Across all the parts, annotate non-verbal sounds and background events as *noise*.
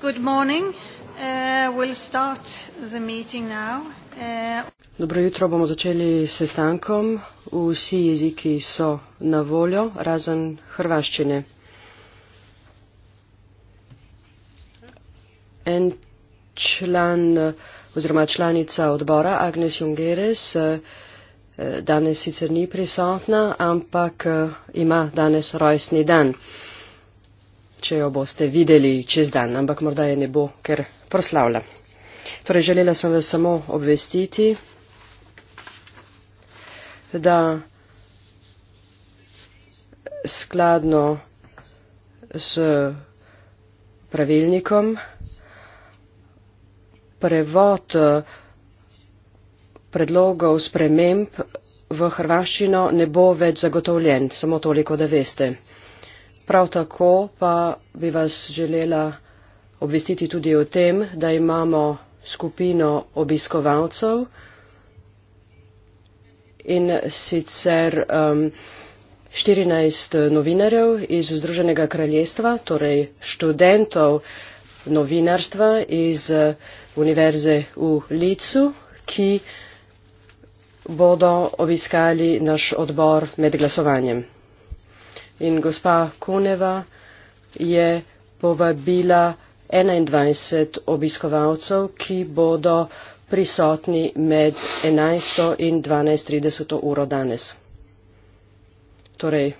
Good morning. Uh, we'll start the meeting now. Uh... Dobro jutro, bomo začeli s sestankom. Vsi jeziki so na voljo, razen hrvaščine. En član oziroma članica odbora, Agnes Jungeres, eh, danes sicer ni prisotna, ampak eh, ima danes rojstni dan če jo boste videli čez dan, ampak morda je ne bo, ker proslavlja. Torej, želela sem vas samo obvestiti, da skladno s pravilnikom prevod predlogov sprememb v hrvaščino ne bo več zagotovljen, samo toliko, da veste. Prav tako pa bi vas želela obvestiti tudi o tem, da imamo skupino obiskovalcev in sicer um, 14 novinarjev iz Združenega kraljestva, torej študentov novinarstva iz uh, Univerze v Licu, ki bodo obiskali naš odbor med glasovanjem. In gospa Koneva je povabila 21 obiskovalcev, ki bodo prisotni med 11 in 12.30 uro danes. Torej,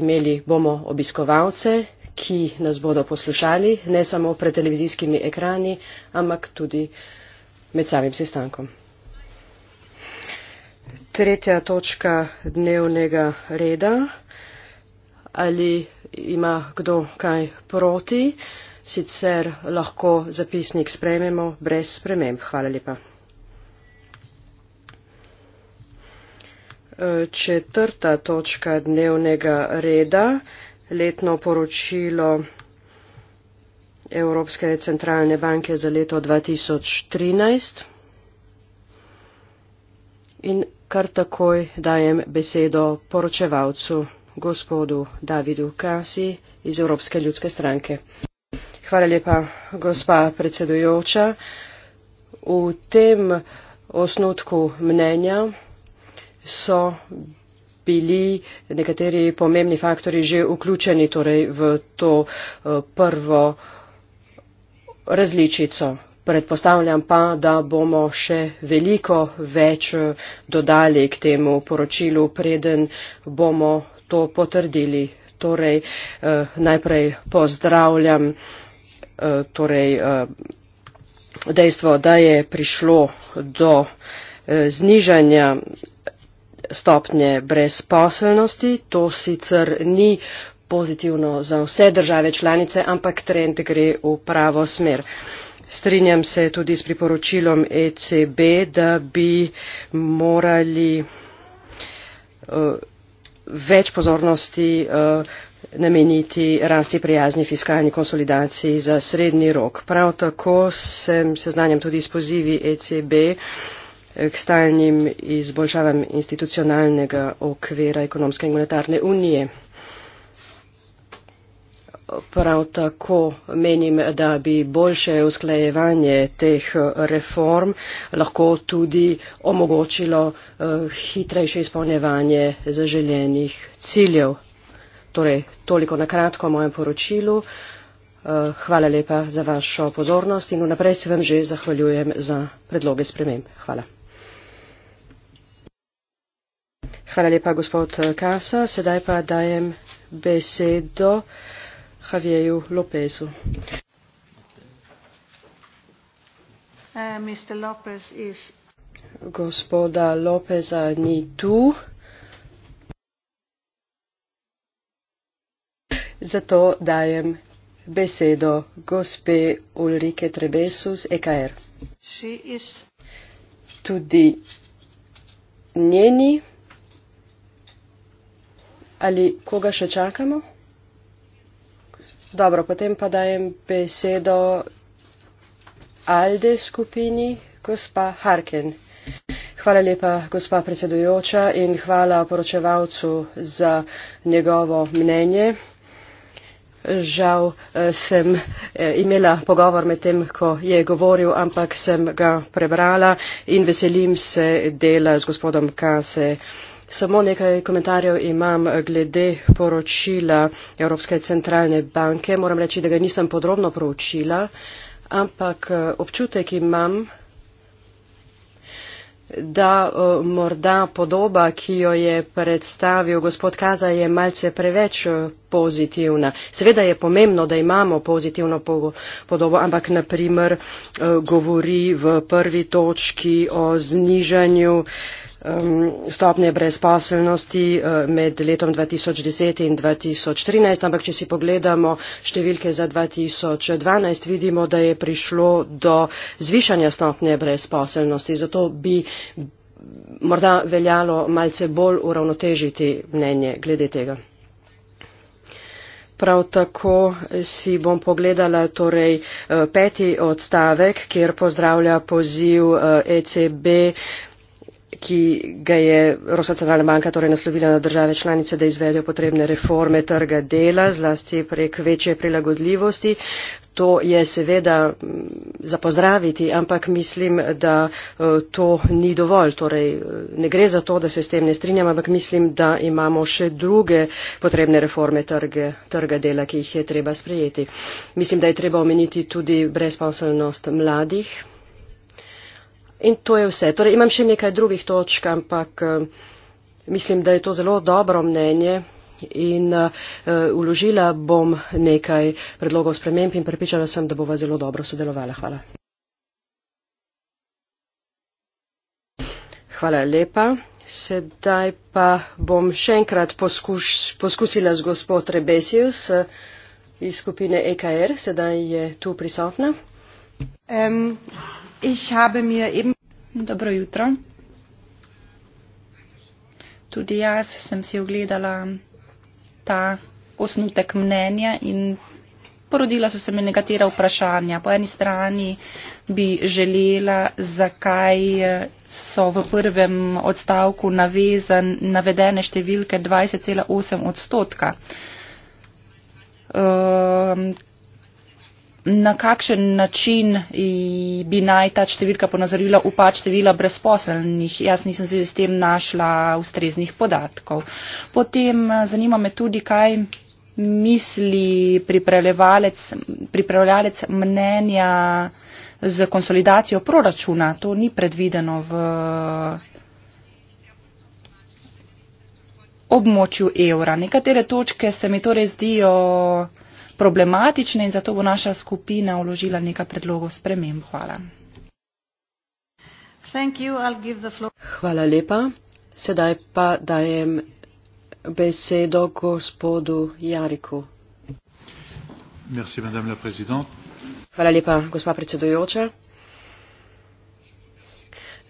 imeli bomo obiskovalce, ki nas bodo poslušali, ne samo pred televizijskimi ekrani, ampak tudi med samim sestankom. Tretja točka dnevnega reda ali ima kdo kaj proti, sicer lahko zapisnik sprememo brez sprememb. Hvala lepa. E, četrta točka dnevnega reda, letno poročilo Evropske centralne banke za leto 2013. In kar takoj dajem besedo poročevalcu gospodu Davidu Kasi iz Evropske ljudske stranke. Hvala lepa, gospa predsedujoča. V tem osnutku mnenja so bili nekateri pomembni faktori že vključeni torej, v to eh, prvo različico. Predpostavljam pa, da bomo še veliko več eh, dodali k temu poročilu, preden bomo to potrdili. Torej, eh, najprej pozdravljam eh, torej, eh, dejstvo, da je prišlo do eh, znižanja stopnje brezposelnosti. To sicer ni pozitivno za vse države članice, ampak trend gre v pravo smer. Strinjam se tudi s priporočilom ECB, da bi morali. Eh, več pozornosti eh, nameniti rasti prijazni fiskalni konsolidaciji za srednji rok. Prav tako sem seznanjam tudi s pozivi ECB eh, k stalnim izboljšavam institucionalnega okvira ekonomske in monetarne unije. Prav tako menim, da bi boljše usklajevanje teh reform lahko tudi omogočilo eh, hitrejše izpolnjevanje zaželjenih ciljev. Torej, toliko na kratko o mojem poročilu. Eh, hvala lepa za vašo pozornost in vnaprej se vam že zahvaljujem za predloge sprememb. Hvala. Hvala lepa, gospod eh, Kasa. Sedaj pa dajem besedo. Javierju Lopezu. Uh, Gospoda Lopeza ni tu. Zato dajem besedo gospe Ulrike Trebesu z EKR. Tudi njeni. Ali koga še čakamo? Dobro, potem pa dajem besedo Alde skupini, gospa Harken. Hvala lepa, gospa predsedujoča, in hvala poročevalcu za njegovo mnenje. Žal eh, sem eh, imela pogovor med tem, ko je govoril, ampak sem ga prebrala in veselim se dela z gospodom Kase. Samo nekaj komentarjev imam glede poročila Evropske centralne banke. Moram reči, da ga nisem podrobno proučila, ampak eh, občutek imam, da eh, morda podoba, ki jo je predstavil gospod Kaza, je malce preveč eh, pozitivna. Seveda je pomembno, da imamo pozitivno podobo, ampak naprimer govori v prvi točki o znižanju uh, stopnje brezposelnosti eh, med letom 2010 in 2013, ampak če si pogledamo številke za 2012, vidimo, da je prišlo do zvišanja stopnje brezposelnosti. Zato bi morda veljalo malce bolj uravnotežiti mnenje glede tega. Prav tako si bom pogledala torej, eh, peti odstavek, kjer pozdravlja poziv ECB eh, e ki ga je Evropska centralna banka torej naslovila na države članice, da izvedejo potrebne reforme trga dela, zlasti prek večje prilagodljivosti. To je seveda mm, za pozdraviti, ampak mislim, da eh, to ni dovolj. Torej, eh, ne gre za to, da se s tem ne strinjam, ampak mislim, da imamo še druge potrebne reforme trge, trga dela, ki jih je treba sprejeti. Mislim, da je treba omeniti tudi brezposobnost mladih. In to je vse. Torej, imam še nekaj drugih točk, ampak eh, mislim, da je to zelo dobro mnenje in uložila eh, bom nekaj predlogov sprememb in prepričala sem, da bova zelo dobro sodelovala. Hvala. Hvala lepa. Sedaj pa bom še enkrat poskuš, poskusila z gospod Rebesius eh, iz skupine EKR. Sedaj je tu prisotna. Um, Dobro jutro. Tudi jaz sem si ogledala ta osnutek mnenja in porodila so se mi nekatera vprašanja. Po eni strani bi želela, zakaj eh, so v prvem odstavku navezan, navedene številke 20,8 odstotka. Uh, na kakšen način bi naj ta številka ponazorila upad števila brezposelnih. Jaz nisem zvezi s tem našla ustreznih podatkov. Potem eh, zanima me tudi, kaj misli pripravljalec mnenja z konsolidacijo proračuna. To ni predvideno v območju evra. Nekatere točke se mi torej zdijo problematične in zato bo naša skupina uložila nekaj predlogov sprememb. Hvala. You, Hvala lepa. Sedaj pa dajem besedo gospodu Jariku. Merci, Hvala lepa, gospa predsedujoča.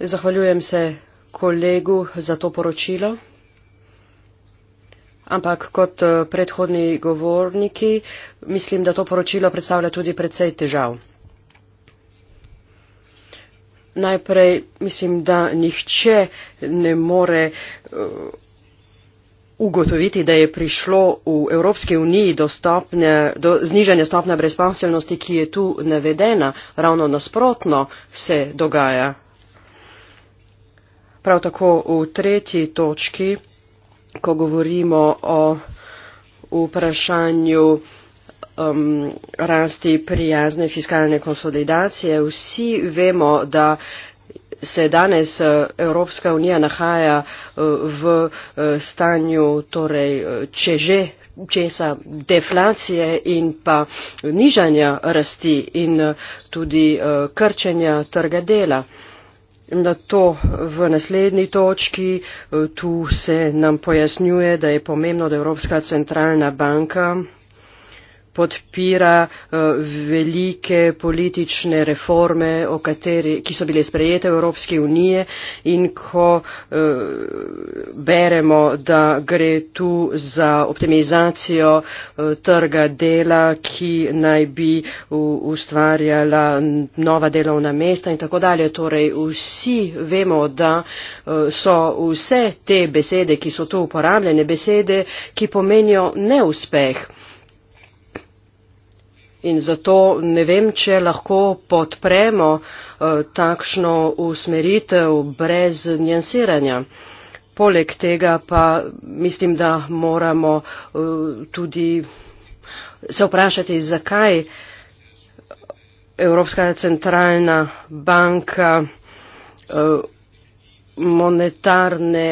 Zahvaljujem se kolegu za to poročilo. Ampak kot eh, predhodni govorniki, mislim, da to poročilo predstavlja tudi predvsej težav. Najprej mislim, da nihče ne more eh, ugotoviti, da je prišlo v Evropski uniji do, stopne, do znižanja stopne brezpanselnosti, ki je tu navedena. Ravno nasprotno se dogaja. Prav tako v tretji točki ko govorimo o vprašanju um, rasti prijazne fiskalne konsolidacije. Vsi vemo, da se danes uh, Evropska unija nahaja uh, v uh, stanju, torej če že česa deflacije in pa nižanja rasti in tudi krčenja trga dela. Na to v naslednji točki, eh, tu se nam pojasnjuje, da je pomembno, da Evropska centralna banka podpira eh, velike politične reforme, kateri, ki so bile sprejete v Evropski unije in ko eh, beremo, da gre tu za optimizacijo eh, trga dela, ki naj bi ustvarjala nova delovna mesta in tako dalje. Torej, vsi vemo, da so vse te besede, ki so tu uporabljene, besede, ki pomenijo neuspeh in zato ne vem, če lahko podpremo eh, takšno usmeritev brez njansiranja. Poleg tega pa mislim, da moramo eh, tudi se vprašati, zakaj Evropska centralna banka eh, monetarne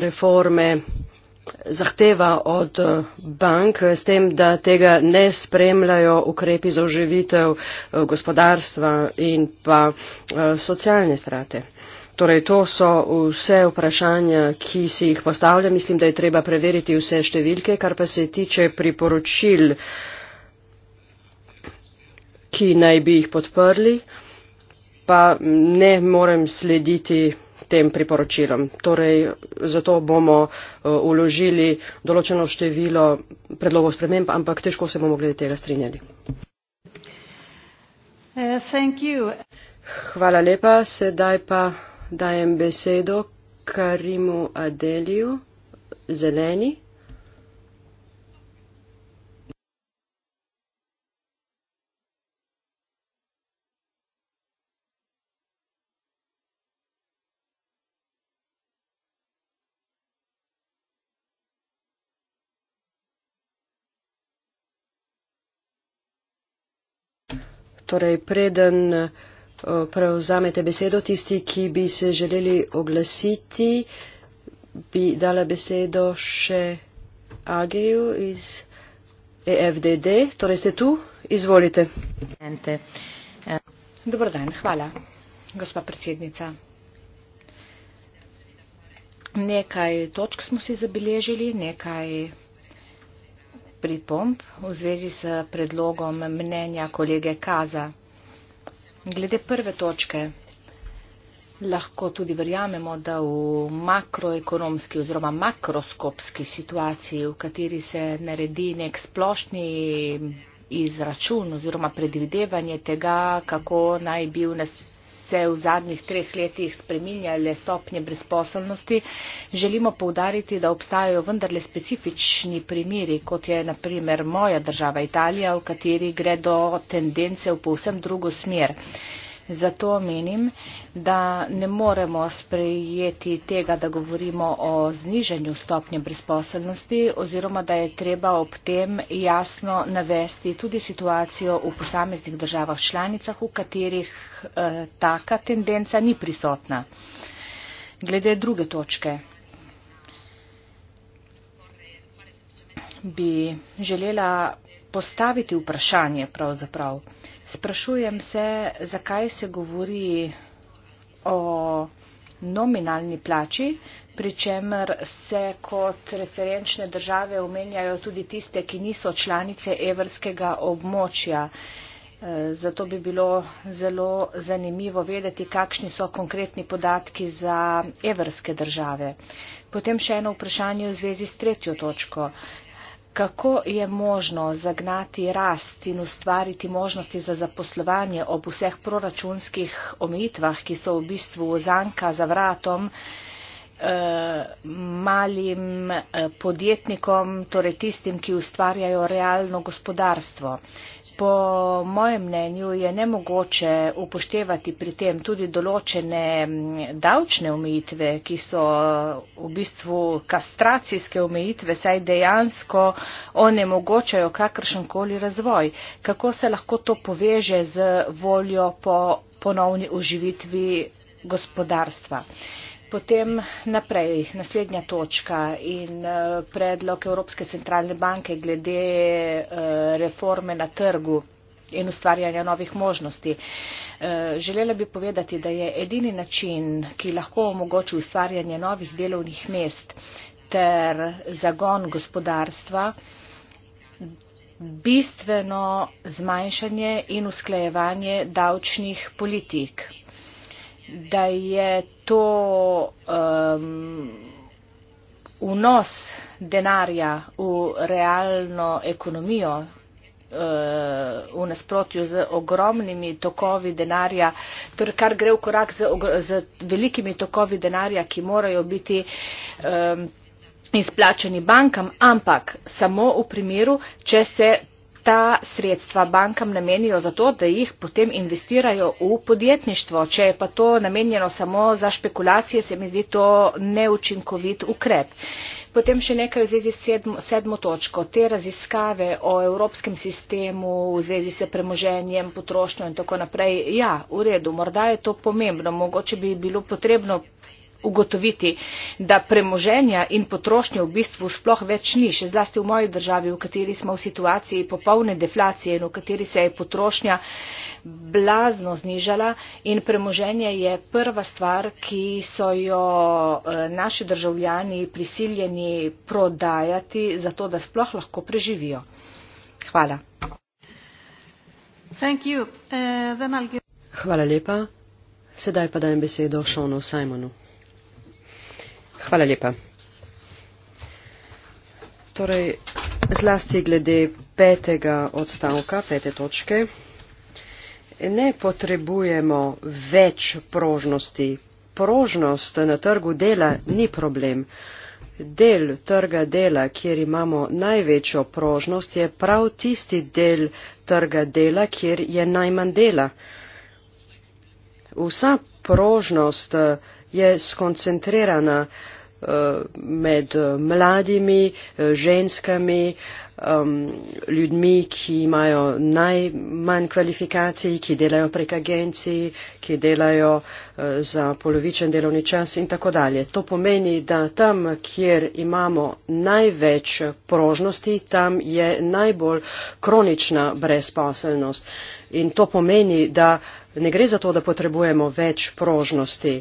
reforme zahteva od eh, bank eh, s tem, da tega ne spremljajo ukrepi za oživitev eh, gospodarstva in pa socialne strate. Torej, to so vse vprašanja, ki si jih postavlja. Mislim, da je treba preveriti vse številke, kar pa se tiče priporočil, ki naj bi jih podprli, pa ne morem slediti tem priporočilom. Torej, zato bomo uložili eh, določeno število predlogov sprememb, ampak težko se bomo glede tega strinjali. Eh, Hvala lepa. Sedaj pa dajem besedo Karimu Adeliju, zeleni. torej preden eh, prevzamete besedo tisti, ki bi se želeli oglasiti, bi dala besedo še Ageju iz EFDD. Torej ste tu, izvolite. Eh. Dobro dan, hvala, gospa predsednica. Nekaj točk smo si zabeležili, nekaj pripomp v zvezi s predlogom mnenja kolege Kaza. Glede prve točke lahko tudi verjamemo, da v makroekonomski oziroma makroskopski situaciji, v kateri se naredi nek splošni izračun oziroma predvidevanje tega, kako naj bi v se v zadnjih treh letih spreminjale stopnje brezposobnosti, želimo povdariti, da obstajajo vendarle specifični primeri, kot je naprimer moja država Italija, v kateri gre do tendence v povsem drugo smer. Zato menim, da ne moremo sprejeti tega, da govorimo o zniženju stopnje brezposelnosti oziroma da je treba ob tem jasno navesti tudi situacijo v posameznih državah članicah, v katerih eh, taka tendenca ni prisotna. Glede druge točke bi želela postaviti vprašanje pravzaprav. Prav sprašujem se, zakaj se govori o nominalni plači, pri čemer se kot referenčne države omenjajo tudi tiste, ki niso članice evrskega območja. E, zato bi bilo zelo zanimivo vedeti, kakšni so konkretni podatki za evrske države. Potem še eno vprašanje v zvezi s tretjo točko kako je možno zagnati rast in ustvariti možnosti za zaposlovanje ob vseh proračunskih omejitvah, ki so v bistvu zanka za vratom eh, malim eh, podjetnikom, torej tistim, ki ustvarjajo realno gospodarstvo. Po mojem mnenju je nemogoče upoštevati pri tem tudi določene davčne omejitve, ki so v bistvu kastracijske omejitve, saj dejansko onemogočajo kakršenkoli razvoj. Kako se lahko to poveže z voljo po ponovni oživitvi gospodarstva? Potem naprej, naslednja točka in eh, predlog Evropske centralne banke glede eh, reforme na trgu in ustvarjanja novih možnosti. Eh, želela bi povedati, da je edini način, ki lahko omogoči ustvarjanje novih delovnih mest ter zagon gospodarstva, bistveno zmanjšanje in usklajevanje davčnih politik da je to um, vnos denarja v realno ekonomijo uh, v nasprotju z ogromnimi tokovi denarja, torej kar gre v korak z, z velikimi tokovi denarja, ki morajo biti um, izplačeni bankam, ampak samo v primeru, če se ta sredstva bankam namenijo za to, da jih potem investirajo v podjetništvo. Če je pa to namenjeno samo za špekulacije, se mi zdi to neučinkovit ukrep. Potem še nekaj v zvezi s sedmo, sedmo točko. Te raziskave o evropskem sistemu v zvezi s premoženjem, potrošnjo in tako naprej. Ja, v redu, morda je to pomembno. Mogoče bi bilo potrebno ugotoviti, da premoženja in potrošnje v bistvu sploh več ni, še zlasti v moji državi, v kateri smo v situaciji popolne deflacije in v kateri se je potrošnja blazno znižala in premoženje je prva stvar, ki so jo eh, naši državljani prisiljeni prodajati, zato da sploh lahko preživijo. Hvala. Eh, Hvala lepa. Sedaj pa dajem besedo Šonu Simonu. Hvala lepa. Torej, zlasti glede petega odstavka, pete točke, ne potrebujemo več prožnosti. Prožnost na trgu dela ni problem. Del trga dela, kjer imamo največjo prožnost, je prav tisti del trga dela, kjer je najmanj dela. Vsa prožnost je skoncentrirana uh, Eh, med eh, mladimi, eh, ženskami, ljudmi, ki imajo najmanj kvalifikacij, ki delajo prek agencij, ki delajo za polovičen delovni čas in tako dalje. To pomeni, da tam, kjer imamo največ prožnosti, tam je najbolj kronična brezposelnost. In to pomeni, da ne gre za to, da potrebujemo več prožnosti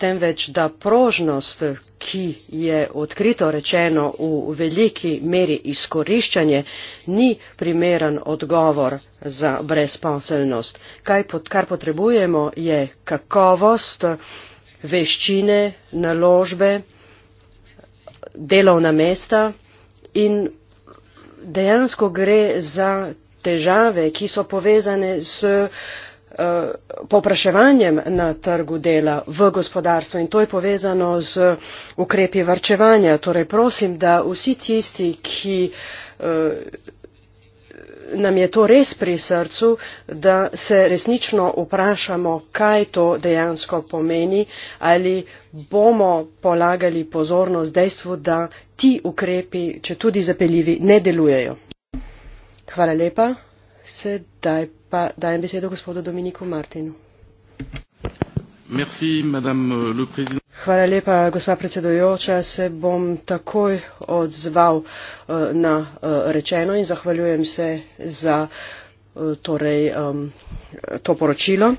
temveč da prožnost, ki je odkrito rečeno v veliki meri izkoriščanje, ni primeren odgovor za brezposelnost. Kaj pot, kar potrebujemo je kakovost, veščine, naložbe, delovna mesta in dejansko gre za težave, ki so povezane s Eh, povpraševanjem na trgu dela v gospodarstvu in to je povezano z ukrepi varčevanja. Torej prosim, da vsi tisti, ki eh, nam je to res pri srcu, da se resnično vprašamo, kaj to dejansko pomeni, ali bomo polagali pozornost dejstvu, da ti ukrepi, če tudi zapeljivi, ne delujejo. Hvala lepa. Sedaj pa dajem besedo gospodu Dominiku Martinu. Merci, euh, Hvala lepa, gospa predsedojoča. Se bom takoj odzval uh, na uh, rečeno in zahvaljujem se za uh, torej, um, to poročilo.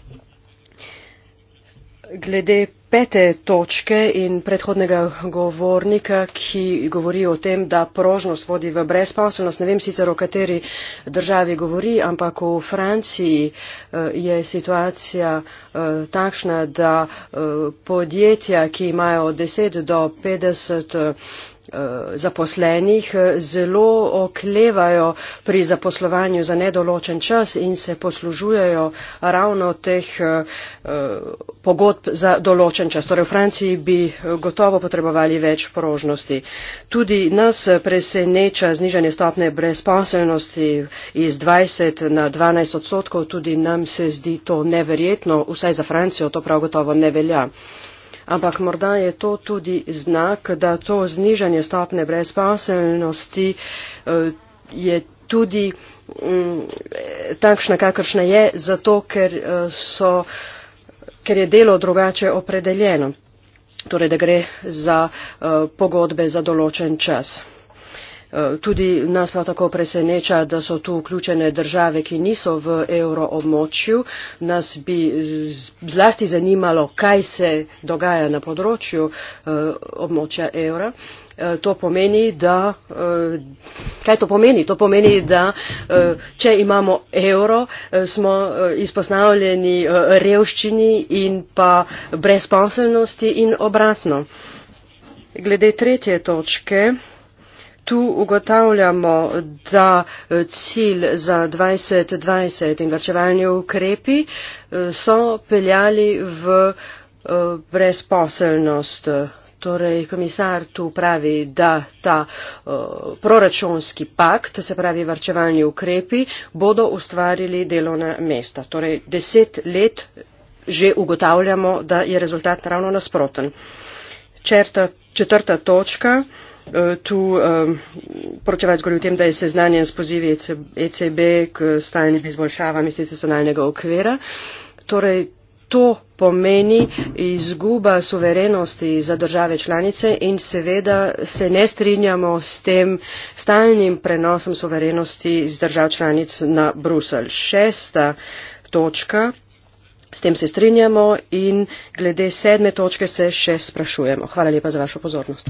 Glede pete točke in predhodnega govornika, ki govori o tem, da prožnost vodi v brezposelnost. Ne vem sicer o kateri državi govori, ampak v Franciji eh, je situacija eh, takšna, da eh, podjetja, ki imajo 10 do 50 Eh, zaposlenih eh, zelo oklevajo pri zaposlovanju za nedoločen čas in se poslužujejo ravno teh eh, pogodb za določen čas. Torej v Franciji bi gotovo potrebovali več prožnosti. Tudi nas preseneča znižanje stopne brezposelnosti iz 20 na 12 odstotkov, tudi nam se zdi to neverjetno, vsaj za Francijo to prav gotovo ne velja ampak morda je to tudi znak, da to znižanje stopne brezpaselnosti eh, je tudi mm, takšna, kakršna je, zato ker, eh, so, ker je delo drugače opredeljeno, torej da gre za eh, pogodbe za določen čas. Eh, tudi nas prav tako preseneča, da so tu vključene države, ki niso v euroobmočju. Nas bi eh, zlasti zanimalo, kaj se dogaja na področju eh, območja evra. To pomeni, da, kaj to pomeni? To pomeni, da če imamo evro, smo izpostavljeni revščini in pa brezposelnosti in obratno. Glede tretje točke. Tu ugotavljamo, da eh, cilj za 2020 in vrčevalni ukrepi eh, so peljali v eh, brezposelnost. Torej, komisar tu pravi, da ta uh, proračunski pakt, se pravi vrčevalni ukrepi, bodo ustvarili delovna mesta. Torej, deset let že ugotavljamo, da je rezultat ravno nasproten. Četrta, četrta točka. Uh, Eh, tu eh, poroča več govori o tem, da je seznanjen s pozivi ECB e k stalnim izboljšavam institucionalnega okvira. Torej, to pomeni izguba suverenosti za države članice in seveda se ne strinjamo s tem stalnim prenosom suverenosti z držav članic na Brusel. Šesta točka. S tem se strinjamo in glede sedme točke se še sprašujemo. Hvala lepa za vašo pozornost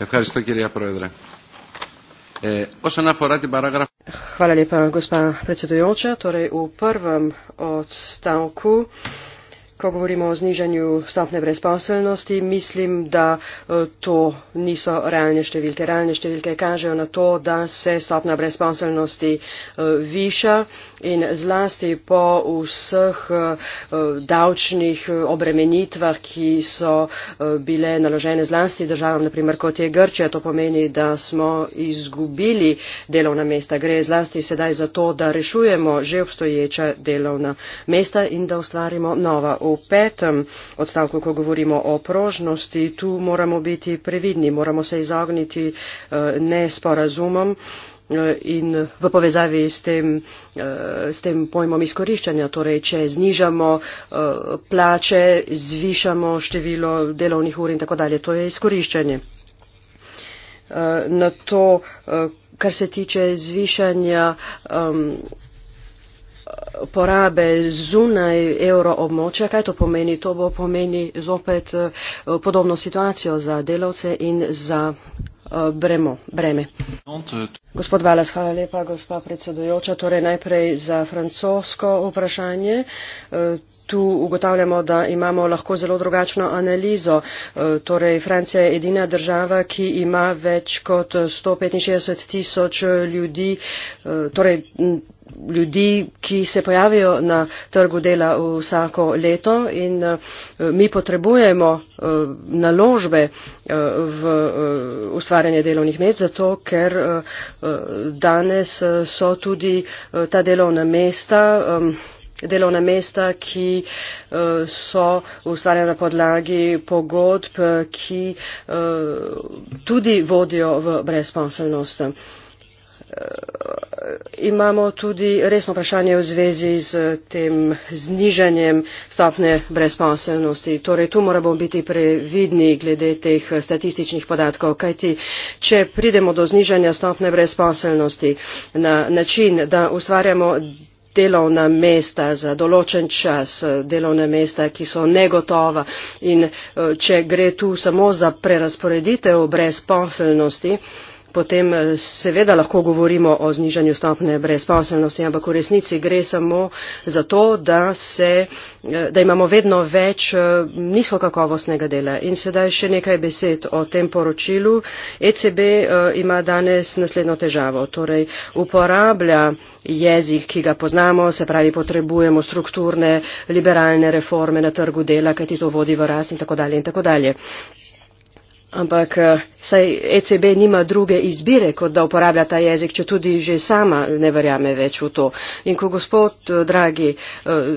ευχαριστώ κυρία πρόεδρε ε, όσον αφορά την παράγραφη Hvala lepa, gospa predsedujoča. Torej, v prvem odstavku, ko govorimo o znižanju stopne brezposelnosti, mislim, da e, to niso realne številke. Realne številke kažejo na to, da se stopna brezposelnosti e, viša in zlasti po vseh eh, davčnih eh, obremenitvah, ki so eh, bile naložene zlasti državam, naprimer kot je Grčija, to pomeni, da smo izgubili delovna mesta. Gre zlasti sedaj za to, da rešujemo že obstoječa delovna mesta in da ustvarimo nova. V petem odstavku, ko govorimo o prožnosti, tu moramo biti previdni, moramo se izogniti nesporazumom. Eh, in v povezavi s tem, eh, s tem pojmom izkoriščanja. Torej, če znižamo eh, plače, zvišamo število delovnih ur in tako dalje, to je izkoriščanje. Na to, kar se tiče zvišanja porabe zunaj evro območja, kaj to pomeni? To bo pomeni zopet podobno situacijo za delavce in za Eh, bremo, breme. Gospod Vales, hvala lepa, gospa predsedujoča. Torej najprej za francosko vprašanje. Eh, tu ugotavljamo, da imamo lahko zelo drugačno analizo. Eh, torej Francija je edina država, ki ima več kot 165 tisoč ljudi. Torej, ljudi, ki se pojavijo na trgu dela vsako leto in eh, mi potrebujemo eh, naložbe eh, v ustvarjanje delovnih mest, zato ker danes so tudi ta delovna mesta delovna mesta, ki so ustvarjena na podlagi pogodb, ki tudi vodijo v brezposelnost. Eh, imamo tudi resno vprašanje v zvezi z tem znižanjem stopne brezposelnosti. Torej, tu moramo biti previdni glede teh statističnih podatkov, kajti če pridemo do znižanja stopne brezposelnosti na način, da ustvarjamo delovna mesta za določen čas, delovna mesta, ki so negotova in eh, če gre tu samo za prerasporeditev brezposelnosti, potem eh, seveda lahko govorimo o znižanju stopne brezposelnosti, ampak v resnici gre samo za to, da, se, eh, da imamo vedno več eh, nizkokakovostnega dela. In sedaj še nekaj besed o tem poročilu. ECB ima danes naslednjo težavo. Torej, uporablja jezik, ki ga poznamo, se pravi, potrebujemo strukturne liberalne reforme na trgu dela, kajti to vodi v rast in tako dalje. In tako dalje. Ampak eh, saj ECB nima druge izbire, kot da uporablja ta jezik, če tudi že sama ne verjame več v to. In ko gospod, eh, dragi, eh,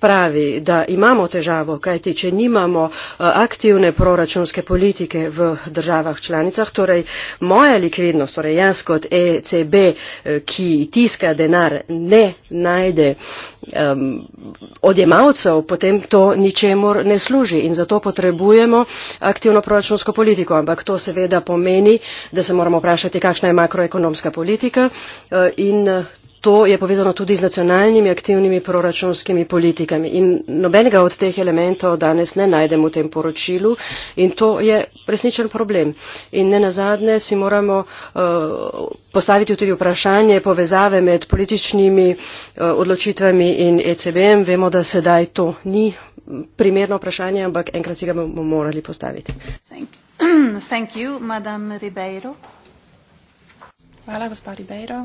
pravi, da imamo težavo, kajti če nimamo eh, aktivne proračunske politike v državah članicah, torej moja likvidnost, torej jaz kot ECB, eh, ki tiska denar, ne najde um, odjemalcev, potem to ničemor ne služi in zato potrebujemo aktivno proračunsko politiko. Ampak to seveda pomeni, da se moramo vprašati, kakšna je makroekonomska politika eh, in to je povezano tudi z nacionalnimi aktivnimi proračunskimi politikami. In nobenega od teh elementov danes ne najdemo v tem poročilu in to je resničen problem. In ne nazadnje si moramo uh, postaviti tudi vprašanje povezave med političnimi uh, odločitvami in ECB-em. Vemo, da sedaj to ni primerno vprašanje, ampak enkrat si ga bomo morali postaviti. Thank you, *clears throat* Madame Ribeiro. Hvala, gospod Ribeiro.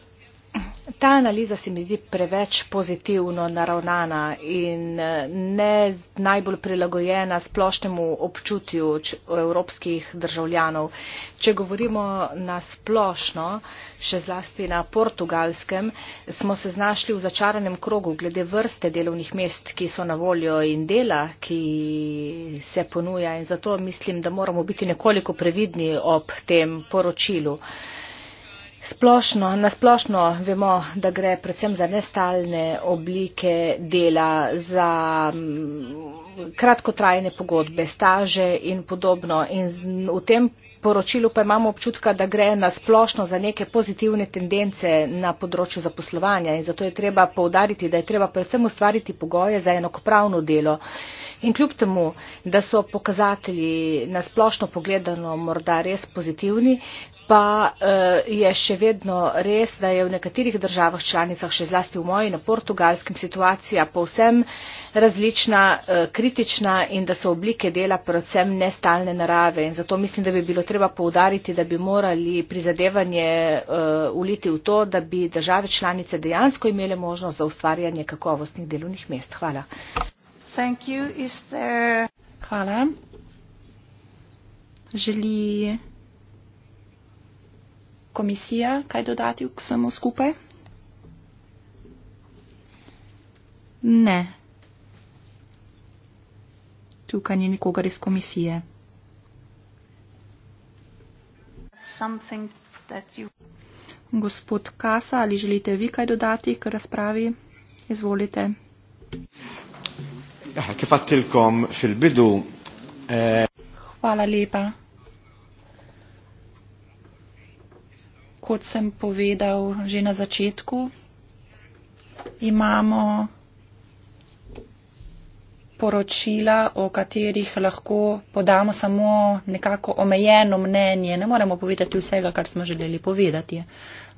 Ta analiza se mi zdi preveč pozitivno naravnana in eh, ne najbolj prilagojena splošnemu občutju evropskih državljanov. Če govorimo na splošno, še zlasti na portugalskem, smo se znašli v začaranem krogu glede vrste delovnih mest, ki so na voljo in dela, ki se ponuja in zato mislim, da moramo biti nekoliko previdni ob tem poročilu. Splošno, na splošno vemo, da gre predvsem za nestalne oblike dela, za mm, kratkotrajne pogodbe, staže in podobno. In v tem poročilu pa imamo občutka, da gre na splošno za neke pozitivne tendence na področju zaposlovanja in zato je treba povdariti, da je treba predvsem ustvariti pogoje za enakopravno delo. In kljub temu, da so pokazatelji na splošno pogledano morda res pozitivni, pa eh, je še vedno res, da je v nekaterih državah članicah, še zlasti v moji, na portugalskem, situacija povsem različna, eh, kritična in da so oblike dela predvsem nestalne narave. In zato mislim, da bi bilo treba poudariti, da bi morali prizadevanje eh, uliti v to, da bi države članice dejansko imele možnost za ustvarjanje kakovostnih delovnih mest. Hvala. Thank you. Is there... Hvala. Želi komisija kaj dodati k samo skupaj? Ne. Tukaj ni nikogar iz komisije. You... Gospod Kasa, ali želite vi kaj dodati k razpravi? Izvolite. Ah, eh, Hvala lepa. Kot sem povedal že na začetku, imamo poročila, o katerih lahko podamo samo nekako omejeno mnenje. Ne moremo povedati vsega, kar smo želeli povedati.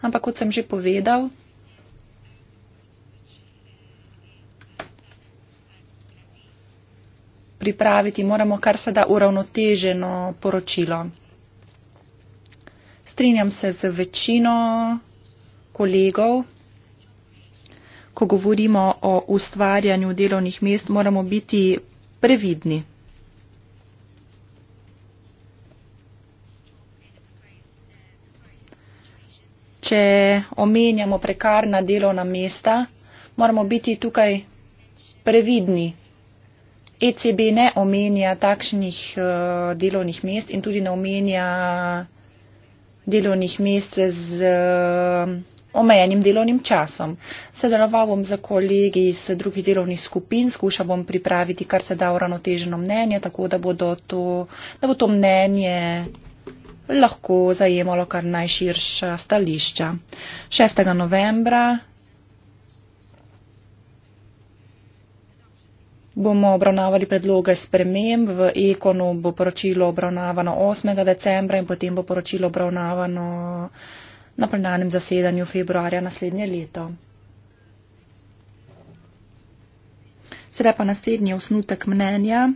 Ampak kot sem že povedal, pripraviti, moramo kar se da uravnoteženo poročilo. Strinjam se z večino kolegov. Ko govorimo o ustvarjanju delovnih mest, moramo biti previdni. Če omenjamo prekarna delovna mesta, moramo biti tukaj previdni. ECB ne omenja takšnih eh, delovnih mest in tudi ne omenja delovnih mest z eh, omejenim delovnim časom. Sedeloval bom za kolegi iz drugih delovnih skupin, skušal bom pripraviti kar se da uravnoteženo mnenje, tako da, to, da bo to mnenje lahko zajemalo kar najširša stališča. 6. novembra bomo obravnavali predloge sprememb. V Ekonu bo poročilo obravnavano 8. decembra in potem bo poročilo obravnavano na plenarnem zasedanju februarja naslednje leto. Sedaj pa naslednji osnutek mnenja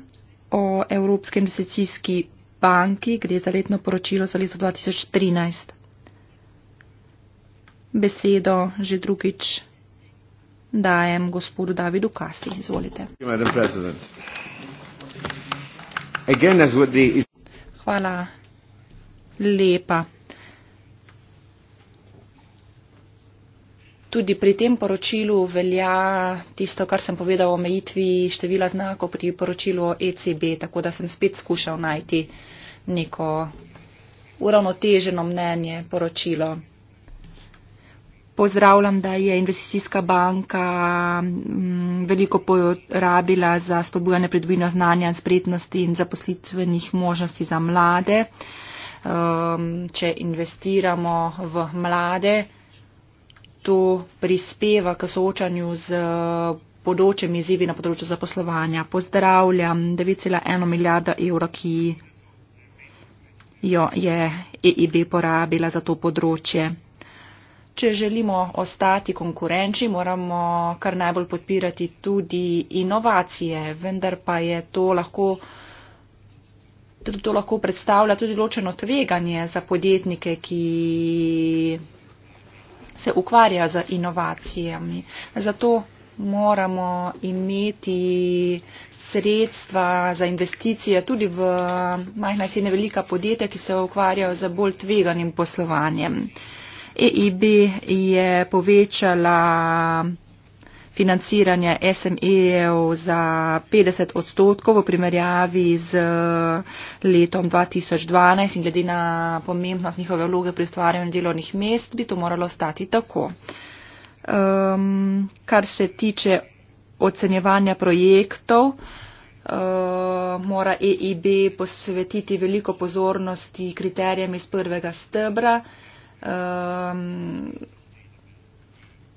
o Evropski investicijski banki, gre za letno poročilo za leto 2013. Besedo že drugič dajem gospodu Davidu Kasi. Izvolite. Hvala lepa. Tudi pri tem poročilu velja tisto, kar sem povedal o mejitvi števila znakov pri poročilu o ECB, tako da sem spet skušal najti neko uravnoteženo mnenje poročilo pozdravljam, da je investicijska banka mm, veliko porabila za spodbujanje predobino znanja in spretnosti in zaposlitvenih možnosti za mlade. Um, če investiramo v mlade, to prispeva k soočanju z področjem uh, izzivi na področju zaposlovanja. Pozdravljam 9,1 milijarda evra, ki jo je EIB porabila za to področje če želimo ostati konkurenči, moramo kar najbolj podpirati tudi inovacije, vendar pa je to lahko. To lahko predstavlja tudi ločeno tveganje za podjetnike, ki se ukvarjajo z inovacijami. Zato moramo imeti sredstva za investicije tudi v majhna in srednja velika podjetja, ki se ukvarjajo z bolj tveganim poslovanjem. EIB je povečala financiranje SME-ev za 50 odstotkov v primerjavi z letom 2012 in glede na pomembnost njihove vloge pri stvarjanju delovnih mest bi to moralo stati tako. Um, kar se tiče ocenjevanja projektov, Uh, mora EIB posvetiti veliko pozornosti kriterijem iz prvega stebra, uh, Um,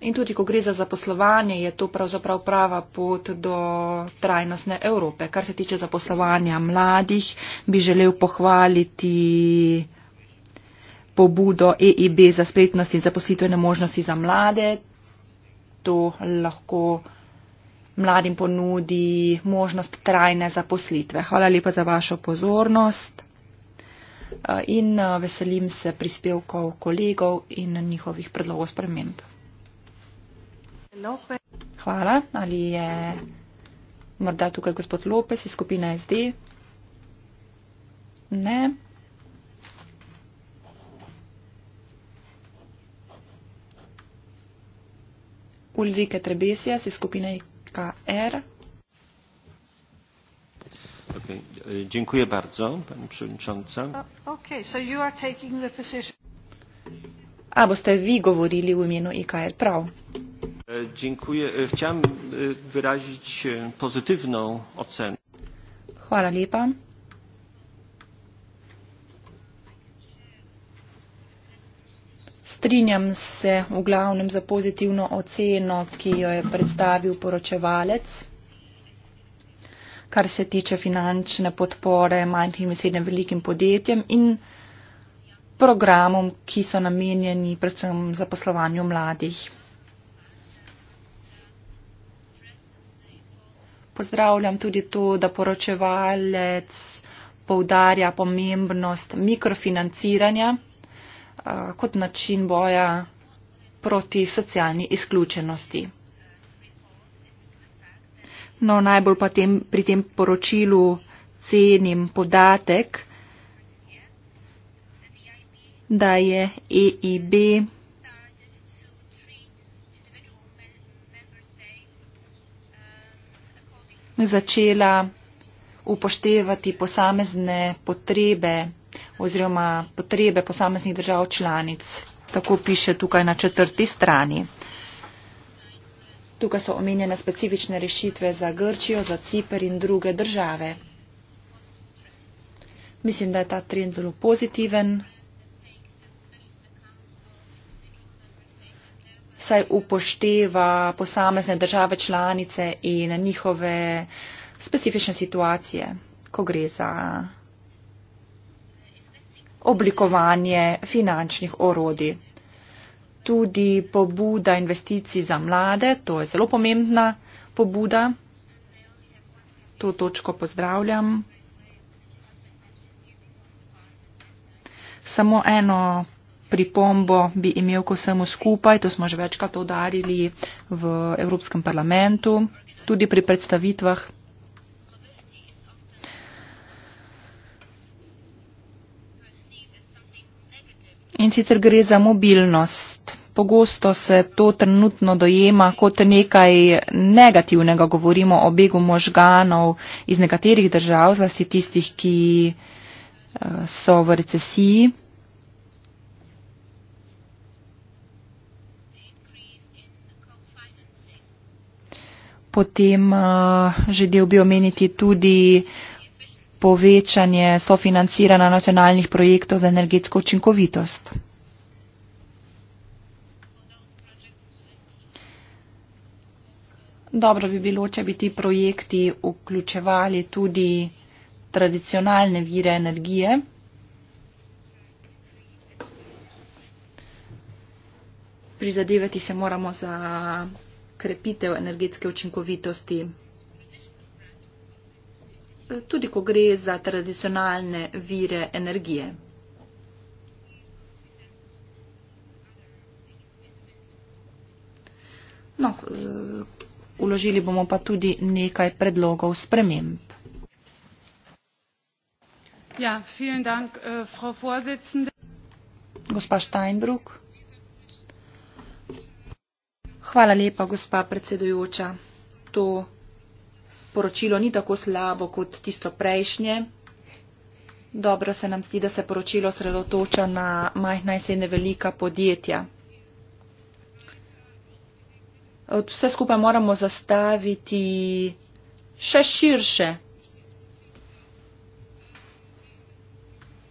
in tudi, ko gre za zaposlovanje, je to pravzaprav prava pot do trajnostne Evrope. Kar se tiče zaposlovanja mladih, bi želel pohvaliti pobudo EIB za spletnost in zaposlitvene možnosti za mlade. To lahko mladim ponudi možnost trajne zaposlitve. Hvala lepa za vašo pozornost in veselim se prispevkov kolegov in njihovih predlogov sprememb. Hvala. Ali je morda tukaj gospod Lopes iz skupine SD? Ne. Ulrike Trebesija iz skupine IKR. E, dziękuję bardzo, Pani Przewodnicząca. Okay, so you are taking the position. A, bo ste Wy mówili w imieniu IKR, prawo. E, dziękuję. E, chciałem wyrazić pozytywną ocenę. Chwała lipa. Strinjam se v glavnem za pozitivno oceno, ki jo je predstavil poročevalec kar se tiče finančne podpore manjhim in srednjim velikim podjetjem in programom, ki so namenjeni predvsem za poslovanje mladih. Pozdravljam tudi to, da poročevalec povdarja pomembnost mikrofinanciranja eh, kot način boja proti socialni izključenosti. No, najbolj pa tem, pri tem poročilu cenim podatek, da je EIB začela upoštevati posamezne potrebe oziroma potrebe posameznih držav članic. Tako piše tukaj na četrti strani. Tukaj so omenjene specifične rešitve za Grčijo, za Cipr in druge države. Mislim, da je ta trend zelo pozitiven. Saj upošteva posamezne države članice in njihove specifične situacije, ko gre za oblikovanje finančnih orodij tudi pobuda investicij za mlade, to je zelo pomembna pobuda. To točko pozdravljam. Samo eno pripombo bi imel, ko sem skupaj, to smo že večkrat odarili v Evropskem parlamentu, tudi pri predstavitvah in sicer gre za mobilnost. Pogosto se to trenutno dojema kot nekaj negativnega, govorimo o begu možganov iz nekaterih držav, zlasti tistih, ki eh, so v recesiji. Potem uh, eh, želel bi omeniti tudi uh, povečanje sofinanciranja nacionalnih projektov za energetsko učinkovitost. Dobro bi bilo, če bi ti projekti vključevali tudi tradicionalne vire energije. Prizadevati se moramo za krepitev energetske učinkovitosti tudi ko gre za tradicionalne vire energije. No, uložili eh, bomo pa tudi nekaj predlogov sprememb. Ja, vielen Dank, uh, Frau Vorsitzende. Gospa Steinbruck. Hvala lepa, gospa predsedujoča. To poročilo ni tako slabo kot tisto prejšnje. Dobro se nam zdi, da se poročilo sredotoča na majhna in srednje velika podjetja. Od vse skupaj moramo zastaviti še širše.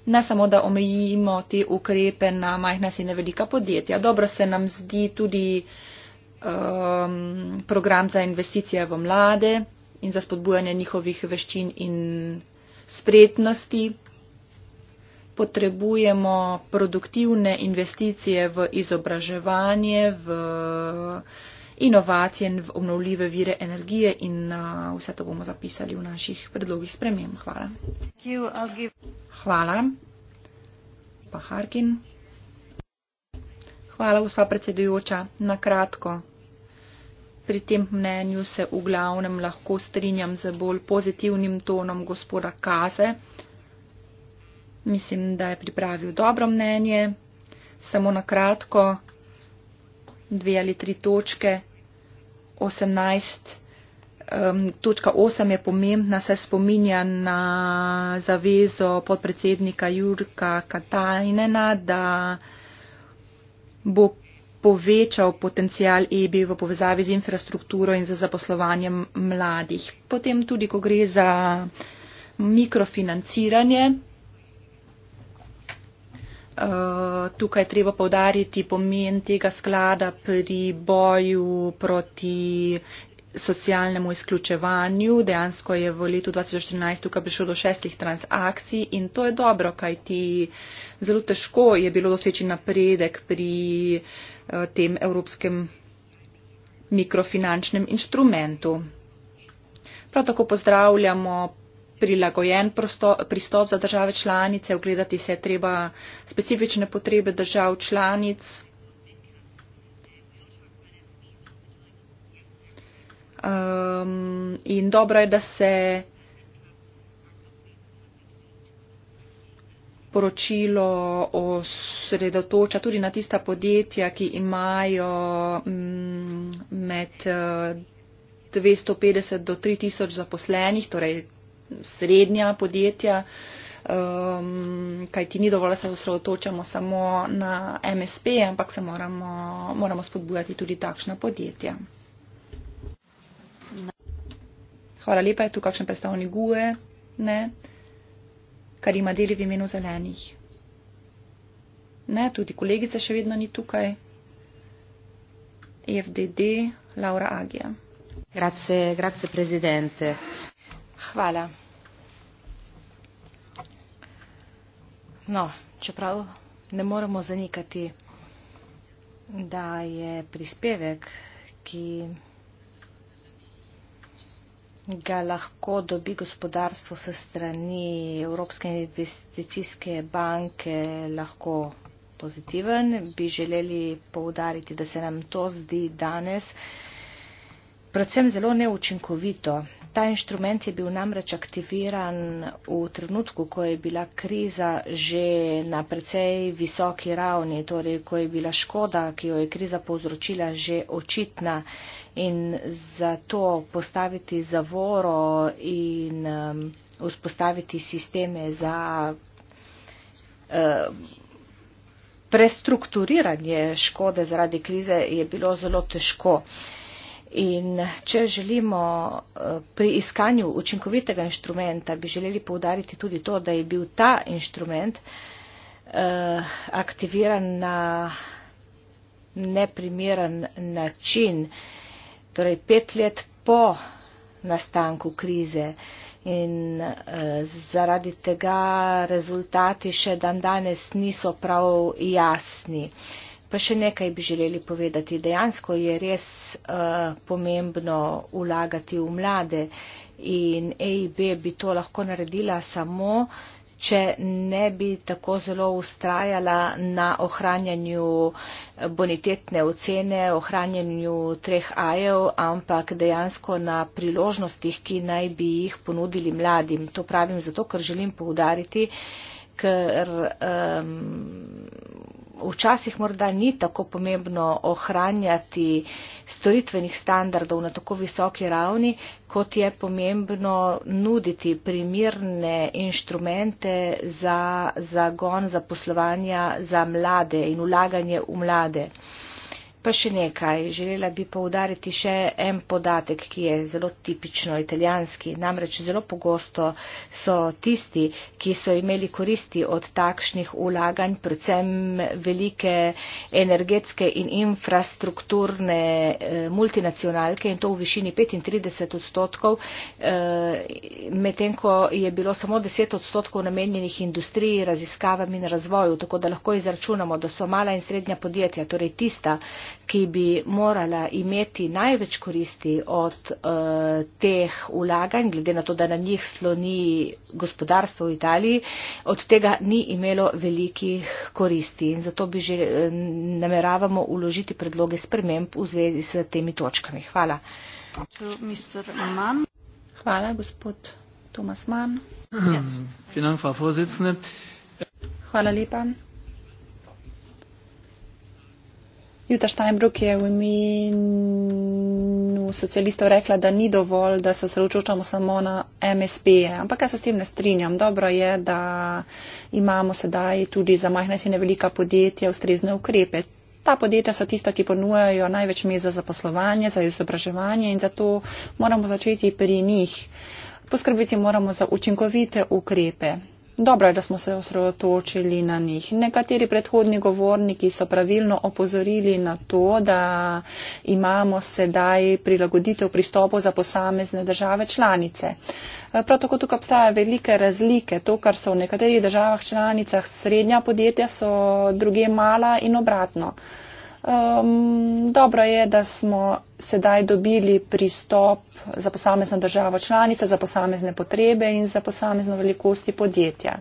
Ne samo, da omejimo te ukrepe na majhna in srednje velika podjetja. Dobro se nam zdi tudi um, program za investicije v mlade in za spodbujanje njihovih veščin in spretnosti. Potrebujemo produktivne investicije v izobraževanje, v inovacije in v obnovljive vire energije in vse to bomo zapisali v naših predlogih sprememb. Hvala. Hvala. Pa Harkin. Hvala, gospa predsedujoča. Na kratko. Pri tem mnenju se v glavnem lahko strinjam z bolj pozitivnim tonom gospoda Kaze. Mislim, da je pripravil dobro mnenje. Samo na kratko, dve ali tri točke. 18. Um, točka 8 je pomembna, se spominja na zavezo podpredsednika Jurka Katajnena, da bo povečal potencial EBI v povezavi z infrastrukturo in z zaposlovanjem mladih. Potem tudi, ko gre za mikrofinanciranje, eh, tukaj treba povdariti pomen tega sklada pri boju proti socialnemu izključevanju. Dejansko je v letu 2014 tukaj prišlo do šestih transakcij in to je dobro, kajti zelo težko je bilo doseči napredek pri uh, Eh, tem evropskem mikrofinančnem inštrumentu. Prav tako pozdravljamo prilagojen pristop za države članice, ogledati se treba specifične potrebe držav članic. Um, in dobro je, da se poročilo osredotoča tudi na tista podjetja, ki imajo mm, med 250 eh, do 3000 zaposlenih, torej srednja podjetja, kaj ti ni dovolj, da se osredotočamo samo na MSP, ampak se moramo, moramo spodbujati tudi takšna podjetja. Hvala lepa, je tu kakšen predstavnik GUE? Ne kar ima deli v imenu zelenih. Ne, tudi kolegica še vedno ni tukaj. FDD Laura Agija. Grazie, grazie presidente. Hvala. No, čeprav ne moramo zanikati, da je prispevek, ki ga lahko dobi gospodarstvo se strani Evropske investicijske banke lahko pozitiven. Bi želeli poudariti, da se nam to zdi danes predvsem zelo neučinkovito. Ta inštrument je bil namreč aktiviran v trenutku, ko je bila kriza že na precej visoki ravni, torej ko je bila škoda, ki jo je kriza povzročila, že očitna in zato postaviti zavoro in um, vzpostaviti sisteme za um, prestrukturiranje škode zaradi krize je bilo zelo težko. In če želimo uh, pri iskanju učinkovitega inštrumenta, bi želeli poudariti tudi to, da je bil ta inštrument uh, aktiviran na neprimeren način torej pet let po nastanku krize. In eh, zaradi tega rezultati še dan danes niso prav jasni. Pa še nekaj bi želeli povedati. Dejansko je res uh, pomembno vlagati v mlade in EIB bi to lahko naredila samo, uh, če ne bi tako zelo ustrajala na ohranjanju bonitetne ocene, ohranjanju treh ajev, ampak dejansko na priložnostih, ki naj bi jih ponudili mladim. To pravim zato, ker želim poudariti, ker um, včasih morda ni tako pomembno ohranjati storitvenih standardov na tako visoki ravni, kot je pomembno nuditi primirne inštrumente za zagon zaposlovanja za mlade in vlaganje v mlade. Pa še nekaj, želela bi poudariti še en podatek, ki je zelo tipično italijanski. Namreč zelo pogosto so tisti, ki so imeli koristi od takšnih ulaganj, predvsem velike energetske in infrastrukturne eh, multinacionalke in to v višini 35 odstotkov, eh, medtem ko je bilo samo 10 odstotkov namenjenih industriji, raziskavam in razvoju. Tako da lahko izračunamo, da so mala in srednja podjetja, torej tista, ki bi morala imeti največ koristi od uh, teh ulaganj, glede na to, da na njih sloni gospodarstvo v Italiji, od tega ni imelo velikih koristi. In zato bi že uh, nameravamo uložiti predloge sprememb v zvezi s temi točkami. Hvala. Hvala, gospod Tomas Mann. Yes. Hvala lepa. Juta Steinbrück je v imenu socialistov rekla, da ni dovolj, da se osredotočamo samo na MSP-je. Ampak jaz se s tem ne strinjam. Dobro je, da imamo sedaj tudi za majhne in velika podjetja ustrezne ukrepe. Ta podjetja so tista, ki ponujajo največ mest za zaposlovanje, za izobraževanje in zato moramo začeti pri njih. Poskrbiti moramo za učinkovite ukrepe. Dobro je, da smo se osredotočili na njih. Nekateri predhodni govorniki so pravilno opozorili na to, da imamo sedaj prilagoditev pristopov za posamezne države članice. Prav tako tukaj obstajajo velike razlike. To, kar so v nekaterih državah članicah srednja podjetja, so druge mala in obratno. Uh, Um, dobro je, da smo sedaj dobili pristop za posamezno državo članice, za posamezne potrebe in za posamezno velikosti podjetja.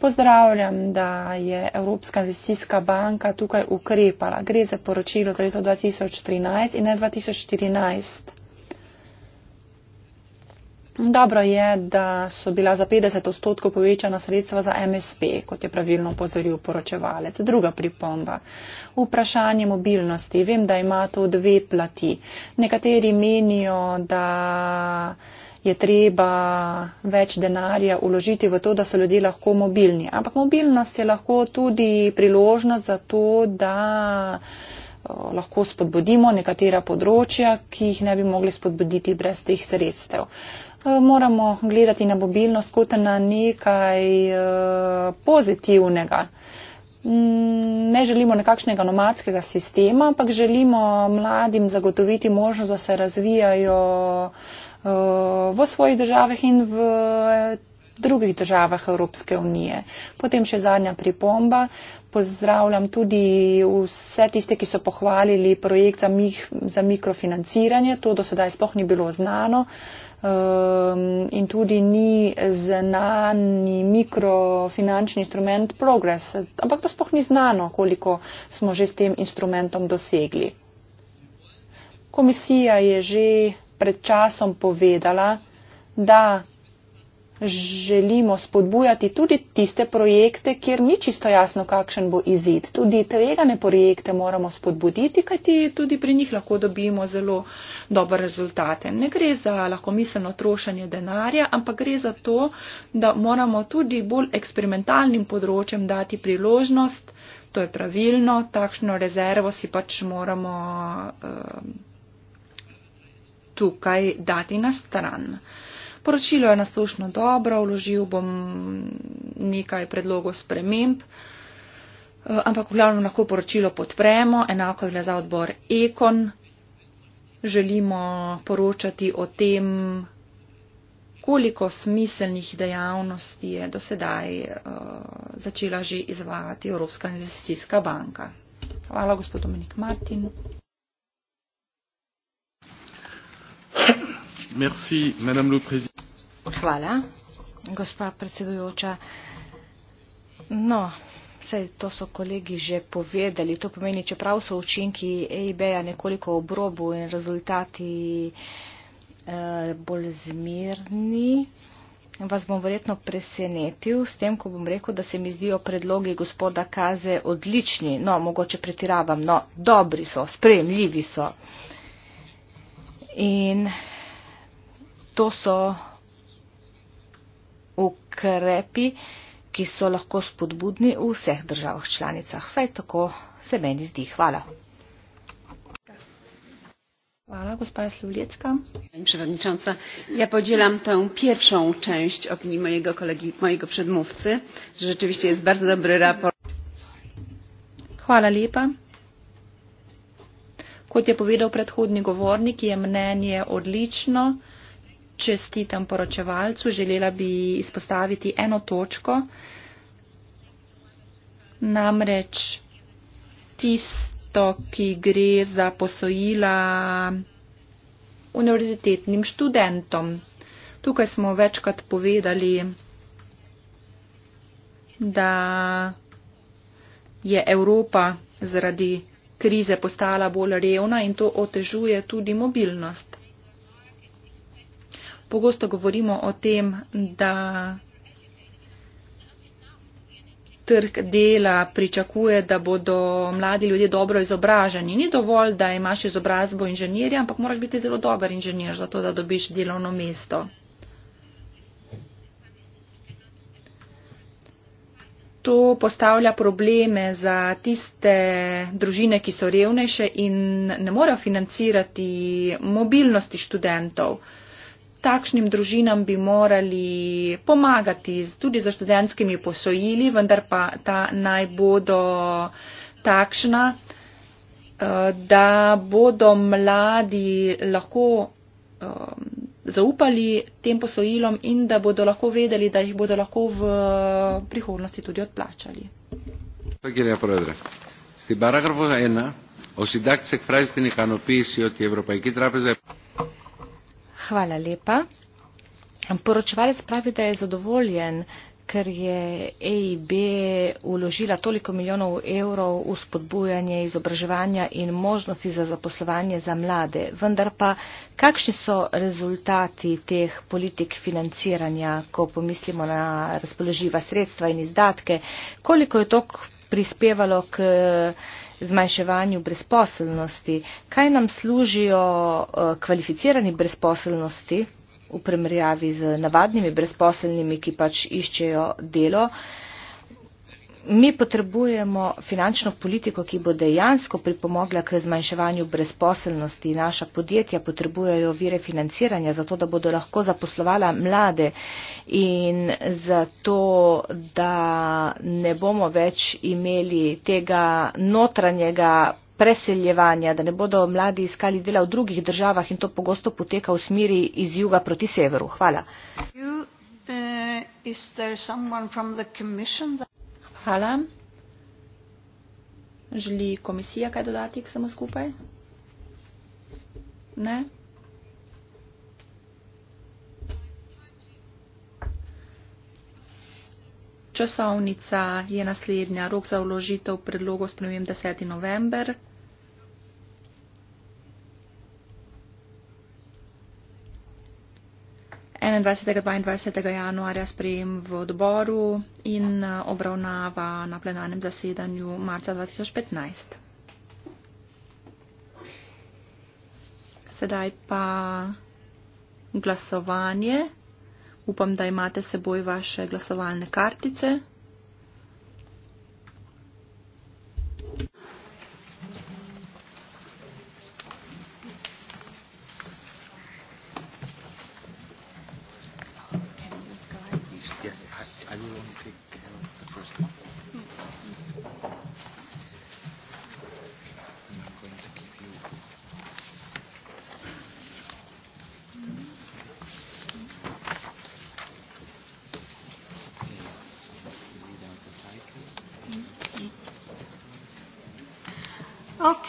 Pozdravljam, da je Evropska investicijska banka tukaj ukrepala. Gre za poročilo za leto 2013 in ne 2014. Dobro je, da so bila za 50 odstotkov povečana sredstva za MSP, kot je pravilno pozoril poročevalec. Druga pripomba. Vprašanje mobilnosti. Vem, da ima to dve plati. Nekateri menijo, da je treba več denarja uložiti v to, da so ljudje lahko mobilni. Ampak mobilnost je lahko tudi priložnost za to, da lahko spodbudimo nekatera področja, ki jih ne bi mogli spodbuditi brez teh sredstev. Eh, moramo gledati na mobilnost kot na nekaj eh, pozitivnega. Mm, ne želimo nekakšnega nomadskega sistema, ampak želimo mladim zagotoviti možnost, da se razvijajo eh, v svojih državah in v drugih državah Evropske unije. Potem še zadnja pripomba. Pozdravljam tudi vse tiste, ki so pohvalili projekt za, mih, za mikrofinanciranje. To do sedaj spoh ni bilo znano. Uh, um, in tudi ni znani mikrofinančni instrument progres. Ampak to spoh ni znano, koliko smo že s tem instrumentom dosegli. Komisija je že pred časom povedala, da želimo spodbujati tudi tiste projekte, kjer ni čisto jasno, kakšen bo izid. Tudi tvegane projekte moramo spodbuditi, kajti tudi pri njih lahko dobimo zelo dobre rezultate. Ne gre za lahko miselno trošanje denarja, ampak gre za to, da moramo tudi bolj eksperimentalnim področjem dati priložnost, to je pravilno, takšno rezervo si pač moramo. Um, tukaj dati na stran. Uh, poročilo je nasušno dobro, vložil bom nekaj predlogov sprememb, eh, ampak v glavnem lahko poročilo podpremo, enako je bila za odbor Ekon. Želimo poročati o tem, koliko smiselnih dejavnosti je do sedaj uh, začela že izvajati Evropska investicijska banka. Hvala, gospod Dominik Martin. Merci, Hvala, gospa predsedujoča. No, vse to so kolegi že povedali. To pomeni, čeprav so učinki EIB-ja nekoliko obrobu in rezultati eh, bolj zmirni, vas bom verjetno presenetil s tem, ko bom rekel, da se mi zdijo predlogi gospoda Kaze odlični. No, mogoče pretiravam, no, dobri so, sprejemljivi so. In to so ukrepi, ki so lahko spodbudni v vseh državah članicah. Vsaj tako se meni zdi. Hvala. Hvala, gospa Slovljecka. Pani przewodnicząca, ja podzielam tę pierwszą część opinii mojego kolegi, mojego przedmówcy, że rzeczywiście jest bardzo dobry raport. Hvala lepa. Kot je povedal predhodni govornik, je mnenje odlično čestitam poročevalcu. Želela bi izpostaviti eno točko, namreč tisto, ki gre za posojila univerzitetnim študentom. Tukaj smo večkrat povedali, da je Evropa zaradi krize postala bolj revna in to otežuje tudi mobilnost. Pogosto govorimo o tem, da trg dela pričakuje, da bodo mladi ljudje dobro izobraženi. Ni dovolj, da imaš izobrazbo inženirja, ampak moraš biti zelo dober inženir, zato da dobiš delovno mesto. To postavlja probleme za tiste družine, ki so revnejše in ne morejo financirati mobilnosti študentov takšnim družinam bi morali pomagati tudi za študentskimi posojili, vendar pa ta naj bodo takšna, eh, da bodo mladi lahko ehm, zaupali tem posojilom in da bodo lahko vedeli, da jih bodo lahko v prihodnosti tudi odplačali. Στην παράγραφο 1, ο συντάκτης εκφράζει την ικανοποίηση ότι η Ευρωπαϊκή Τράπεζα Hvala lepa. Poročevalec pravi, da je zadovoljen, ker je EIB uložila toliko milijonov evrov v spodbujanje izobraževanja in možnosti za zaposlovanje za mlade. Vendar pa, kakšni so rezultati teh politik financiranja, ko pomislimo na razpoložljiva sredstva in izdatke? Koliko je to prispevalo k zmanjševanju brezposelnosti. Kaj nam služijo eh, kvalificirani brezposelnosti v primerjavi z navadnimi brezposelnimi, ki pač iščejo delo? mi potrebujemo finančno politiko, ki bo dejansko pripomogla k zmanjševanju brezposelnosti. Naša podjetja potrebujejo vire financiranja, zato da bodo lahko zaposlovala mlade in zato, da ne bomo več imeli tega notranjega preseljevanja, da ne bodo mladi iskali dela v drugih državah in to pogosto poteka v smeri iz juga proti severu. Hvala. You, uh, Hvala. Želi komisija kaj dodati k samo skupaj? Ne? Časovnica je naslednja. Rok za vložitev predlogov spremem 10. november. 21. 22. januarja sprejem v odboru in eh, obravnava na plenarnem zasedanju marca 2015. Sedaj pa glasovanje. Upam, da imate seboj vaše glasovalne kartice.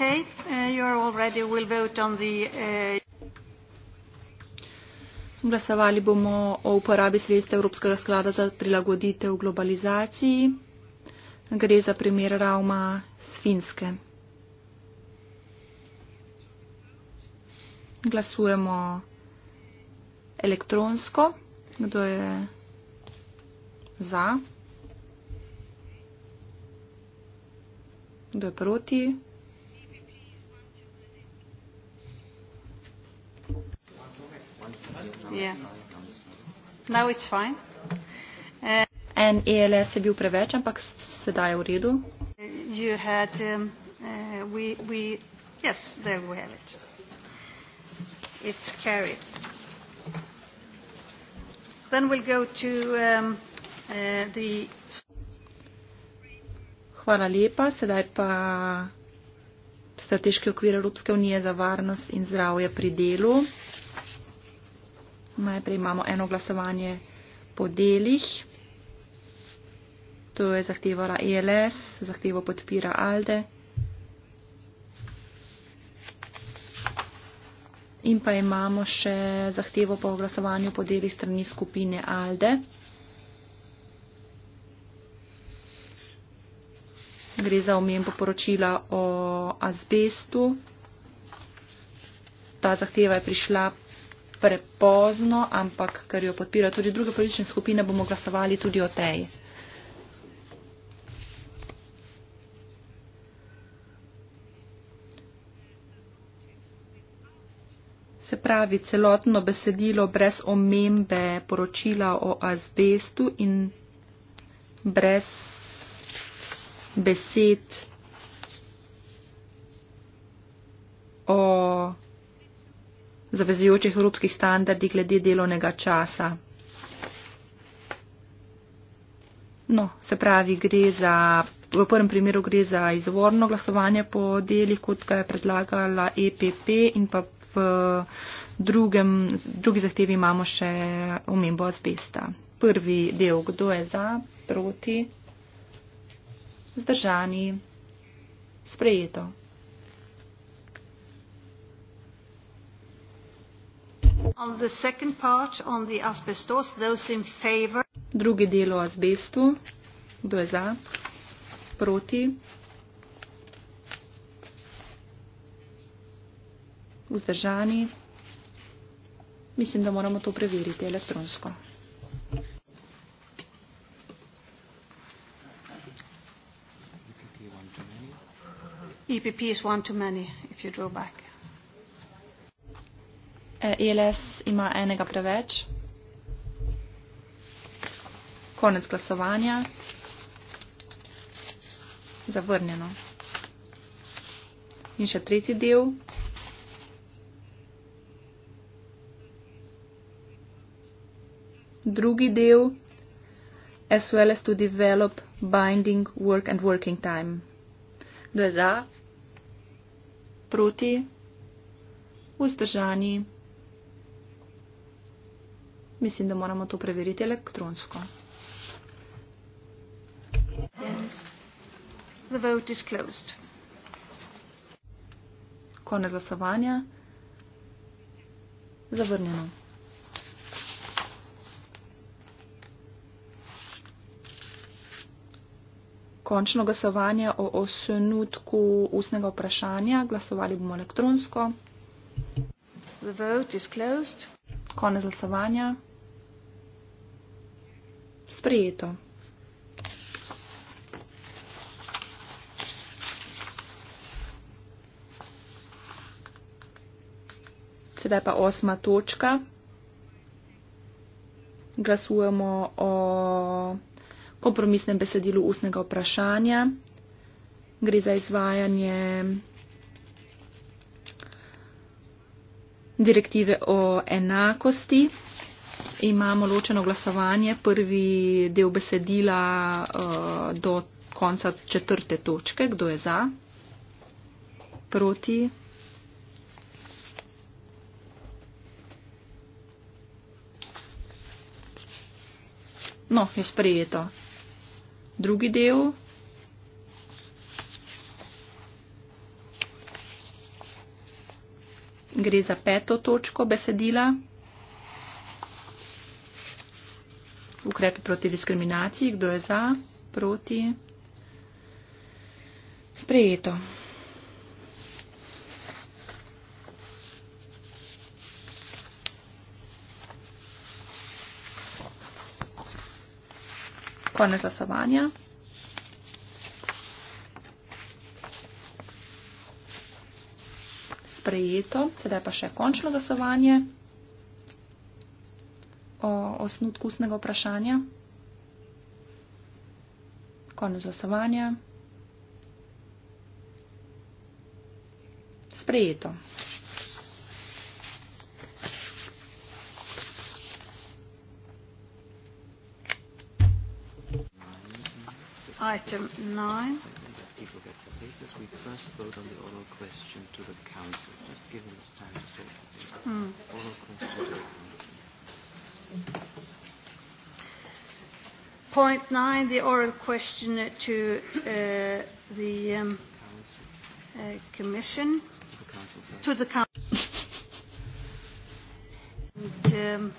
Okay. Uh, you are all ready. We'll vote on the. Uh, Glasovali bomo o uporabi sredstev Evropskega sklada za prilagoditev globalizaciji. Gre za primer Rauma z Finske. Glasujemo elektronsko. Kdo je za? Kdo je proti? Yeah. Uh, en ELS je bil preveč, ampak sedaj je v redu. Had, um, uh, we, we, yes, it. we'll to, um, uh, the... Hvala lepa, sedaj pa strateški okvir Evropske unije za varnost in zdravje pri delu. Najprej imamo eno glasovanje po delih. To je zahtevala ELS, zahtevo podpira ALDE. In pa imamo še zahtevo po glasovanju po delih strani skupine ALDE. Gre za omembo poročila o azbestu. Ta zahteva je prišla prepozno, ampak ker jo podpira tudi druga politična skupina, bomo glasovali tudi o tej. Se pravi, celotno besedilo brez omembe poročila o azbestu in brez besed o zavezujočih evropskih standardi glede delovnega časa. No, se pravi, za, v prvem primeru gre za izvorno glasovanje po delih, kot ga je predlagala EPP in pa v drugem, drugi zahtevi imamo še omembo azbesta. Prvi del, kdo je za, proti, vzdržani, sprejeto. Drugi del o azbestu. Kdo je za? Proti? Vzdržani? Mislim, da moramo to preveriti elektronsko. EPP is one too many if you draw back. ELS ima enega preveč. Konec glasovanja. Zavrnjeno. In še tretji del. Drugi del. As well as to develop binding work and working time. Kdo je za? Proti? Vzdržani? mislim, da moramo to preveriti elektronsko. The vote is closed. Kone glasovanja. Zavrnjeno. Končno glasovanje o osnutku ustnega vprašanja. Glasovali bomo elektronsko. The vote is closed. Kone glasovanja sprejeto. Sedaj pa osma točka. Glasujemo o kompromisnem besedilu ustnega vprašanja. Gre za izvajanje direktive o enakosti imamo ločeno glasovanje, prvi del besedila uh, do konca četrte točke. Kdo je za? Proti? No, je sprejeto. Drugi del. Gre za peto točko besedila. ukrepe proti diskriminaciji. Kdo je za? Proti? Sprejeto. Konec glasovanja. Sprejeto, sedaj pa še končno glasovanje o osnutku ustnega vprašanja. Konec glasovanja. Sprejeto. Item 9. Mm. Hmm. Point nine, the oral question to uh, the um, uh, Commission. To the Council. To the council. and, um,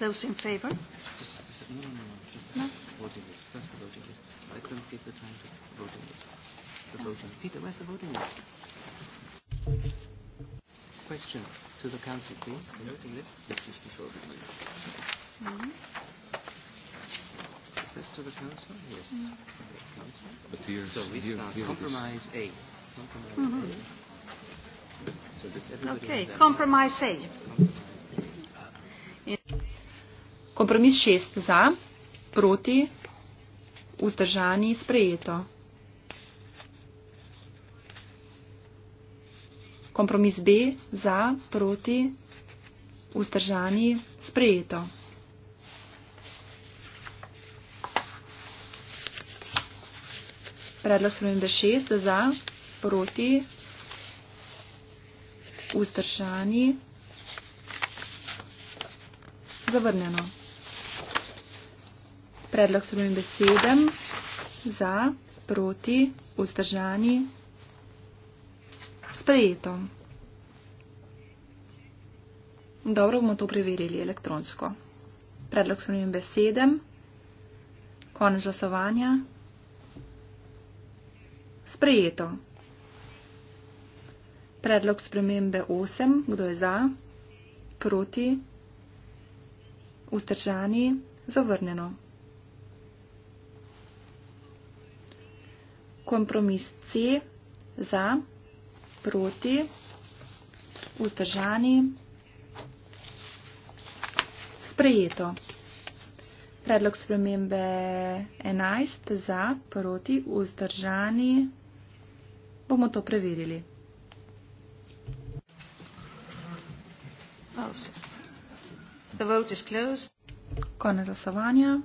those in favour? No. no, no, no. Just no? voting list. First the voting list. I couldn't give the time to voting list. The voting. Peter, where's the voting list? question to the council, please. The voting list. Yes, just the voting list. Mm -hmm. Is this to the council? Yes. Mm -hmm. council. But here's, so we start here, here compromise is. A. Compromise mm -hmm. A. Mm-hmm. Kompromis šest za, proti, vzdržani, sprejeto. Kompromis B za, proti, vzdržani, sprejeto. Predlog spremembe 6 za, proti, vzdržani, zavrnjeno. Predlog spremembe 7 za, proti, vzdržani, zavrnjeno sprejeto. Dobro bomo to preverili elektronsko. Predlog spremembe 7. Konec glasovanja. Sprejeto. Predlog spremembe 8. Kdo je za? Proti? Ustržani? Zavrnjeno. Kompromis C. Za proti, vzdržani, sprejeto. Predlog spremembe 11 za, proti, vzdržani, bomo to preverili. Oh, The vote is closed. Konec glasovanja.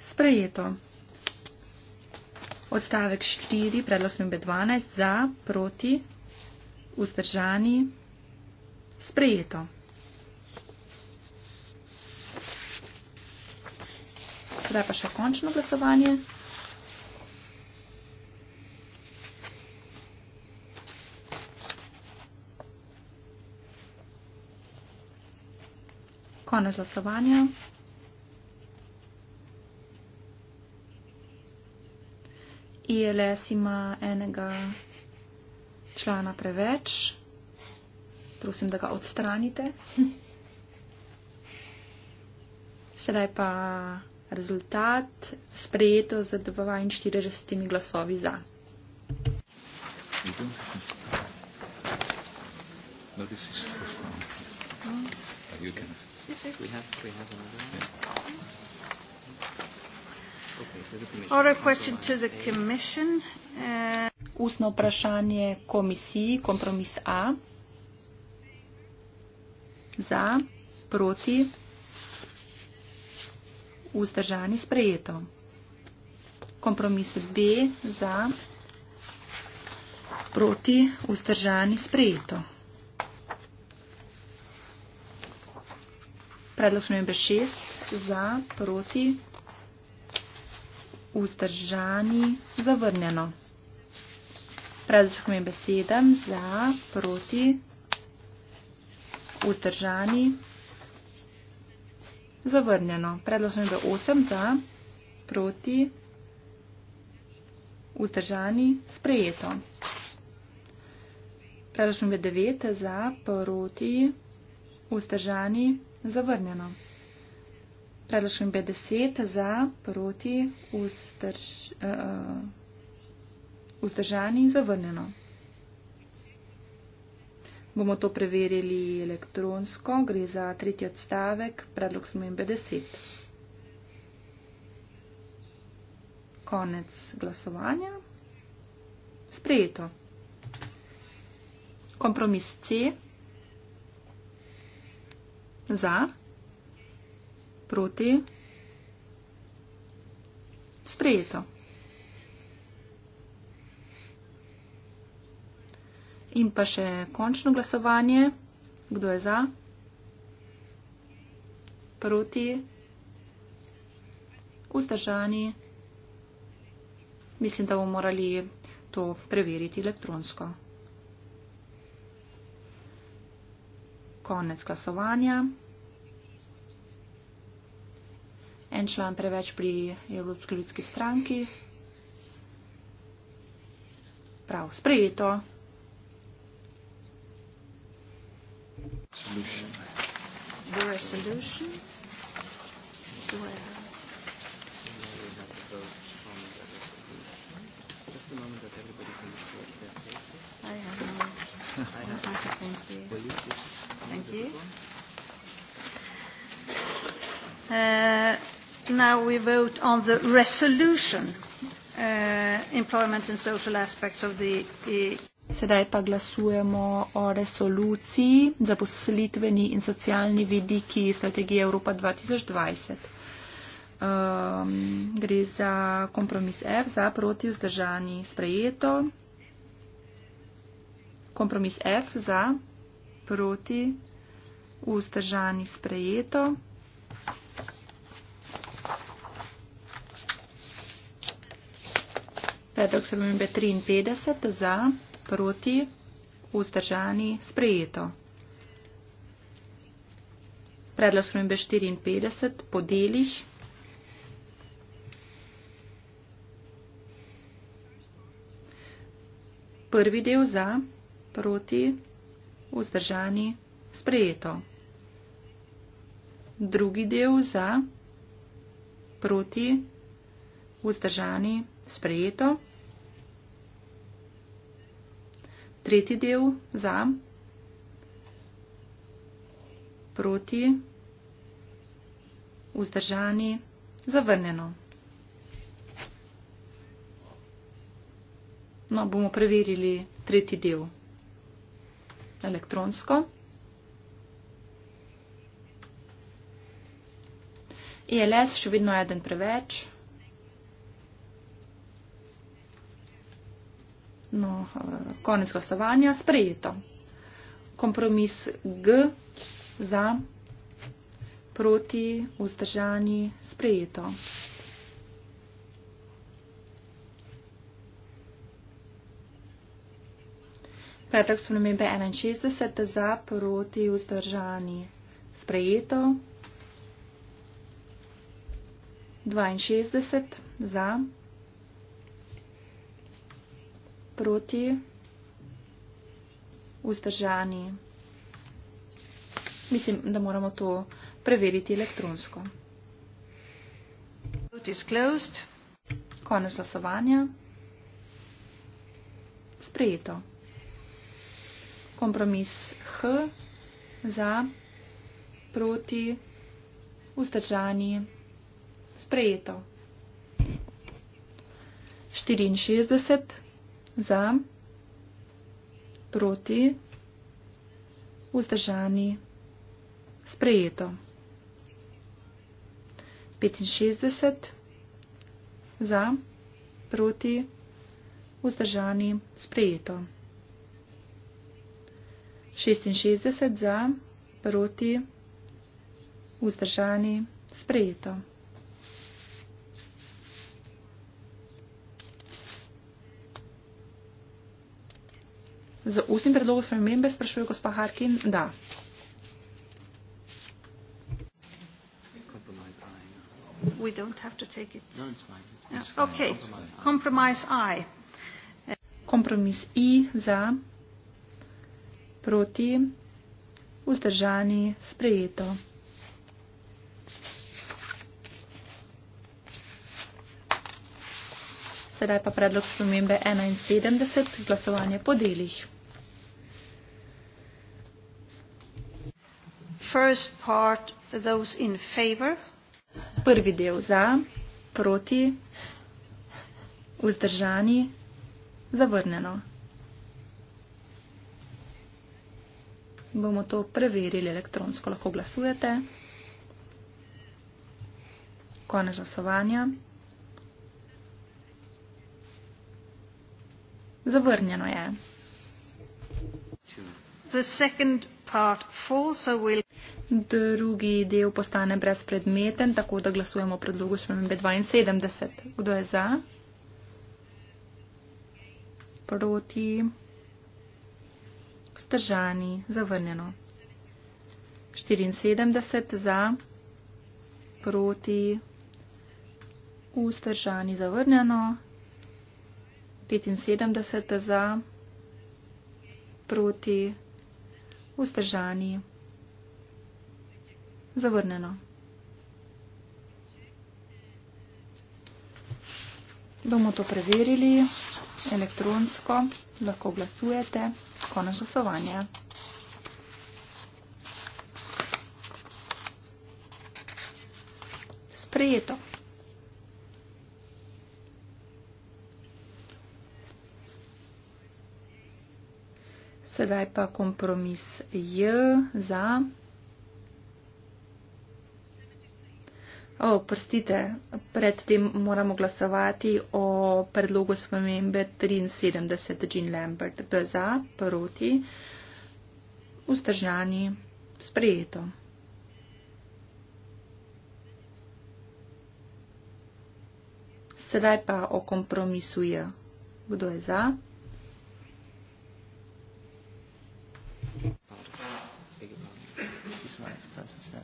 Sprejeto. Odstavek 4, predlog smembe 12, za, proti, vzdržani, sprejeto. Zdaj pa še končno glasovanje. Konec glasovanja. ILS ima enega člana preveč. Prosim, da ga odstranite. Sedaj pa rezultat sprejeto z 42 glasovi za. No, this is first one. Oh. Are you gonna? This is. We have. We have another one. Yeah. Uh, Ustno vprašanje komisiji, kompromis A. Za, proti, vzdržani, sprejeto. Kompromis B. Za, proti, vzdržani, sprejeto. Predlog šnjem B6. Za, proti, vzdržani, sprejeto vzdržani, zavrnjeno. Predvzhodim besedam za, proti, vzdržani, zavrnjeno. Predvzhodim do 8 za, proti, vzdržani, sprejeto. Predvzhodim do 9 za, proti, vzdržani, zavrnjeno. Predlož mi B10 za, proti, vzdrž, uh, vzdržani in zavrneno. Bomo to preverili elektronsko, gre za tretji odstavek, predlog smo in B10. Konec glasovanja. Sprejeto. Kompromis C. Za proti? Sprejeto. In pa še končno glasovanje. Kdo je za? Proti? Vzdržani? Mislim, da bomo morali to preveriti elektronsko. Konec glasovanja. en član preveč pri Evropski ljudski stranki. Prav, sprejeto. No *laughs* uh, Now we vote on the resolution, uh, employment and social aspects of the e Sedaj pa glasujemo o resoluciji za poslitveni in socialni vidiki strategije Evropa 2020. Um, gre za kompromis F, za proti vzdržani sprejeto. Kompromis F, za proti vzdržani sprejeto. Predlog spremembe 53 za, proti, vzdržani, sprejeto. Predlog spremembe 54 po delih. Prvi del za, proti, vzdržani, sprejeto. Drugi del za, proti, vzdržani, sprejeto. Sprejeto. tretji del za, proti, vzdržani, zavrnjeno. No, bomo preverili tretji del elektronsko. ELS še vedno eden preveč. No, konec glasovanja, sprejeto. Kompromis G za, proti, vzdržani, sprejeto. Predlog so namembe 61 za, proti, vzdržani, sprejeto. 62 za proti, vzdržani. Mislim, da moramo to preveriti elektronsko. Konec glasovanja. Sprejeto. Kompromis H za, proti, vzdržani. Sprejeto. 64 za, proti, vzdržani, sprejeto. 65 za, proti, vzdržani, sprejeto. 66 za, proti, vzdržani, sprejeto. Z ustnim predlogom spremembe sprašuje gospa Harkin, da. We don't have to take it. No, it's fine. It's okay. Compromise I. Kompromis I za, proti, vzdržani, sprejeto. Sedaj pa predlog spremembe 71, glasovanje po delih. first part those in favor. Prvi del za, proti, vzdržani, zavrnjeno. Bomo to preverili elektronsko, lahko glasujete. Konec glasovanja. Zavrnjeno je. The second Drugi del postane brezpredmeten, tako da glasujemo o predlogu spremembe 72. Kdo je za? Proti? Vzdržani? Zavrnjeno. 74 za? Proti? Vzdržani? Zavrnjeno. 75 za? Proti? vzdržani. Zavrneno. Bomo to preverili elektronsko, lahko glasujete, konec glasovanja. Sprejeto. Sedaj pa kompromis J za. O, prstite, predtem moramo glasovati o predlogu spremembe 73 Jean Lambert. To je za, proti, vzdržani, sprejeto. Sedaj pa o kompromisu je. Kdo je za? process that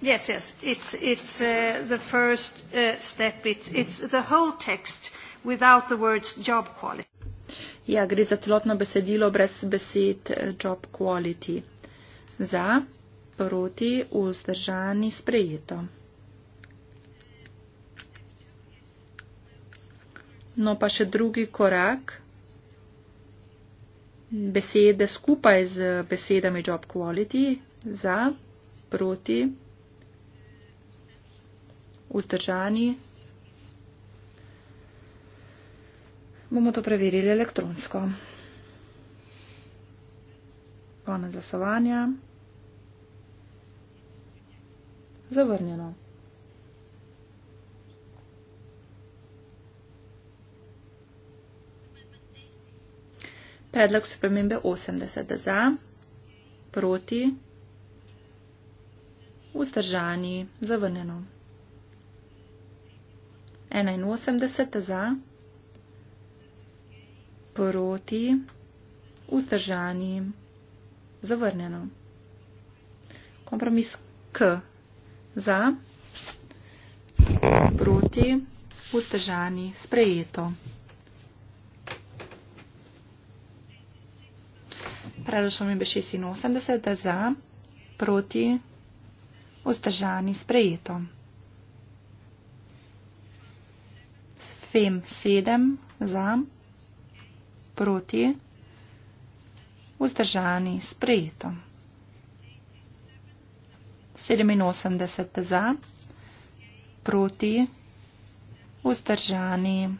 Yes, yes, it's, it's uh, the first uh, step. It's, it's the whole text without the words job quality. Ja, gre za celotno besedilo brez besed eh, job quality. Za, proti, vzdržani, sprejeto. No pa še drugi korak. Besede skupaj z besedami job quality, za, proti, vzdržani. Bomo to preverili elektronsko. Konec glasovanja. Zavrnjeno. Predlog spremembe 80 za, proti vzdržani, zavrnjeno. 81 za, proti, vzdržani, zavrnjeno. Kompromis K za, proti, vzdržani, sprejeto. Predlošamo imbe 86 za, proti, vzdržani sprejeto. Fem 7 za, proti, vzdržani sprejeto. 87 za, proti, vzdržani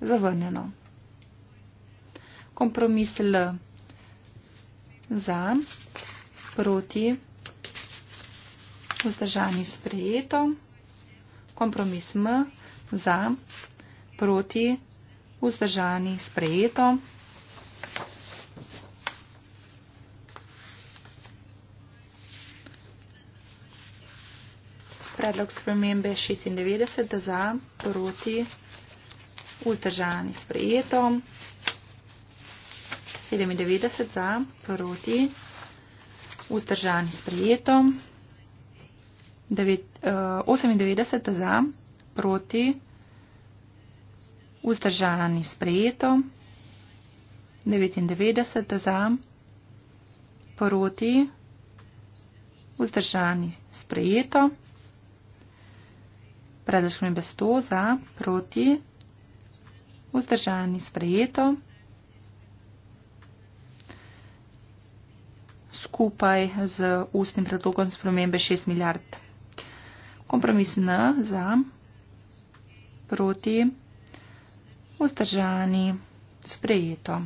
zavrnjeno. Kompromis L za, proti, vzdržani sprejeto vzdržani sprejeto, kompromis M za, proti, vzdržani sprejeto. Predlog spremembe 96 za, proti, vzdržani sprejeto. 97 za, proti, vzdržani sprejeto. 9, uh, 98 za, proti, vzdržani sprejeto, 99 za, proti, vzdržani sprejeto, predlog spremembe 100 za, proti, vzdržani sprejeto, skupaj z ustnim predlogom spremembe 6 milijard kompromis N za, proti, vzdržani, sprejeto.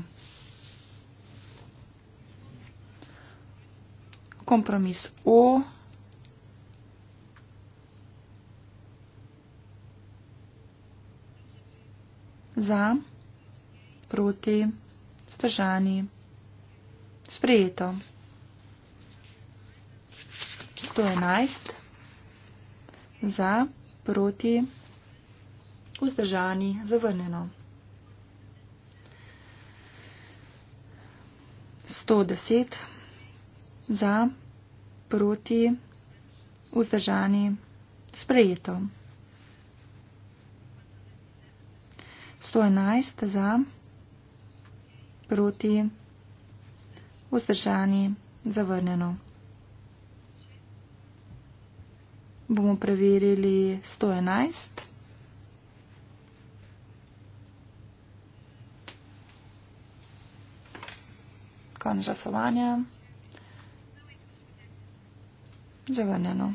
Kompromis O, za, proti, vzdržani, sprejeto. To je najst. Nice za, proti, vzdržani, zavrnjeno. 110 za, proti, vzdržani, sprejeto. 111 za, proti, vzdržani, zavrnjeno. bomo preverili 111. Konec glasovanja. Zavrnjeno.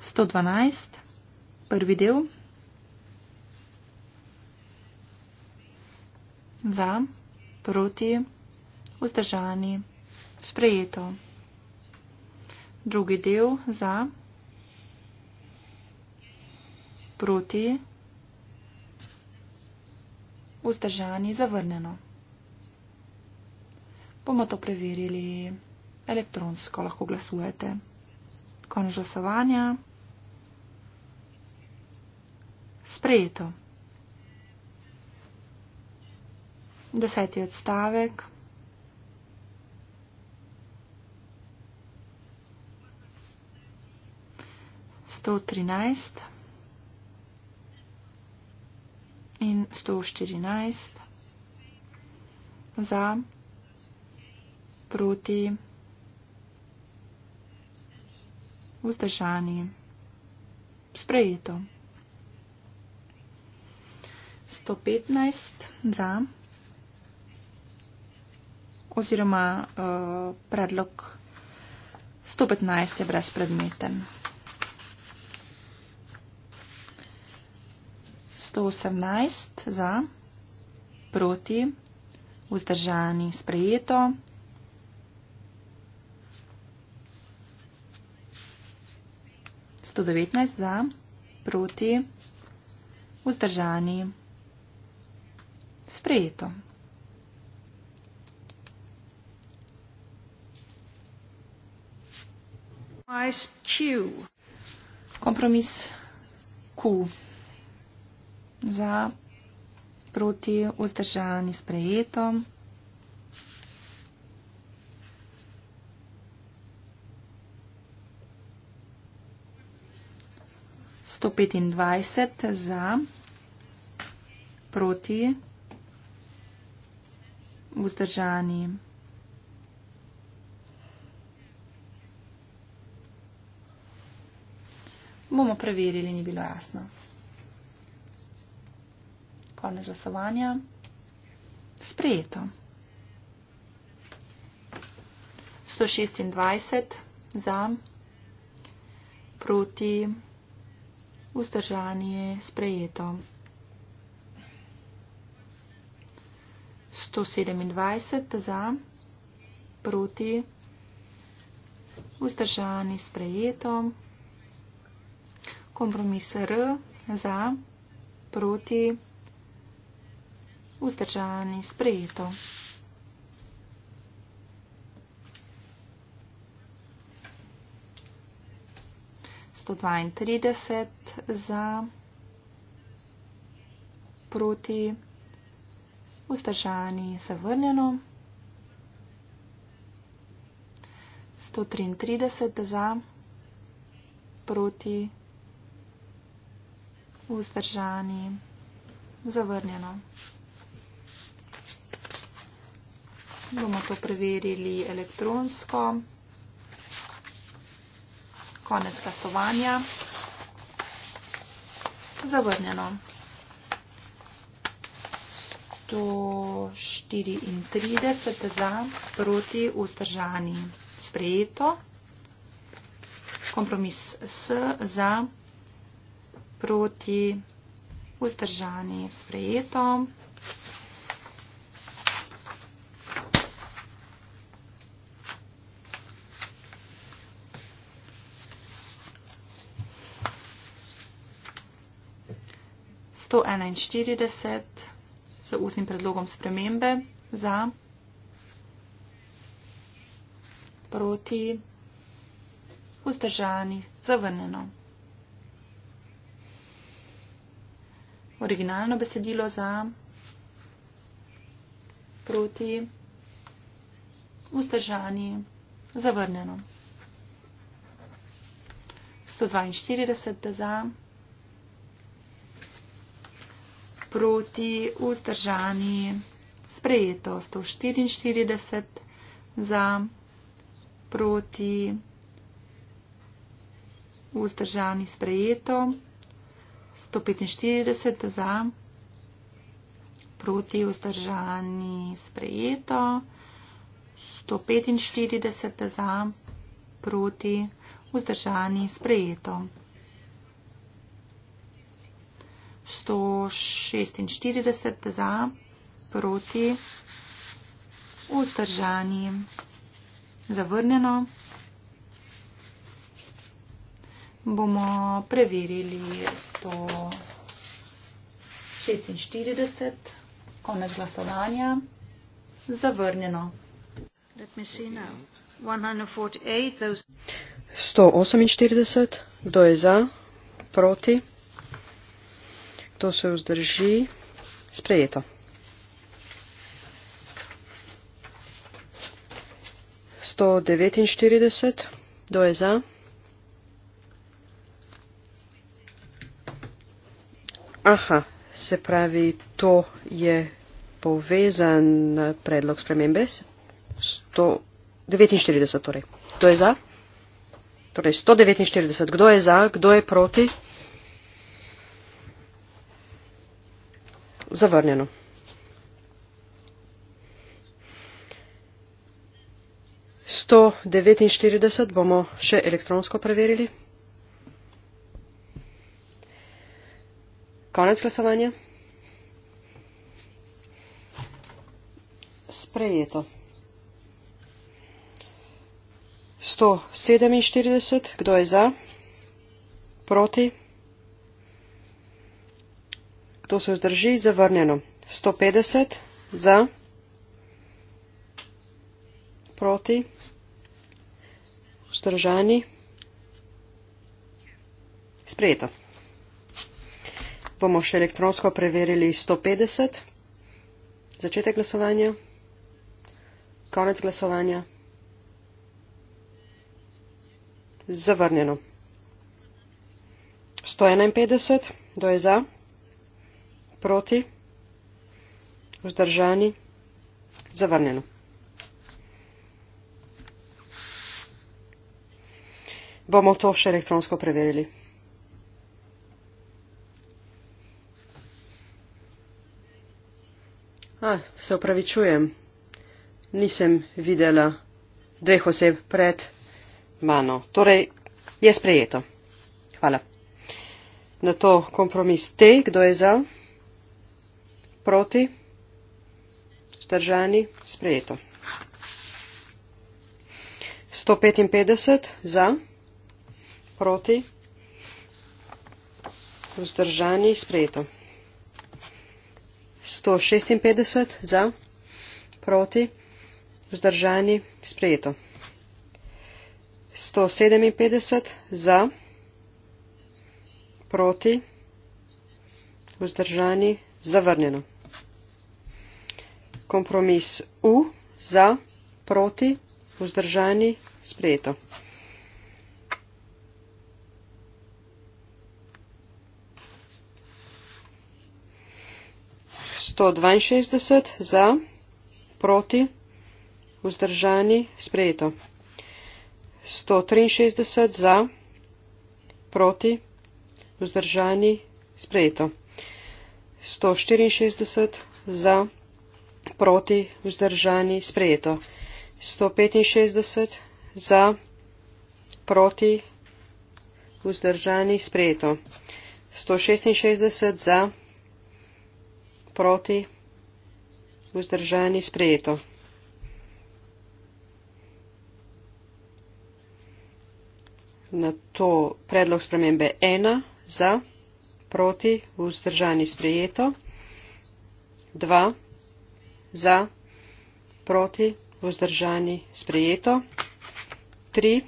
112. Prvi del. Za, proti, vzdržani, sprejeto drugi del za, proti, vzdržani, zavrnjeno. Bomo to preverili elektronsko, lahko glasujete. Konec glasovanja. Sprejeto. Deseti odstavek. 113 in 114 za, proti, vzdržani, sprejeto. 115 za oziroma uh, predlog 115 je brezpredmeten. 118 za, proti, vzdržani, sprejeto. Sto za, proti, vzdržani, sprejeto. Kompromis Q. Kompromis Q za, proti, vzdržani, sprejeto. Sto petindvajset za, proti, vzdržani. Bomo preverili, ni bilo jasno konec glasovanja. Sprejeto. 126 za, proti, vzdržanje, sprejeto. 127 za, proti, vzdržanje, sprejeto. Kompromis R za, proti, vzdržanje. Vzdržani, sprejeto. Sto dvajintrideset za proti. Vzdržani, zavrnjeno. Sto triintrideset za proti. Vzdržani, zavrnjeno. bomo to preverili elektronsko. Konec glasovanja. Zavrnjeno. 134 za, proti, vzdržani, sprejeto. Kompromis S za, proti, vzdržani, sprejeto. 141 z usnim predlogom spremembe za proti vzdržani zavrnjeno. Originalno besedilo za proti vzdržani zavrnjeno. 142 za proti vzdržani sprejeto 144 za proti vzdržani sprejeto 145 za proti vzdržani sprejeto 145 za proti vzdržani sprejeto. 146 za, proti, vzdržani, zavrnjeno. Bomo preverili 146, konec glasovanja, zavrnjeno. 148, kdo je za, proti. To se vzdrži. Sprejeto. Sto devetinštirideset. Kdo je za? Aha, se pravi, to je povezan predlog spremembe. Sto devetinštirideset, torej. Kdo je za? Torej, sto devetinštirideset. Kdo je za? Kdo je proti? zavrnjeno. sto devetinštirideset bomo še elektronsko preverili. konec glasovanja. sprejeto. sto sedeminštirideset kdo je za? proti? To se vzdrži zavrnjeno. 150 za, proti, vzdržani, sprejeto. Bomo še elektronsko preverili 150. Začetek glasovanja, konec glasovanja, zavrnjeno. 151, kdo je za? proti, vzdržani, zavrnjeno. Bomo to še elektronsko preverili. A, se upravičujem, nisem videla dveh oseb pred mano. Torej, je sprejeto. Hvala. Na to kompromis te, kdo je za? proti vzdržani sprejeto. 155 za proti vzdržani sprejeto. 156 za proti vzdržani sprejeto. 157 za proti vzdržani zavrnjeno kompromis U, za, proti, vzdržani, sprejeto. Sto dvajset za, proti, vzdržani, sprejeto. Sto triinšestdeset za, proti, vzdržani, sprejeto. Sto štiriinšestdeset za, proti proti, vzdržani, sprejeto. 165 za, proti, vzdržani, sprejeto. 166 za, proti, vzdržani, sprejeto. Na to predlog spremembe 1 za, proti, vzdržani, sprejeto. 2 za, proti, vzdržani, sprejeto. Tri.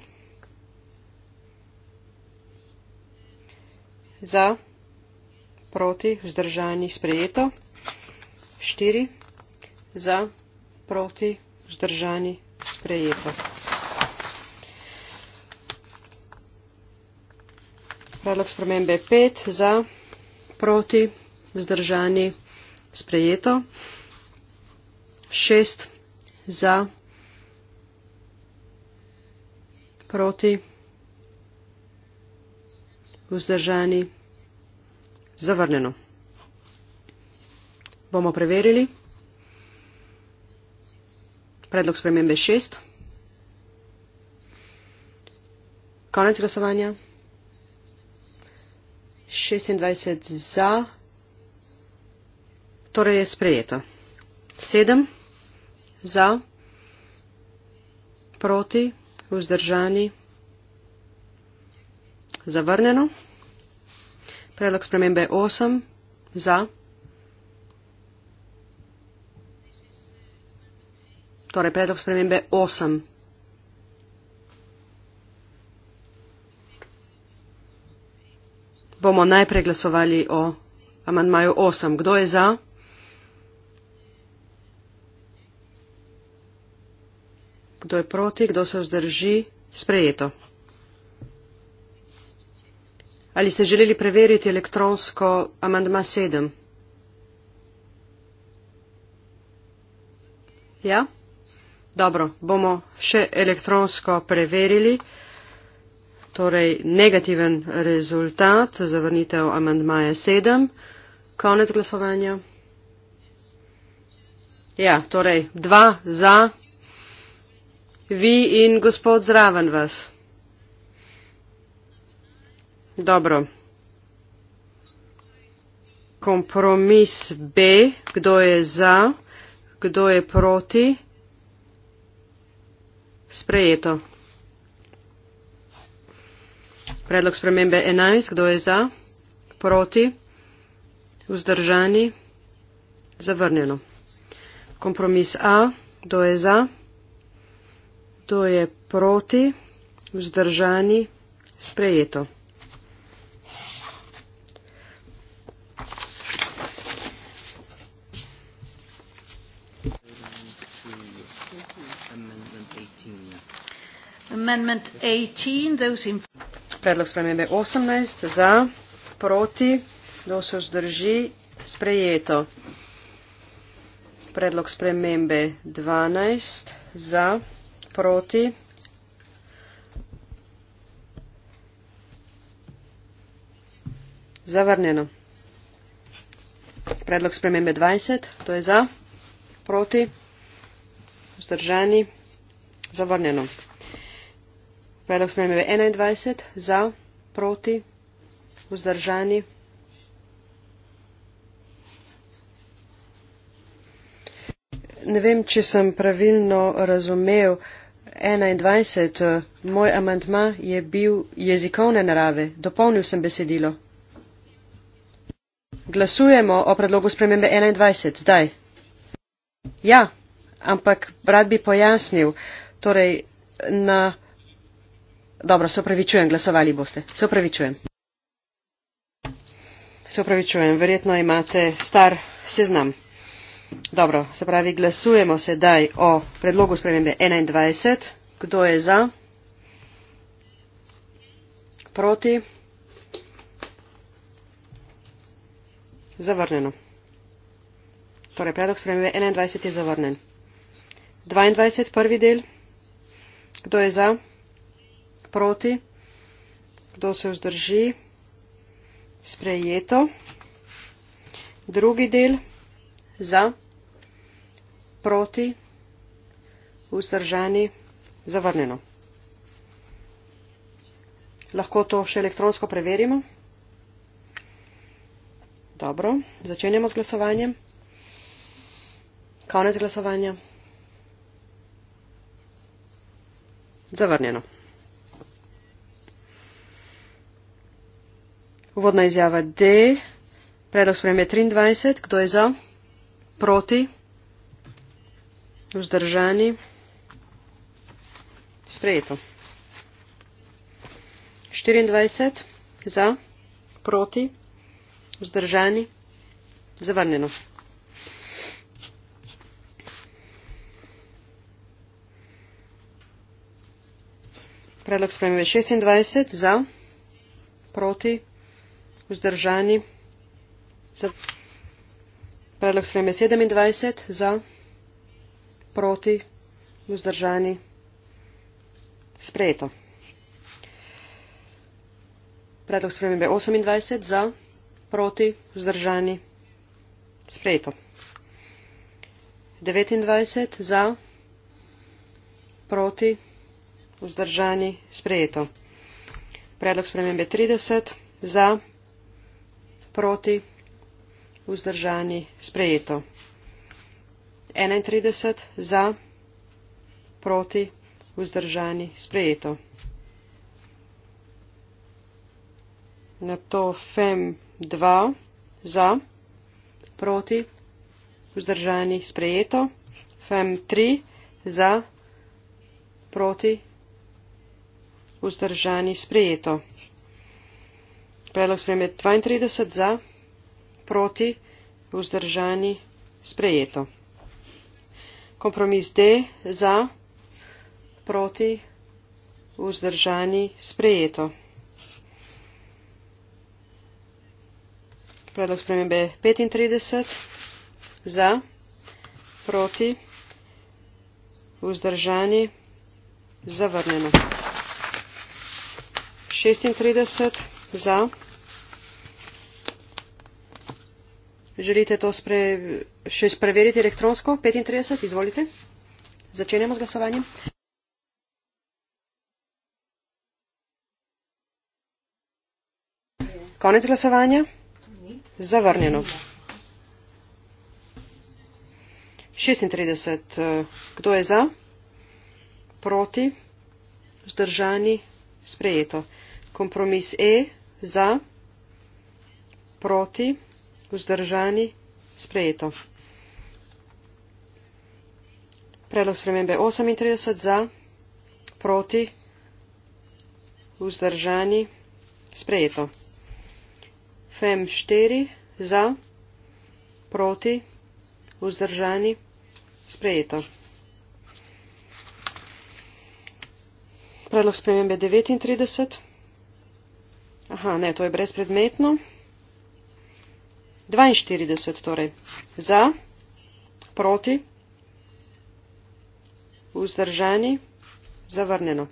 Za, proti, vzdržani, sprejeto. Štiri. Za, proti, vzdržani, sprejeto. Predlog spremembe 5 za, proti, vzdržani, sprejeto šest za, proti, vzdržani, zavrnjeno. Bomo preverili. Predlog spremembe šest. Konec glasovanja. 26 za. Torej je sprejeto. 7 za, proti, vzdržani, zavrnjeno. Predlog spremembe je 8, za. Torej, predlog spremembe 8. Bomo najprej glasovali o amantmaju 8. Kdo je za? Kdo je proti, kdo se vzdrži? Sprejeto. Ali ste želeli preveriti elektronsko amandma 7? Ja? Dobro, bomo še elektronsko preverili. Torej, negativen rezultat za vrnitev amandmaja 7. Konec glasovanja. Ja, torej, dva za, Vi in gospod zraven vas. Dobro. Kompromis B, kdo je za, kdo je proti. Sprejeto. Predlog spremembe 11, kdo je za, proti, vzdržani, zavrnjeno. Kompromis A, kdo je za. To je proti, vzdržani, sprejeto. Amendment 18, predlog spremembe 18 za, proti, kdo se vzdrži, sprejeto. Predlog spremembe 12 za proti. Zavrnjeno. Predlog spremembe 20, to je za, proti, vzdržani, zavrnjeno. Predlog spremembe 21, za, proti, vzdržani. Ne vem, če sem pravilno razumev enaindvajset eh, moj amandma je bil jezikovne narave dopolnil sem besedilo glasujemo o predlogu spremembe enaindvajset zdaj ja ampak rad bi pojasnil torej na dobro se opravičujem glasovali boste se opravičujem se opravičujem verjetno imate star seznam dobro se pravi glasujemo sedaj o predlogu spremembe enaindvajset kdo je za proti zavrnjeno torej predlog spremembe enaindvajset je zavrnjen dvaindvajset prvi del kdo je za proti kdo se vzdrži sprejeto drugi del za, proti, vzdržani, zavrnjeno. Lahko to še elektronsko preverimo. Dobro, začenjamo z glasovanjem. Konec glasovanja. Zavrnjeno. Uvodna izjava D. Predlog spremembe 23. Kdo je za? proti, vzdržani, sprejeto. 24 za, proti, vzdržani, zavrnjeno. Predlog spremembe 26 za, proti, vzdržani, zavrnjeno. Predlog sprejme 27 za, proti, vzdržani, sprejeto. Predlog spremembe 28 za, proti, vzdržani, sprejeto. 29 za, proti, vzdržani, sprejeto. Predlog spremembe 30 za, proti, vzdržani, sprejeto vzdržani, sprejeto. 31 za, proti, vzdržani, sprejeto. Na to FEM 2 za, proti, vzdržani, sprejeto. FEM 3 za, proti, vzdržani, sprejeto. Predlog spremembe 32 za proti, vzdržani, sprejeto. Kompromis D za, proti, vzdržani, sprejeto. Predlog spremembe 35 za, proti, vzdržani, zavrnjeno. 36 za, proti, vzdržani, sprejeto. Želite to spre, še spreveriti elektronsko? 35, izvolite. Začenjamo z glasovanjem. Konec glasovanja? Zavrnjeno. 36. Eh, kdo je za? Proti? Zdržani? Sprejeto. Kompromis E? Za? Proti? vzdržani sprejeto. Predlog spremembe 38 za, proti, vzdržani sprejeto. FEM 4 za, proti, vzdržani sprejeto. Predlog spremembe 39. Aha, ne, to je brezpredmetno. 42 torej. Za, proti, vzdržani, zavrnjeno.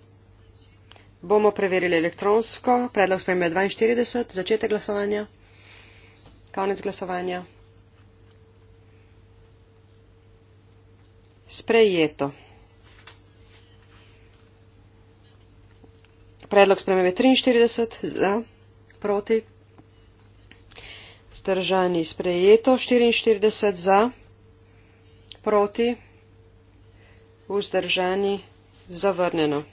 Bomo preverili elektronsko. Predlog sprejme 42. Začetek glasovanja. Konec glasovanja. Sprejeto. Predlog spremembe 43 za, proti vzdržani sprejeto 44 za proti vzdržani zavrnjeno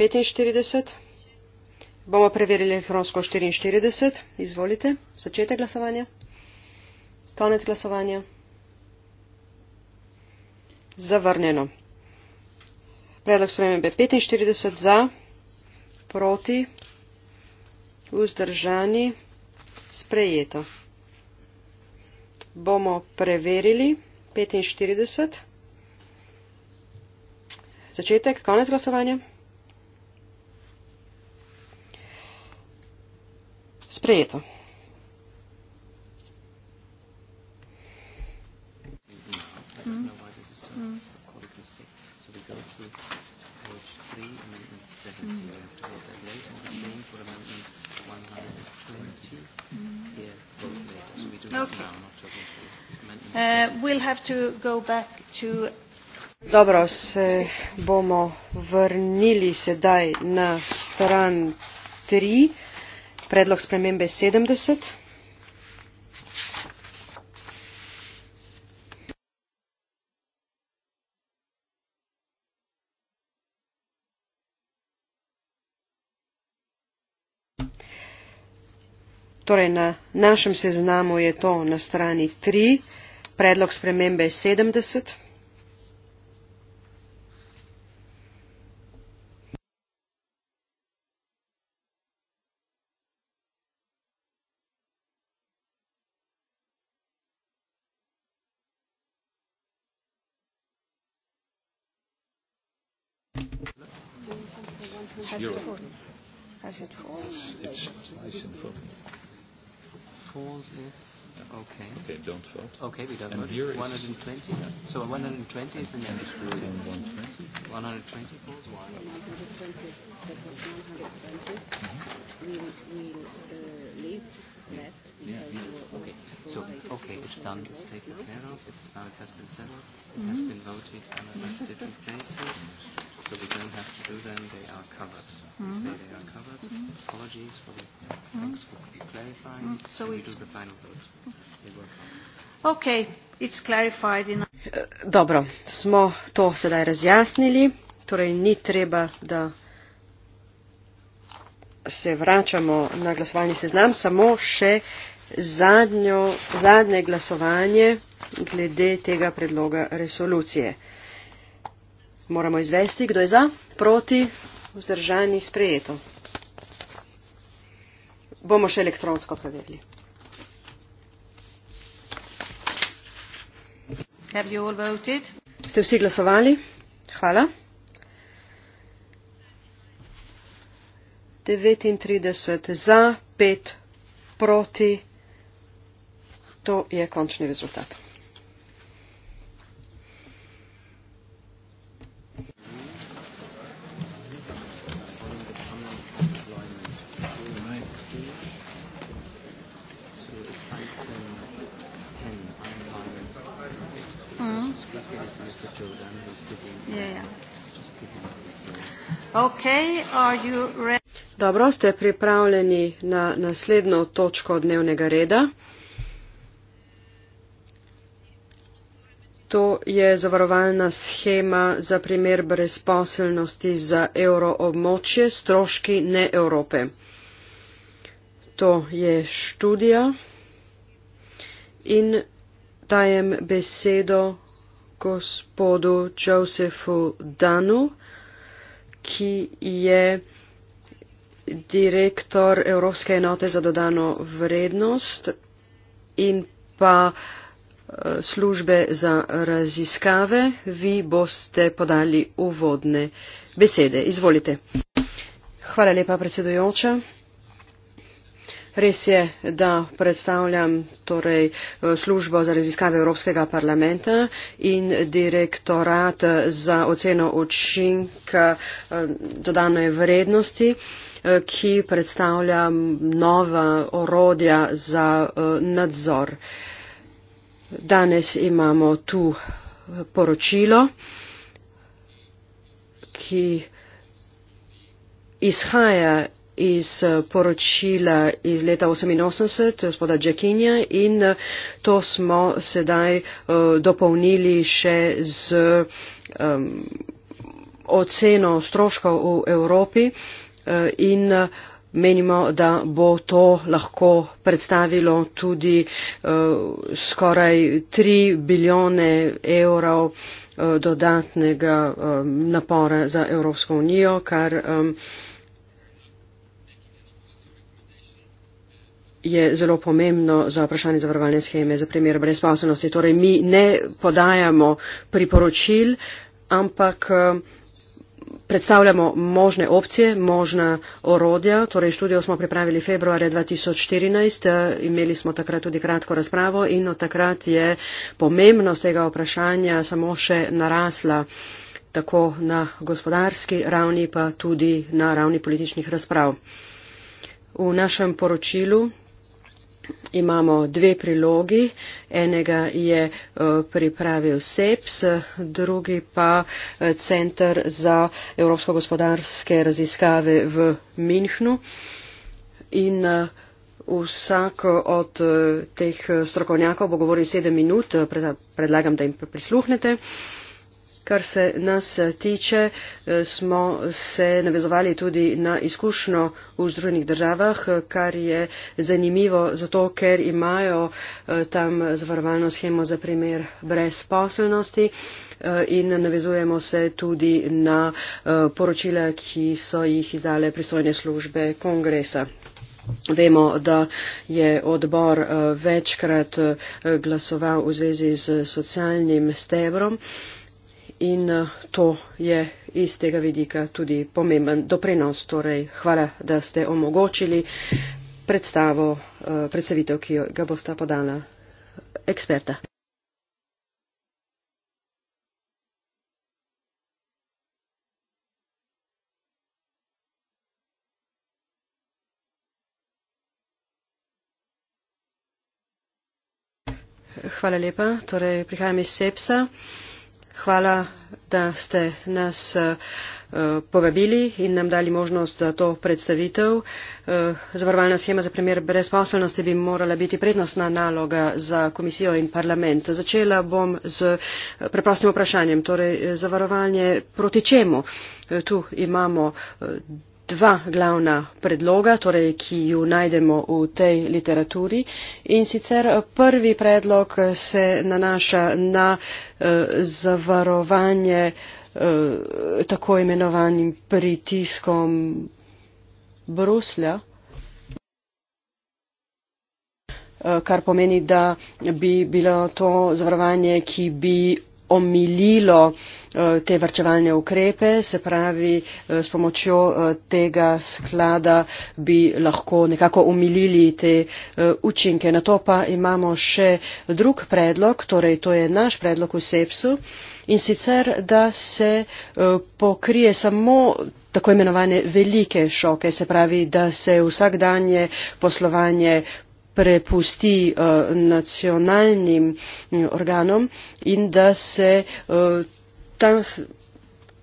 45 bomo preverili elektronsko 44 izvolite začetek glasovanja konec glasovanja zavrnjeno predlog spremembe 45 za proti vzdržani sprejeto. Bomo preverili 45. Začetek, konec glasovanja. Sprejeto. Mm. Mm. So we go to Uh, dobro se bomo vrnili sedaj na stran tri predlog spremembe sedemdeset Torej, na našem seznamu je to na strani 3, predlog spremembe je 70. Has it fallen? Has it fallen? It's nice and full pause there? Okay. Okay, don't vote. Okay, we don't and vote. Here 120? Is so 120 is the next. 120. 120 pause? Why? 120. That was 120. Mm -hmm. We'll, we'll uh, leave left. Yeah, yeah. Okay. So, okay, it's done. It's taken care of. It's now it has been settled. Mm -hmm. It has been voted on a lot of different places. So we don't have to do them. They are covered. Mm -hmm. We say they are covered. Mm -hmm. Apologies for the. Mm -hmm. Thanks for clarifying. Mm -hmm. So we do the final vote. It will come. Okay, it's clarified in. Dobro, smo to sedaj razjasnili, torej ni treba, da se vračamo na glasovalni seznam, samo še zadnjo, zadnje glasovanje glede tega predloga resolucije. Moramo izvesti, kdo je za, proti, vzdržani, sprejeto. Bomo še elektronsko preverili. Ste vsi glasovali? Hvala. 39 za, 5 proti. To je končni rezultat. Hmm. Okay, are you ready? Dobro, ste pripravljeni na naslednjo točko dnevnega reda. To je zavarovalna schema za primer brezposelnosti za euroobmočje, stroški ne Evrope. To je študija in dajem besedo gospodu Josefu Danu, ki je direktor Evropske enote za dodano vrednost in pa eh, službe za raziskave. Vi boste podali uvodne besede. Izvolite. Hvala lepa, predsedujoča. Res je, da predstavljam torej, eh, službo za raziskave Evropskega parlamenta in direktorat eh, za oceno učinka eh, dodane vrednosti, ki predstavlja nova orodja za nadzor. Danes imamo tu poročilo, ki izhaja iz eh, poročila iz leta 1988, gospoda Džekinja, in eh, to smo sedaj uh, dopolnili še z um, oceno stroškov v Evropi uh, in menimo, da bo to lahko predstavilo tudi uh, skoraj 3 bilijone evrov uh, dodatnega um, napora za Evropsko unijo, kar um, je zelo pomembno za vprašanje zavarovalne scheme za primer brezposelnosti. Torej, mi ne podajamo priporočil, ampak eh, predstavljamo možne opcije, možna orodja. Torej, študijo smo pripravili februarja 2014, eh, imeli smo takrat tudi kratko razpravo in od takrat je pomembnost tega vprašanja samo še narasla tako na gospodarski ravni, pa tudi na ravni političnih razprav. V našem poročilu imamo dve prilogi. Enega je eh, pripravil SEPS, drugi pa eh, Centr za evropsko gospodarske raziskave v Minhnu. In eh, vsak od teh strokovnjakov bo govoril sedem minut, predlagam, da jim prisluhnete. Kar se nas eh, tiče, eh, smo se navezovali tudi na izkušnjo v Združenih državah, eh, kar je zanimivo zato, ker imajo tam zavarovalno schemo za primer brezposelnosti in navezujemo se tudi na poročila, ki so jih izdale pristojne službe kongresa. Vemo, da je odbor večkrat glasoval v zvezi z socialnim stebrom in eh, to je iz tega vidika tudi pomemben doprinos. Torej, hvala, da ste omogočili predstavo, eh, predstavitev, ki jo ga bosta podala eh, eksperta. Hvala lepa. Torej, prihajam iz SEPSA hvala da ste nas eh, povabili in nam dali možnost za to predstavitev. Eh, zavarovalna schema za primer brezposelnosti bi morala biti prednostna naloga za komisijo in parlament. Začela bom z eh, preprostim vprašanjem, torej zavarovanje proti čemu. Tu imamo dva glavna predloga, torej, ki ju najdemo v tej literaturi. In sicer eh, prvi predlog eh, se nanaša na eh, zavarovanje eh, tako imenovanim pritiskom Bruslja, eh, kar pomeni, da bi bilo to zavarovanje, ki bi omililo eh, te varčevalne ukrepe se pravi eh, s pomočjo eh, tega sklada bi lahko nekako omilili te učinke na to pa imamo še drug predlog torej to je naš predlog v sepsu in sicer da se pokrije samo tako imenovane velike šoke se pravi da se vsakdanje poslovanje prepusti eh, nacionalnim mm, organom in da se eh, ta,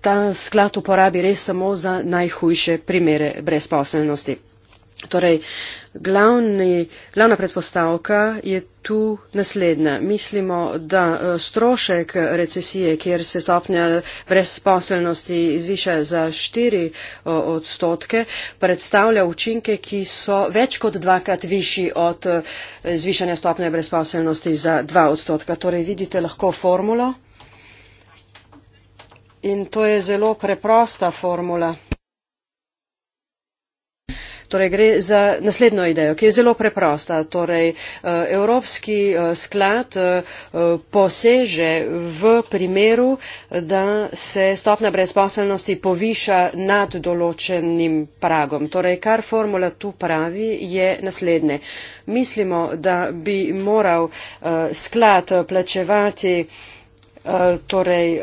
ta sklad uporabi res samo za najhujše primere brezposelnosti. Torej, glavni, glavna predpostavka je tu naslednja. Mislimo, da eh, strošek recesije, kjer se stopnja brezposelnosti zviša za 4 eh, odstotke, predstavlja učinke, ki so več kot dvakrat višji od eh, zvišanja stopnje brezposelnosti za 2 odstotka. Torej vidite lahko formulo in to je zelo preprosta formula. Torej, gre za naslednjo idejo, ki je zelo preprosta. Torej, eh, Evropski eh, sklad eh, poseže v primeru, da se stopna brezposelnosti poviša nad določenim pragom. Torej, kar formula tu pravi, je naslednje. Mislimo, da bi moral sklad plačevati torej,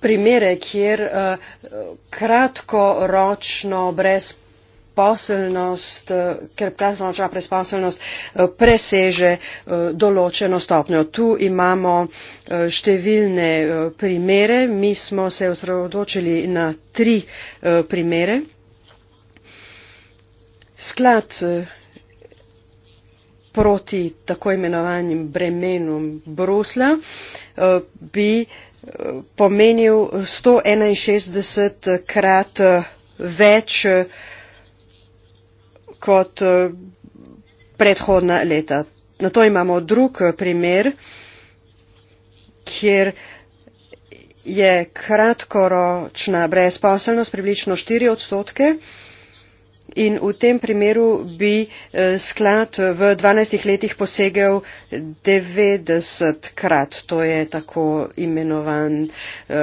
primere, kjer eh, kratkoročno brezposelnost, eh, ker kratkoročna brezposelnost eh, preseže določeno stopnjo. Tu imamo številne primere, mi smo se osredotočili na tri primere. Sklad proti tako imenovanim bremenom Brusla bi pomenil 161 krat eh, več eh, kot eh, predhodna leta. Na to imamo drug primer, kjer je kratkoročna brezposelnost približno 4 odstotke in v tem primeru bi eh, sklad eh, v dvanajstih letih posegel devetdesetkrat to je tako imenovano eh,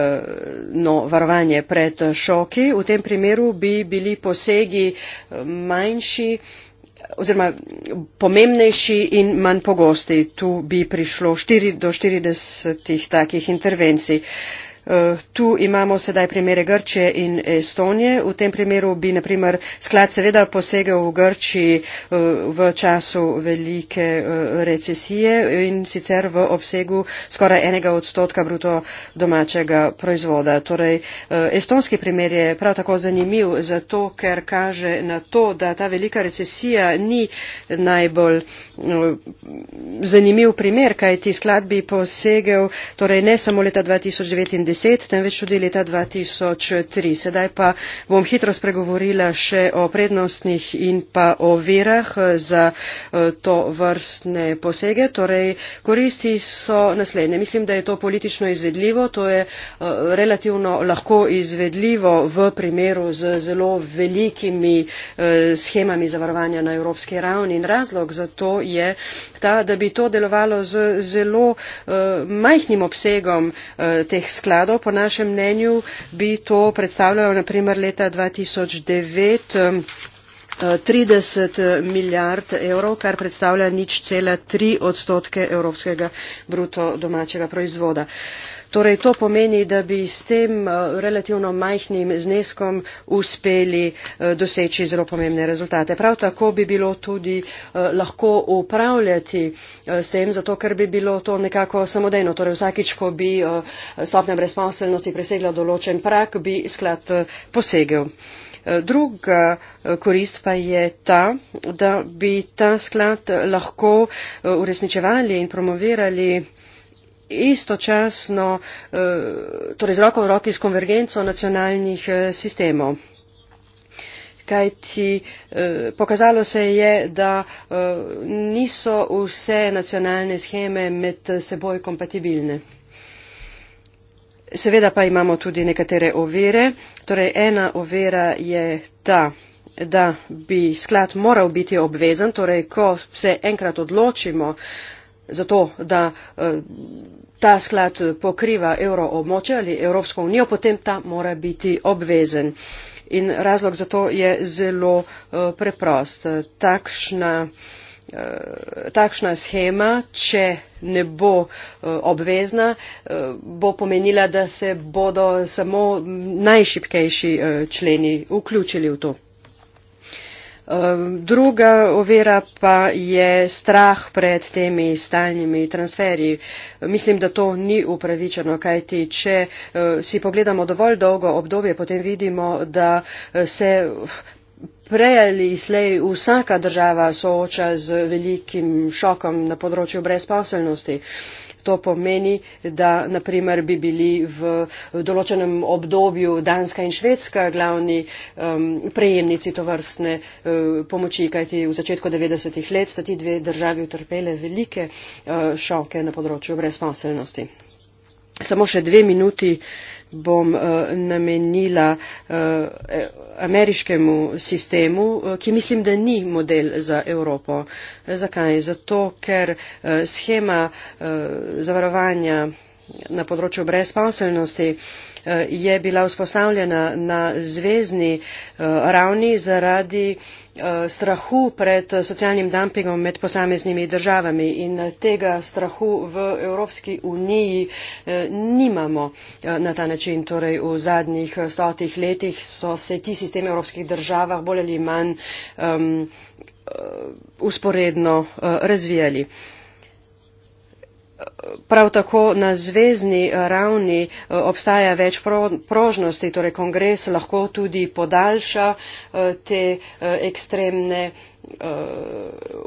no, varovanje pred šoki v tem primeru bi bili posegi manjši oziroma pomembnejši in manj pogosti. Tu bi prišlo 4 do 40 takih intervencij. Eh, tu imamo sedaj primere grčije in estonije v tem primeru bi na primer sklad seveda posegel v grčiji eh, v času velike eh, recesije in sicer v obsegu skoraj enega odstotka bruto domačega proizvoda torej estonski primer je prav tako zanimiv zato ker kaže na to da ta velika recesija ni najbolj zanimiv primer kajti sklad bi posegel torej ne samo leta 2019 deset temveč tudi leta dva tisoč tri sedaj pa bom hitro spregovorila še o prednostnih in pa o verah eh, za eh, to vrstne posege torej koristi so naslednje mislim da je to politično izvedljivo to je eh, relativno lahko izvedljivo v primeru z zelo velikimi schemami zavarovanja na evropski ravni in razlog za to je ta da bi to delovalo z zelo majhnim obsegom teh skladov skladu po našem mnenju bi to predstavljalo na primer leta dva tisoč devet um, trideset eh, milijard evrov kar predstavlja nič cela tri odstotke evropskega bruto domačega proizvoda torej to pomeni da bi s tem eh, relativno majhnim zneskom uspeli eh, doseči zelo pomembne rezultate prav tako bi bilo tudi eh, lahko upravljati s tem zato ker bi bilo to nekako samodejno torej vsakič ko bi stopnja brezposelnosti presegla določen prak bi sklad posegel Druga korist pa je ta, da bi ta sklad lahko uresničevali in promovirali istočasno eh, torej z roko v roki s konvergenco nacionalnih eh, sistemov. Kajti eh, pokazalo se je, da niso vse nacionalne scheme med seboj kompatibilne. Seveda pa imamo tudi nekatere ovire. Torej ena ovira je ta, da bi sklad moral biti obvezen, torej ko se enkrat odločimo, zato, da eh, ta sklad pokriva evro območje ali Evropsko unijo, potem ta mora biti obvezen. In razlog za to je zelo eh, preprost. Takšna, eh, takšna schema, če ne bo obvezna, bo pomenila, da se bodo samo najšipkejši členi vključili v to. Druga ovira pa je strah pred temi stalnimi transferji. Mislim, da to ni upravičeno, kajti če eh, si pogledamo dovolj dolgo obdobje, potem vidimo, da eh, se. Prej ali slej vsaka država sooča z velikim šokom na področju brezposelnosti. Uh, to pomeni, da naprimer bi bili v določenem obdobju Danska in Švedska glavni um, prejemnici to vrstne uh, pomoči, kajti v začetku 90-ih let sta ti dve državi utrpele velike uh, šoke na področju brezposelnosti. Samo še dve minuti. Uh, bom eh, namenila eh, ameriškemu sistemu, eh, ki mislim, da ni model za Evropo. Zakaj? Zato, ker schema zavarovanja na področju brezposelnosti eh, je bila vzpostavljena na zvezdni eh, ravni zaradi eh, strahu pred socialnim dumpingom med posameznimi državami in tega strahu v Evropski uniji nimamo na ta način. Torej v zadnjih stotih letih so se ti sistemi v evropskih državah bolj ali manj um, usporedno uh, razvijali. Uh, Prav tako na zvezdni eh, ravni eh, obstaja več prožnosti, torej kongres lahko tudi podaljša eh, te ekstremne Eh,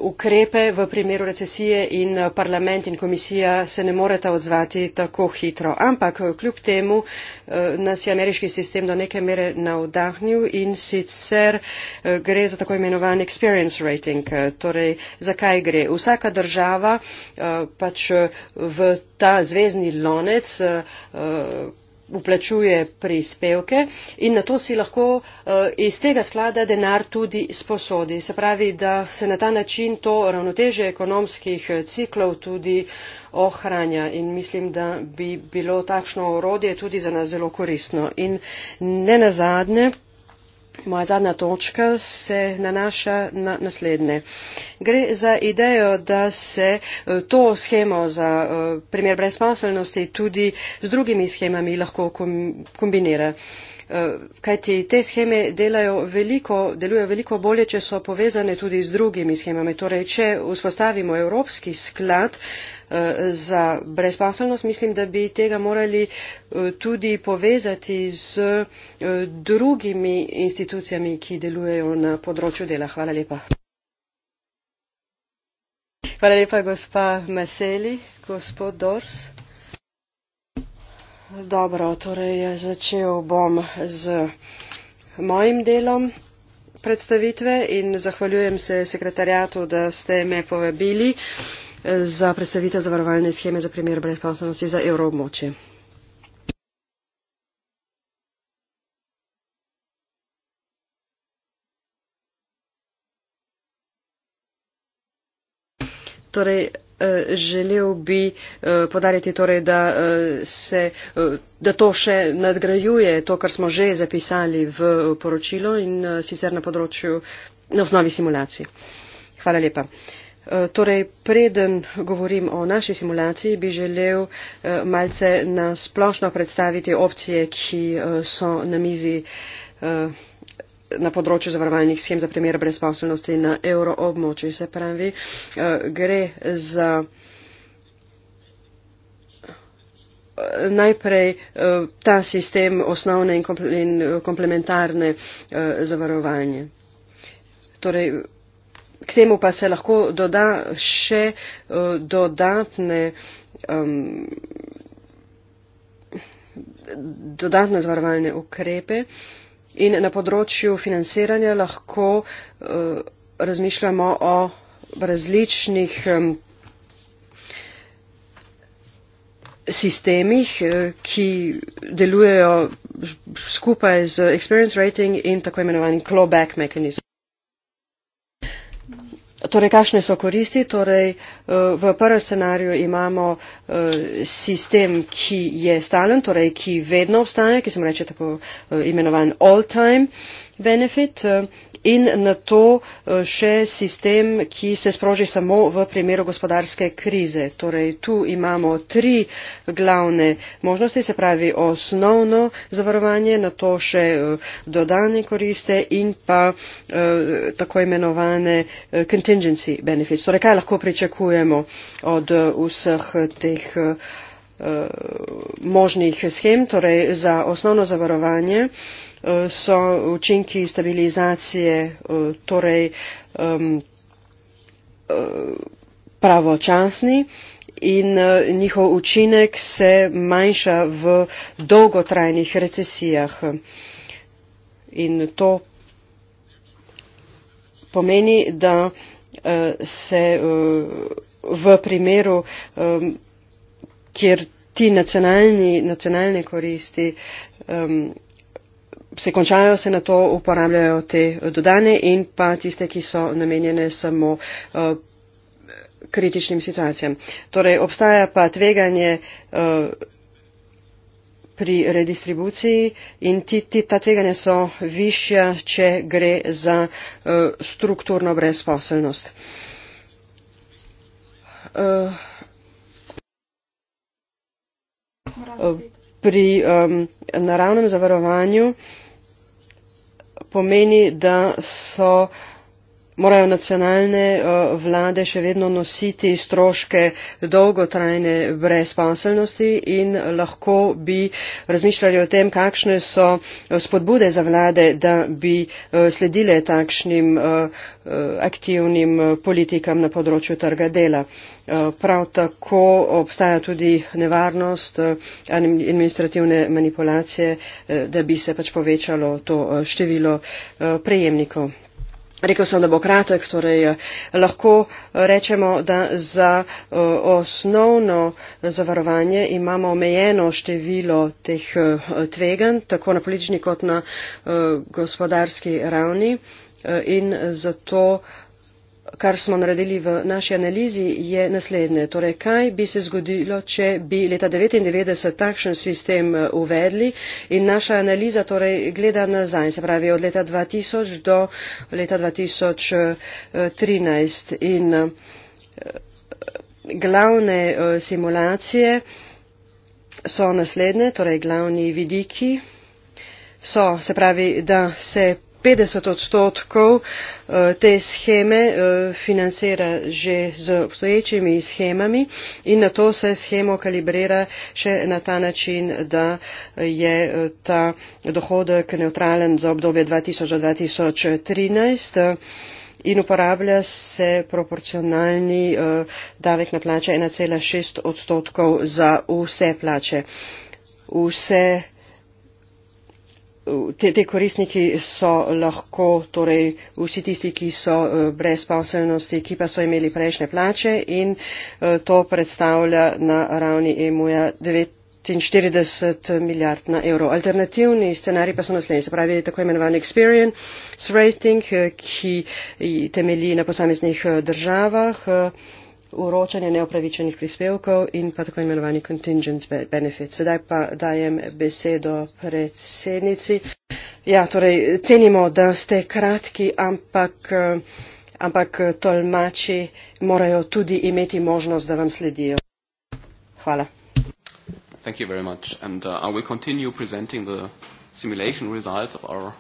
ukrepe v primeru recesije in eh, parlament in komisija se ne moreta odzvati tako hitro. ampak eh, kljub temu nas je ameriški sistem do neke mere navdahnil in sicer gre za tako imenovan experience rating. torej zakaj gre? vsaka država pač v ta zvezni lonec vplačuje prispevke in nato si lahko eh, iz tega sklada denar tudi sposodi se pravi da se na ta način to ravnotežje ekonomskih eh, ciklov tudi ohranja in mislim da bi bilo takšno orodje tudi za nas zelo koristno in nenazadnje moja zadnja točka se nanaša na naslednje. Gre za idejo, da se eh, to schemo za eh, primer brezposelnosti tudi z drugimi schemami lahko kombinira. Eh, kajti te scheme delajo veliko, delujejo veliko bolje, če so povezane tudi z drugimi schemami. Torej, če vzpostavimo Evropski sklad eh, za brezposelnost, mislim, da bi tega morali eh, tudi povezati z drugimi institucijami, ki delujejo na področju dela. Hvala lepa. Hvala lepa, gospa Meseli, gospod Dors. Dobro, torej začel bom z mojim delom predstavitve in zahvaljujem se sekretarjatu, da ste me povabili eh, za predstavitev zavarovalne scheme za primer brezposobnosti za evroobmočje. Torej, Eh, želel bi eh, podariti torej, da eh, se da to še nadgrajuje to, kar smo že zapisali v poročilo in sicer na področju na osnovi simulacij. Hvala lepa. Torej, preden govorim o naši simulaciji, bi želel malce nasplošno predstaviti opcije, ki so na mizi na področju zavarovalnih schem za primer brezposelnosti na euroobmočju. Se pravi, eh, gre za eh, najprej eh, ta sistem osnovne in komplementarne zavarovalnje. Torej, k temu pa se lahko doda še dodatne um, dodatne zvarovalne ukrepe. Um, in na področju financiranja lahko eh, razmišljamo o različnih sistemih, eh, ki delujejo skupaj z experience rating in tako imenovanim clawback mechanism. Torej, kakšne so koristi? Torej, eh, v prvem scenariju imamo eh, sistem, ki je stalen, torej, ki vedno obstaja, ki se mu reče tako eh, imenovan all time benefit in na to eh, še sistem, ki se sproži samo v primeru gospodarske krize. Torej, tu imamo tri glavne možnosti, se pravi osnovno zavarovanje, na to še eh, dodane koriste in pa eh, tako imenovane contingency benefits. Torej, kaj lahko pričakujemo od vseh teh možnih schem, torej za osnovno zavarovanje so učinki stabilizacije eh, torej eh, pravočasni in eh, njihov učinek se manjša v dolgotrajnih recesijah. In to pomeni, da se v primeru, kjer ti nacionalni, nacionalne koristi se končajo, se na to uporabljajo te eh, dodane in pa tiste, ki so namenjene samo eh, kritičnim situacijam. Torej, obstaja pa tveganje eh, pri redistribuciji in ti, ti, ta tveganja so višja, če gre za uh, strukturno brezposelnost. Uh, uh, pri um, naravnem zavarovanju pomeni, da so morajo nacionalne eh, vlade še vedno nositi stroške dolgotrajne brezposelnosti in lahko bi razmišljali o tem, kakšne so eh, spodbude za vlade, da bi eh, sledile takšnim aktivnim politikam na področju trga dela. Prav tako obstaja tudi nevarnost administrativne manipulacije, da bi se pač povečalo to število prejemnikov rekel sem, da bo kratek, torej eh, lahko eh, rečemo, da za eh, osnovno zavarovanje imamo omejeno število teh tvegan, tako na politični kot na gospodarski ravni. In zato kar smo naredili v naši analizi, je naslednje. Torej, kaj bi se zgodilo, če bi leta 1999 takšen sistem eh, uvedli in naša analiza torej gleda nazaj, se pravi od leta 2000 do leta 2013 eh, in eh, glavne simulacije so naslednje, torej glavni vidiki so, se pravi, da se petdeset odstotkov eh, te sheme eh, financira že z obstoječimi shemami in na to se shemo kalibrira še na ta način, da je eh, ta dohodek neutralen za obdobje 2013 in uporablja se proporcionalni davek na plače 1,6 odstotkov za vse plače. Vse ti koristniki so lahko torej vsi tisti, ki so eh, brezposelnosti, ki pa so imeli prejšnje plače in eh, to predstavlja na ravni EMU-ja 49 milijard na evro. Alternativni scenariji pa so naslednji, se pravi tako imenovani experience rating, eh, ki temelji na posameznih državah uročanje neopravičenih prispevkov in pa tako imenovani contingent benefit. Sedaj pa dajem besedo predsednici. Ja, torej, cenimo, da ste kratki, ampak, eh, ampak eh, tolmači morajo tudi imeti možnost, da vam sledijo. Hvala. Thank you very much. And uh, I will continue presenting the simulation results of our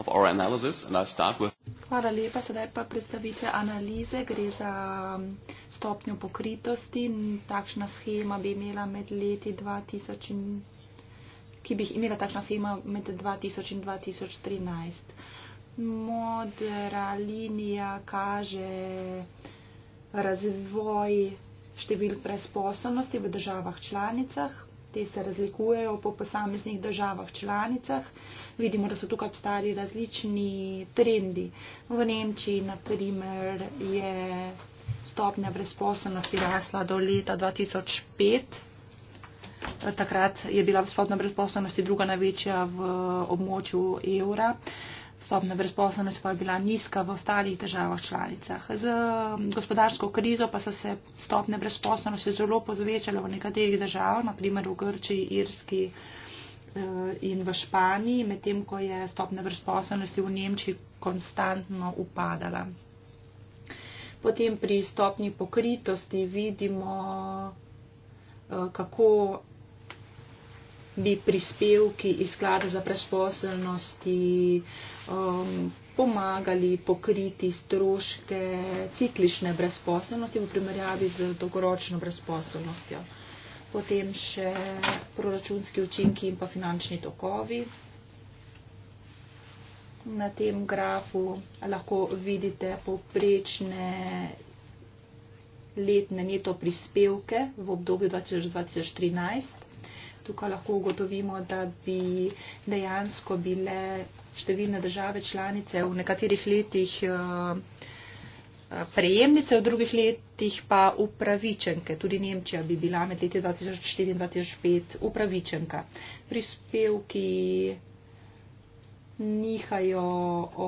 of our analysis and I start with Hvala lepa, sedaj pa predstavitve analize, gre za um, stopnjo pokritosti. Takšna schema bi imela med leti 2000 in, ki bi imela takšna schema med 2000 in 2013. Modra linija kaže razvoj števil presposobnosti v državah članicah, Te se razlikujejo po posameznih državah članicah. Vidimo, da so tukaj obstali različni trendi. V Nemčiji, na primer, je stopnja brezposobnosti rasla do leta 2005. Takrat je bila stopnja brezposobnosti druga največja v območju evra stopna brezposobnosti pa je bila nizka v ostalih državah članicah. Z um, gospodarsko krizo pa so se stopne brezposobnosti zelo povečale v nekaterih državah, naprimer v Grčiji, Irski eh, in v Španiji, medtem ko je stopna brezposobnosti v Nemčiji konstantno upadala. Potem pri stopni pokritosti vidimo, eh, kako bi prispevki iz sklada za presposobnosti um, pomagali pokriti stroške ciklične brezposobnosti v primerjavi z dolgoročno brezposobnostjo. Potem še proračunski učinki in pa finančni tokovi. Na tem grafu lahko vidite poprečne letne neto prispevke v obdobju 2013 tukaj lahko ugotovimo, da bi dejansko bile številne države članice v nekaterih letih eh, prejemnice, v drugih letih pa upravičenke. Tudi Nemčija bi bila med leti 2004 in 2005 upravičenka. Prispevki nihajo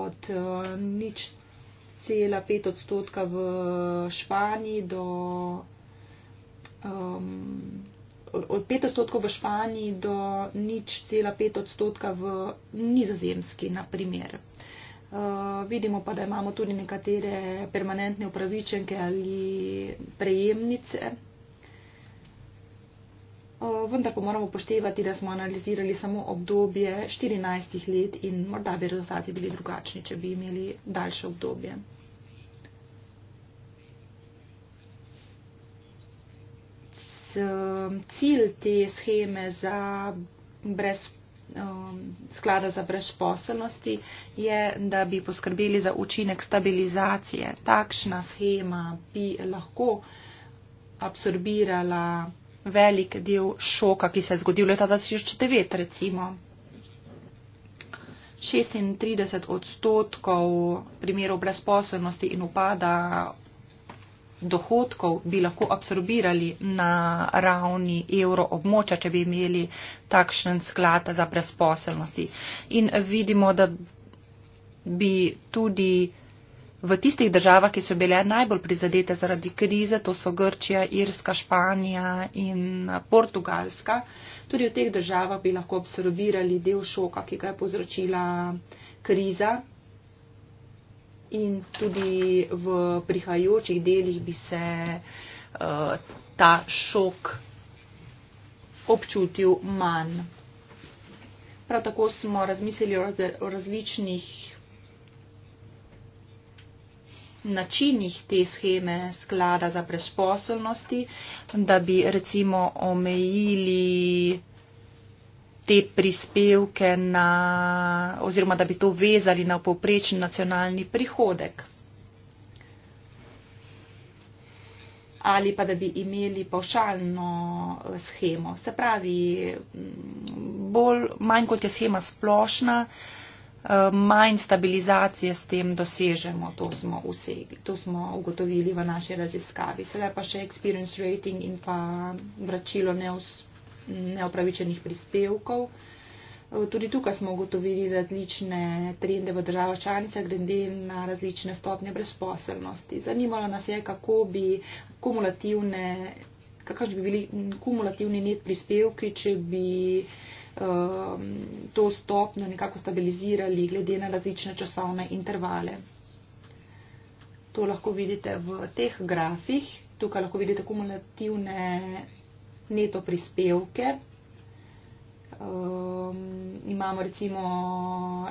od eh, nič cela pet odstotka v Španiji do. Um, od 5 odstotkov v Španiji do nič cela 5 odstotka v nizozemski, na primer. Uh, vidimo pa, da imamo tudi nekatere permanentne upravičenke ali prejemnice. Uh, vendar pa moramo poštevati, da smo analizirali samo obdobje 14 let in morda bi rezultati bili drugačni, če bi imeli daljše obdobje. Um, cilj te scheme za brez, um, sklada za brezposobnosti je, da bi poskrbeli za učinek stabilizacije. Takšna schema bi lahko absorbirala velik del šoka, ki se je zgodil leta 2009, recimo. 36 odstotkov primerov brezposobnosti in upada dohodkov bi lahko absorbirali na ravni evro območja, če bi imeli takšen sklad za brezposelnosti. In vidimo, da bi tudi v tistih državah, ki so bile najbolj prizadete zaradi krize, to so Grčija, Irska, Španija in Portugalska, tudi v teh državah bi lahko absorbirali del šoka, ki ga je povzročila kriza in tudi v prihajajočih delih bi se uh, ta šok občutil manj. Prav tako smo razmislili o, raz o različnih načinih te scheme sklada za presposobnosti, da bi recimo omejili te prispevke na, oziroma da bi to vezali na povprečen nacionalni prihodek. Ali pa da bi imeli pavšalno eh, schemo. Se pravi, mm, bolj, manj kot je schema splošna, eh, manj stabilizacije s tem dosežemo. To smo, vsegi, to smo ugotovili v naši raziskavi. Sedaj pa še experience rating in pa vračilo neuspešno neopravičenih prispevkov. Tudi tukaj smo ugotovili različne trende v državah članicah, glede na različne stopnje brezposelnosti. Zanimalo nas je, kako bi kumulativne, kakšni bi bili kumulativni net prispevki, če bi um, to stopnjo nekako stabilizirali glede na različne časovne intervale. To lahko vidite v teh grafih. Tukaj lahko vidite kumulativne neto prispevke. Um, imamo recimo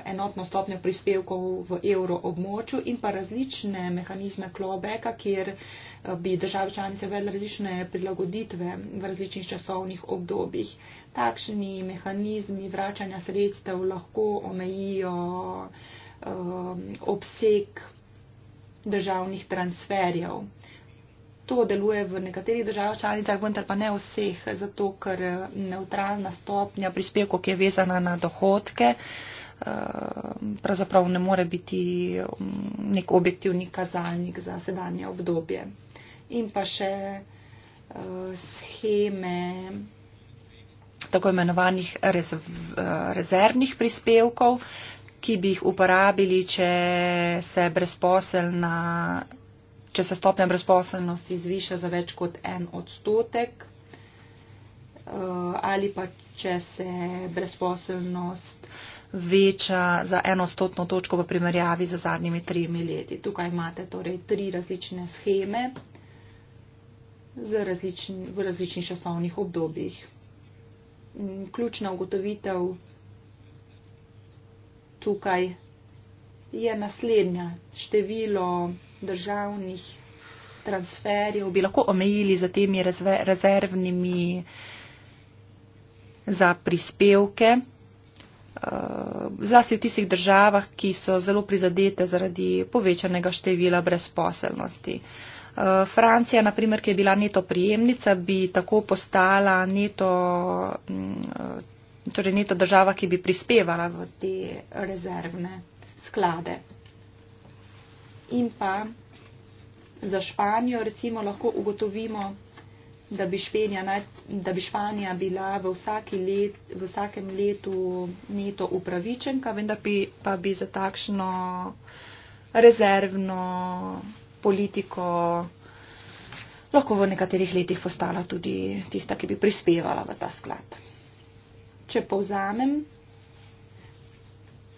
enotno stopnjo prispevkov v evro območju in pa različne mehanizme klobeka, kjer eh, bi države članice uvedle različne prilagoditve v različnih časovnih obdobjih. Takšni mehanizmi vračanja sredstev lahko omejijo um, obseg državnih transferjev. To deluje v nekaterih državah članicah, vendar pa ne vseh, zato ker eh, neutralna stopnja prispevkov, ki je vezana na dohodke, eh, pravzaprav ne more biti mm, nek objektivni kazalnik za sedanje obdobje. In pa še eh, scheme tako imenovanih rez, rezervnih prispevkov, ki bi jih uporabili, če se brezposelna če se stopnja brezposelnosti zviša za več kot en odstotek eh, ali pa če se brezposelnost veča za eno stotno točko v primerjavi za zadnjimi tremi leti. Tukaj imate torej tri različne scheme različni, v različnih časovnih obdobjih. Mm, ključna ugotovitev tukaj je naslednja. Število državnih transferjev bi lahko omejili za temi razve, rezervnimi za prispevke, eh, zlasti v tistih državah, ki so zelo prizadete zaradi povečanega števila brezposelnosti. Eh, Francija, naprimer, ki je bila neto prijemnica, bi tako postala neto, mm, eh, torej neto država, ki bi prispevala v te rezervne sklade in pa za Španijo recimo lahko ugotovimo, da bi, naj, da bi Španija bila v, let, v vsakem letu neto upravičenka, vendar bi, pa bi za takšno rezervno politiko lahko v nekaterih letih postala tudi tista, ki bi prispevala v ta sklad. Če povzamem,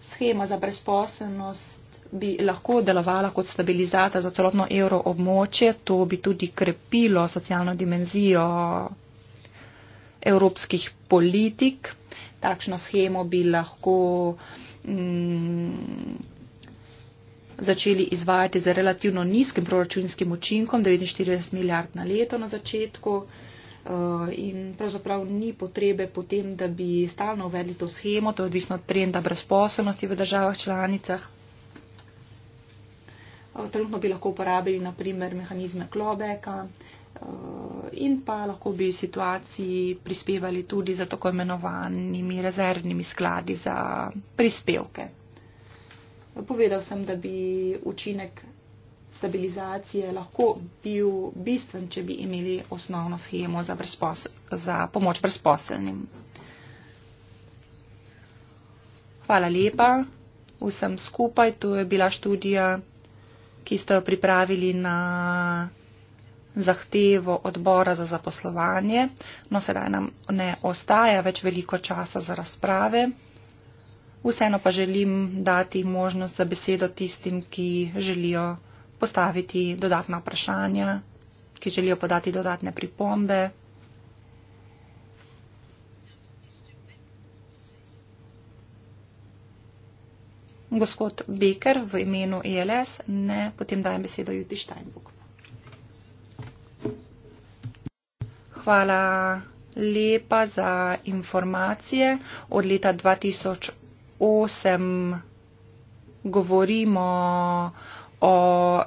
schema za brezposobnost bi lahko delovala kot stabilizator za celotno evro območje, to bi tudi krepilo socialno dimenzijo evropskih politik. Takšno schemo bi lahko mm, začeli izvajati z relativno nizkim proračunskim učinkom, 49 milijard na leto na začetku. Eh, in pravzaprav ni potrebe potem, da bi stalno uvedli to schemo, to je odvisno od trenda brezposobnosti v državah članicah. Eh, trenutno bi lahko uporabili naprimer mehanizme klobeka eh, in pa lahko bi situaciji prispevali tudi za tako imenovanimi rezervnimi skladi za prispevke. Povedal sem, da bi učinek stabilizacije lahko bil bistven, če bi imeli osnovno schemo za, za pomoč brezposelnim. Hvala lepa vsem skupaj, to je bila študija ki ste jo pripravili na zahtevo odbora za zaposlovanje. No, sedaj nam ne ostaja več veliko časa za razprave. Vseeno pa želim dati možnost za besedo tistim, ki želijo postaviti dodatna vprašanja, ki želijo podati dodatne pripombe. gospod Beker v imenu ELS, ne potem dajem besedo Juti Steinbuk. Hvala lepa za informacije. Od leta 2008 govorimo o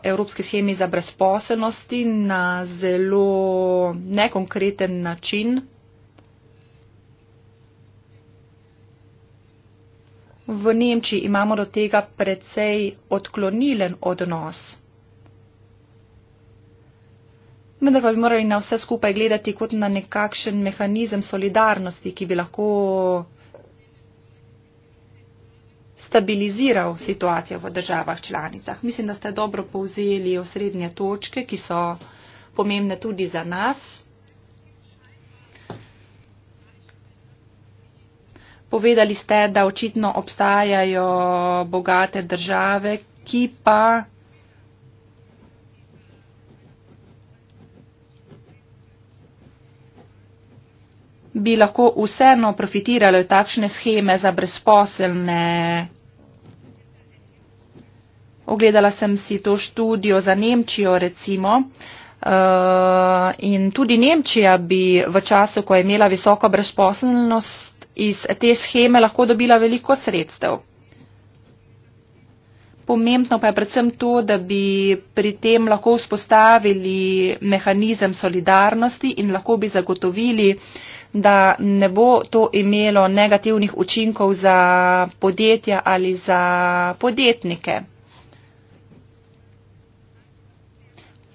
Evropski schemi za brezposelnosti na zelo nekonkreten način, V Nemčiji imamo do tega precej odklonilen odnos. Vendar pa bi morali na vse skupaj gledati kot na nekakšen mehanizem solidarnosti, ki bi lahko stabiliziral situacijo v državah članicah. Mislim, da ste dobro povzeli osrednje točke, ki so pomembne tudi za nas. Povedali ste, da očitno obstajajo bogate države, ki pa bi lahko vseeno profitirale takšne scheme za brezposelne. Ogledala sem si to študijo za Nemčijo, recimo. Uh, in tudi Nemčija bi v času, ko je imela visoko brezposelnost, iz te scheme lahko dobila veliko sredstev. Pomembno pa je predvsem to, da bi pri tem lahko vzpostavili mehanizem solidarnosti in lahko bi zagotovili, da ne bo to imelo negativnih učinkov za podjetja ali za podjetnike.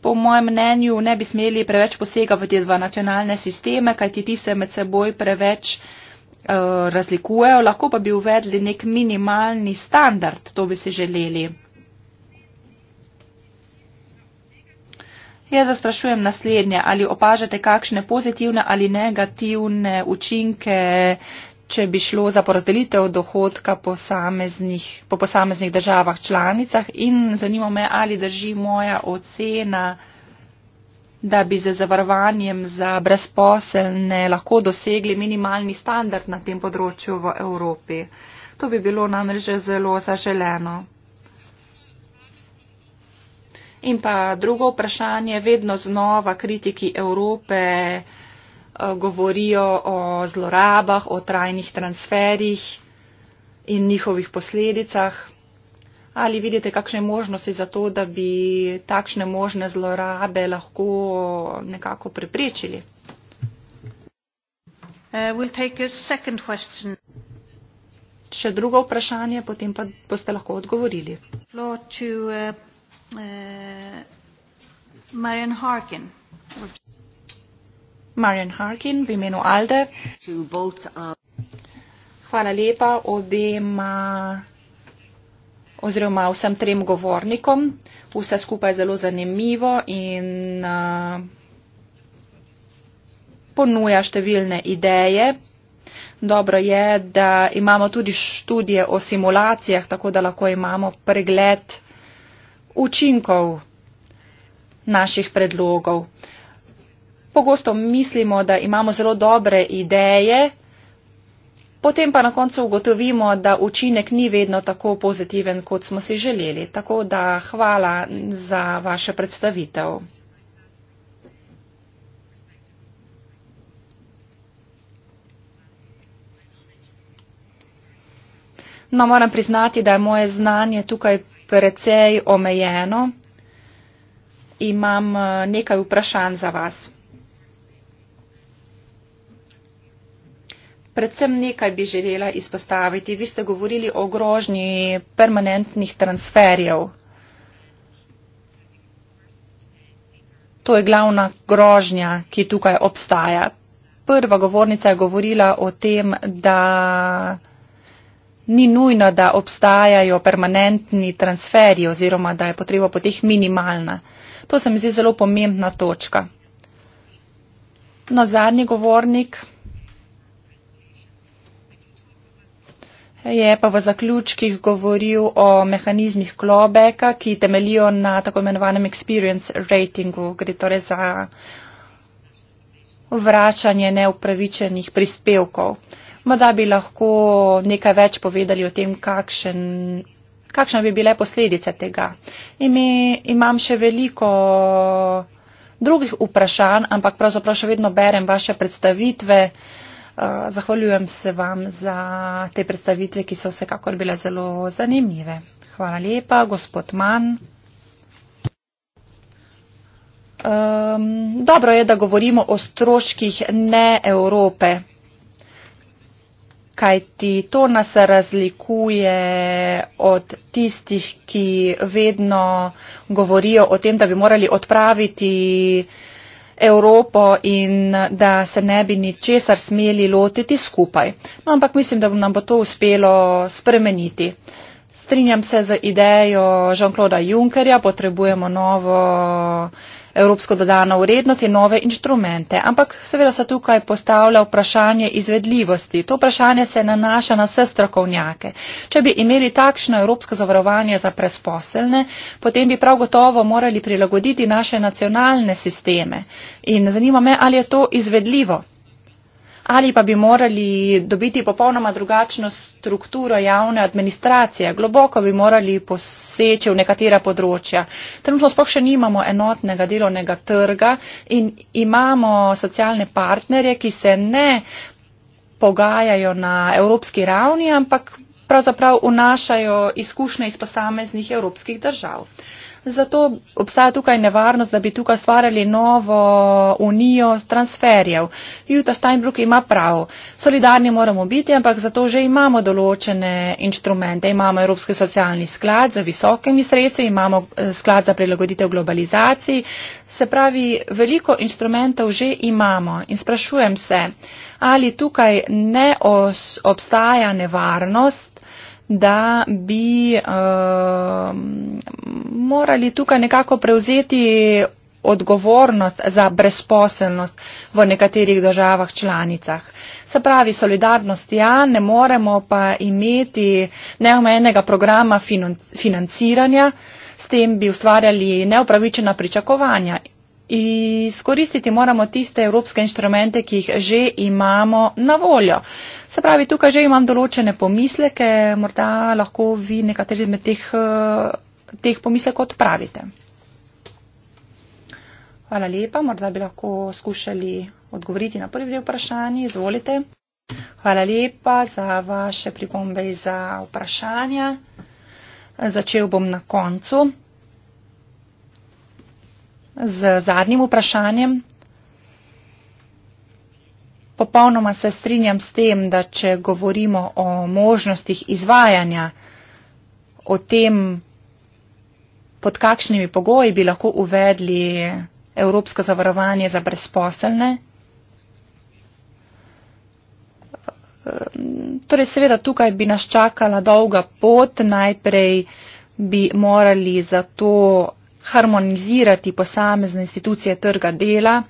Po mojem mnenju ne bi smeli preveč posegati v te dva nacionalne sisteme, kajti ti se med seboj preveč Eh, razlikujejo, lahko pa bi uvedli nek minimalni standard, to bi si želeli. Jaz sprašujem naslednje, ali opažate kakšne pozitivne ali negativne učinke, če bi šlo za porazdelitev dohodka posameznih, po posameznih državah članicah in zanima me, ali drži moja ocena da bi z zavarovanjem za brezposelne lahko dosegli minimalni standard na tem področju v Evropi. To bi bilo namreč že zelo zaželeno. In pa drugo vprašanje, vedno znova kritiki Evrope eh, govorijo o zlorabah, o trajnih transferjih in njihovih posledicah. Ali vidite kakšne možnosti za to, da bi takšne možne zlorabe lahko nekako preprečili? Uh, we'll take a Še drugo vprašanje, potem pa boste lahko odgovorili. To, uh, uh, Marian Harkin. Marian Harkin v imenu Alde. Uh, Hvala lepa obema oziroma vsem trem govornikom. Vse skupaj je zelo zanimivo in ponuja številne ideje. Dobro je, da imamo tudi študije o simulacijah, tako da lahko imamo pregled učinkov naših predlogov. Pogosto mislimo, da imamo zelo dobre ideje, potem pa na koncu ugotovimo, da učinek ni vedno tako pozitiven, kot smo si želeli. Tako da hvala za vaše predstavitev. No, moram priznati, da je moje znanje tukaj precej omejeno. Imam eh, nekaj vprašanj za vas. Predvsem nekaj bi želela izpostaviti. Vi ste govorili o grožnji permanentnih transferjev. To je glavna grožnja, ki tukaj obstaja. Prva govornica je govorila o tem, da ni nujno, da obstajajo permanentni transferji oziroma da je potreba po teh minimalna. To se mi zdi zelo pomembna točka. Na no, zadnji govornik Je pa v zaključkih govoril o mehanizmih klobeka, ki temelijo na tako imenovanem experience ratingu, gre torej za vračanje neupravičenih prispevkov. Morda bi lahko nekaj več povedali o tem, kakšen, kakšne bi bile posledice tega. Ime, imam še veliko drugih vprašanj, ampak pravzaprav še vedno berem vaše predstavitve. Eh, zahvaljujem se vam za te predstavitve, ki so vsekakor bile zelo zanimive. Hvala lepa, gospod Mann. Um, dobro je, da govorimo o stroških ne Evrope, kajti to nas razlikuje od tistih, ki vedno govorijo o tem, da bi morali odpraviti uh, Evropo in da se ne bi ničesar smeli lotiti skupaj. No, ampak mislim, da nam bo to uspelo spremeniti. Strinjam se z idejo Jean-Claude Junckerja, potrebujemo novo evropsko dodano vrednost in nove inštrumente. Ampak seveda se tukaj postavlja vprašanje izvedljivosti. To vprašanje se nanaša na vse strokovnjake. Če bi imeli takšno evropsko zavarovanje za presposelne, potem bi prav gotovo morali prilagoditi naše nacionalne sisteme. In zanima me, ali je to izvedljivo ali pa bi morali dobiti popolnoma drugačno strukturo javne administracije, globoko bi morali poseči v nekatera področja. Trenutno sploh še nimamo enotnega delovnega trga in imamo socialne partnerje, ki se ne pogajajo na evropski ravni, ampak pravzaprav vnašajo izkušnje iz posameznih evropskih držav. Zato obstaja tukaj nevarnost, da bi tukaj stvarjali novo unijo transferjev. Juta Steinbrück ima prav. Solidarni moramo biti, ampak zato že imamo določene inštrumente. Imamo Evropski socialni sklad za visokimi sredstvi, imamo eh, sklad za prilagoditev globalizaciji. Se pravi, veliko inštrumentov že imamo. In sprašujem se, ali tukaj ne obstaja nevarnost da bi uh, morali tukaj nekako prevzeti odgovornost za brezposelnost v nekaterih državah članicah. Se pravi, solidarnost ja, ne moremo pa imeti neomejenega programa financiranja, s tem bi ustvarjali neupravičena pričakovanja izkoristiti moramo tiste evropske inštrumente, ki jih že imamo na voljo. Se pravi, tukaj že imam določene pomisleke, morda lahko vi nekateri med teh, eh, teh pomislekov odpravite. Hvala lepa, morda bi lahko skušali odgovoriti na prvi vprašanje. Izvolite. Hvala lepa za vaše pripombe in za vprašanja. Začel bom na koncu z zadnjim vprašanjem. Popolnoma se strinjam s tem, da če govorimo o možnostih izvajanja, o tem, pod kakšnimi pogoji bi lahko uvedli Evropsko zavarovanje za brezposelne. Torej, seveda, tukaj bi nas čakala dolga pot. Najprej bi morali za to harmonizirati posamezne institucije trga dela,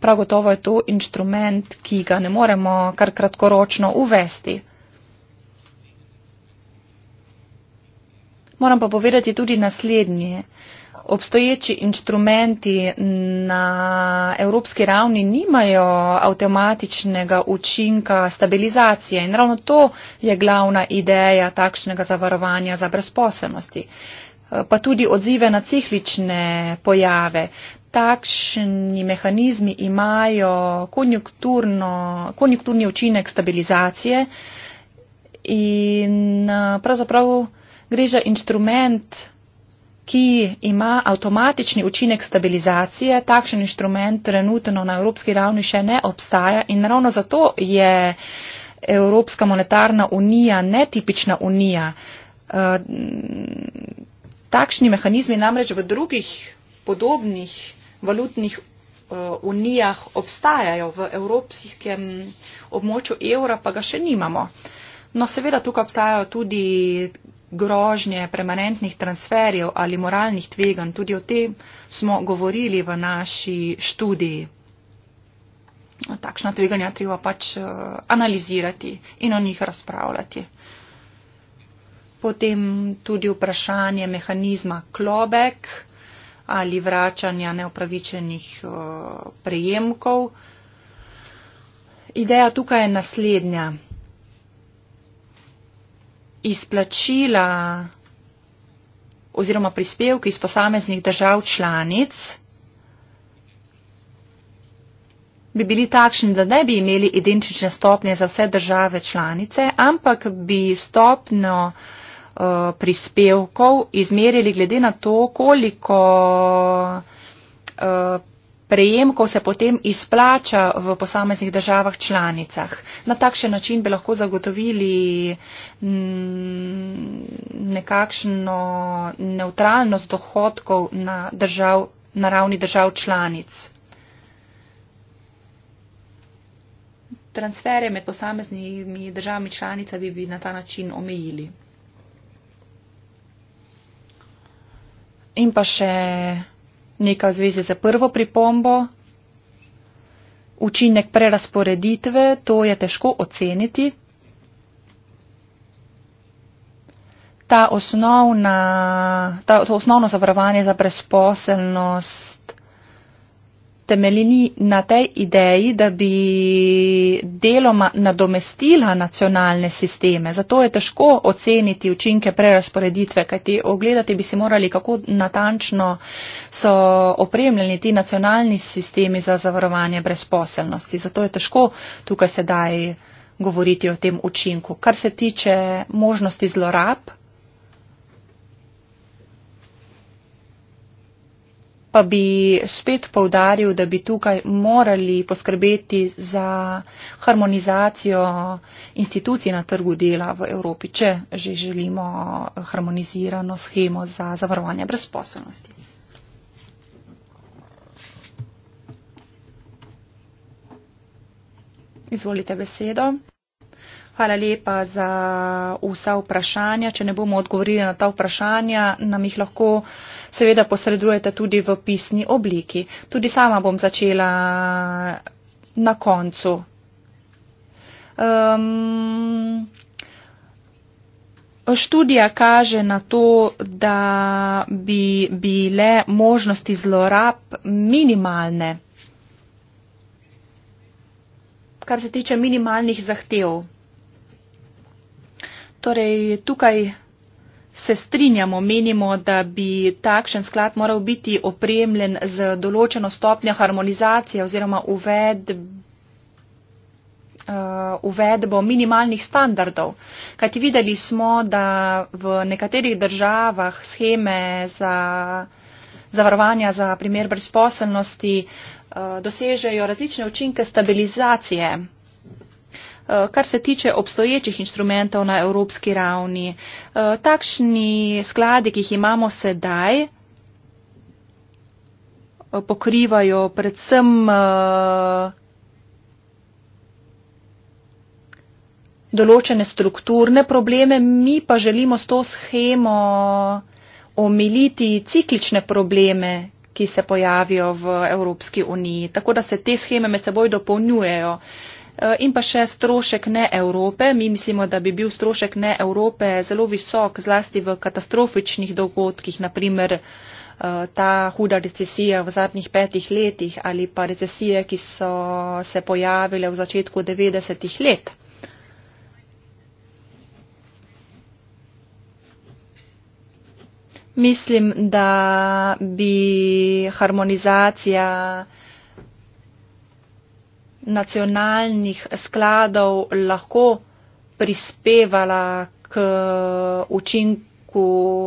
prav gotovo je to inštrument, ki ga ne moremo kar kratkoročno uvesti. Moram pa povedati tudi naslednje. Obstoječi inštrumenti na evropski ravni nimajo avtomatičnega učinka stabilizacije in ravno to je glavna ideja takšnega zavarovanja za brezposelnosti. Eh, pa tudi odzive na ciklične pojave. Takšni mehanizmi imajo konjunkturni učinek stabilizacije in eh, pravzaprav gre za inštrument, ki ima avtomatični učinek stabilizacije. Takšen inštrument trenutno na evropski ravni še ne obstaja in ravno zato je Evropska monetarna unija netipična unija. Eh, takšni mehanizmi namreč v drugih podobnih valutnih eh, unijah obstajajo v evropskem območju evra, pa ga še nimamo. No, seveda tukaj obstajajo tudi grožnje premanentnih transferjev ali moralnih tvegan. Tudi o tem smo govorili v naši študiji. Takšna tveganja treba pač eh, analizirati in o njih razpravljati potem tudi vprašanje mehanizma klobek ali vračanja neopravičenih eh, prejemkov. Ideja tukaj je naslednja. Izplačila oziroma prispevki iz posameznih držav članic bi bili takšni, da ne bi imeli identične stopnje za vse države članice, ampak bi stopnjo uh, Eh, prispevkov izmerili glede na to, koliko eh, prejemkov se potem izplača v posameznih državah članicah. Na takšen način bi lahko zagotovili mm, nekakšno neutralnost dohodkov na, držav, na ravni držav članic. Transfere med posameznimi državami članica bi, bi na ta način omejili. In pa še nekaj v zvezi z prvo pripombo. Učinek prerasporeditve, to je težko oceniti. Ta osnovna, ta, to osnovno zavarovanje za brezposelnost temeljini na tej ideji, da bi deloma nadomestila nacionalne sisteme. Zato je težko oceniti učinke prerasporeditve, kajti ogledati bi si morali, kako natančno so opremljeni ti nacionalni sistemi za zavarovanje brezposelnosti. Zato je težko tukaj sedaj govoriti o tem učinku. Kar se tiče možnosti zlorab, pa bi spet povdaril, da bi tukaj morali poskrbeti za harmonizacijo institucij na trgu dela v Evropi, če že želimo harmonizirano schemo za zavarovanje brezposobnosti. Izvolite besedo. Hvala lepa za vsa vprašanja. Če ne bomo odgovorili na ta vprašanja, nam jih lahko seveda posredujete tudi v pisni obliki. Tudi sama bom začela na koncu. Um, študija kaže na to, da bi bile možnosti zlorab minimalne, kar se tiče minimalnih zahtev. Torej, tukaj Se strinjamo, menimo, da bi takšen sklad moral biti opremljen z določeno stopnjo harmonizacije oziroma uvedb, uh, uvedbo minimalnih standardov. Kajti videli smo, da v nekaterih državah scheme za zavarovanja za primer brezposelnosti uh, dosežejo različne učinke stabilizacije Eh, kar se tiče obstoječih instrumentov na evropski ravni. Eh, takšni skladi, ki jih imamo sedaj, eh, pokrivajo predvsem določene strukturne probleme, mi pa želimo s to schemo omiliti ciklične probleme, ki se pojavijo v Evropski uniji. Tako da se te scheme med seboj dopolnjujejo. Uh, Eh, in pa še strošek ne Evrope. Mi mislimo, da bi bil strošek ne Evrope zelo visok, zlasti v katastrofičnih dogodkih, naprimer eh, ta huda recesija v zadnjih petih letih ali pa recesije, ki so se pojavile v začetku 90-ih let. Mislim, da bi harmonizacija nacionalnih skladov lahko prispevala k učinku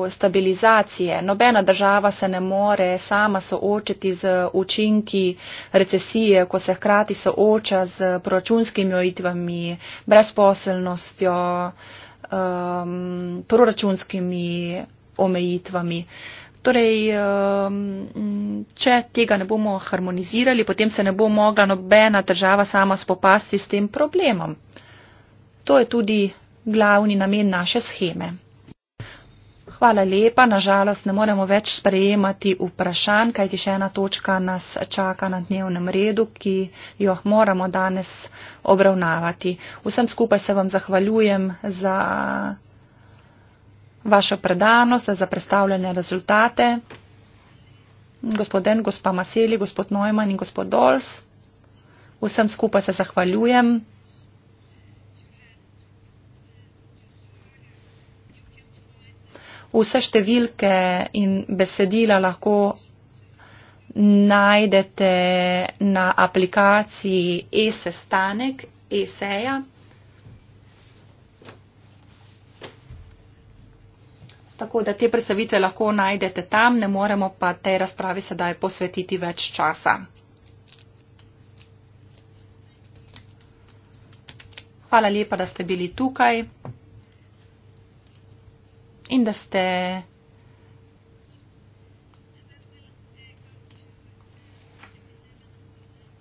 stabilizacije. Nobena država se ne more sama soočiti z učinki recesije, ko se hkrati sooča z proračunskimi ojitvami, brezposelnostjo, um, proračunskimi omejitvami. Uh, Torej, ehm, če tega ne bomo harmonizirali, potem se ne bo mogla nobena država sama spopasti s tem problemom. To je tudi glavni namen naše scheme. Hvala lepa, nažalost ne moremo več sprejemati vprašanj, kajti še ena točka nas čaka na dnevnem redu, ki jo moramo danes obravnavati. Vsem skupaj se vam zahvaljujem za vašo predanost, za predstavljene rezultate. Gospoden, gospa Maseli, gospod Neumann in gospod Dols, vsem skupaj se zahvaljujem. Vse številke in besedila lahko najdete na aplikaciji e-sestanek, e-seja. Tako da te predstavitve lahko najdete tam, ne moremo pa tej razpravi sedaj posvetiti več časa. Hvala lepa, da ste bili tukaj in da ste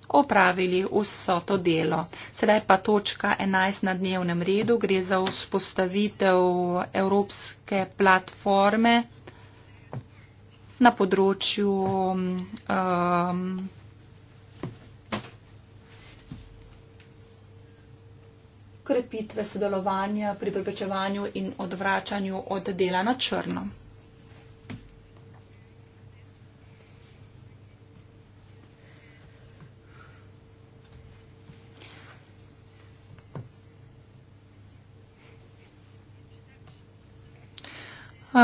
opravili vso to delo. Sedaj pa točka 11 na dnevnem redu gre za vzpostavitev evropske platforme na področju um, krepitve sodelovanja pri preprečevanju in odvračanju od dela na črno.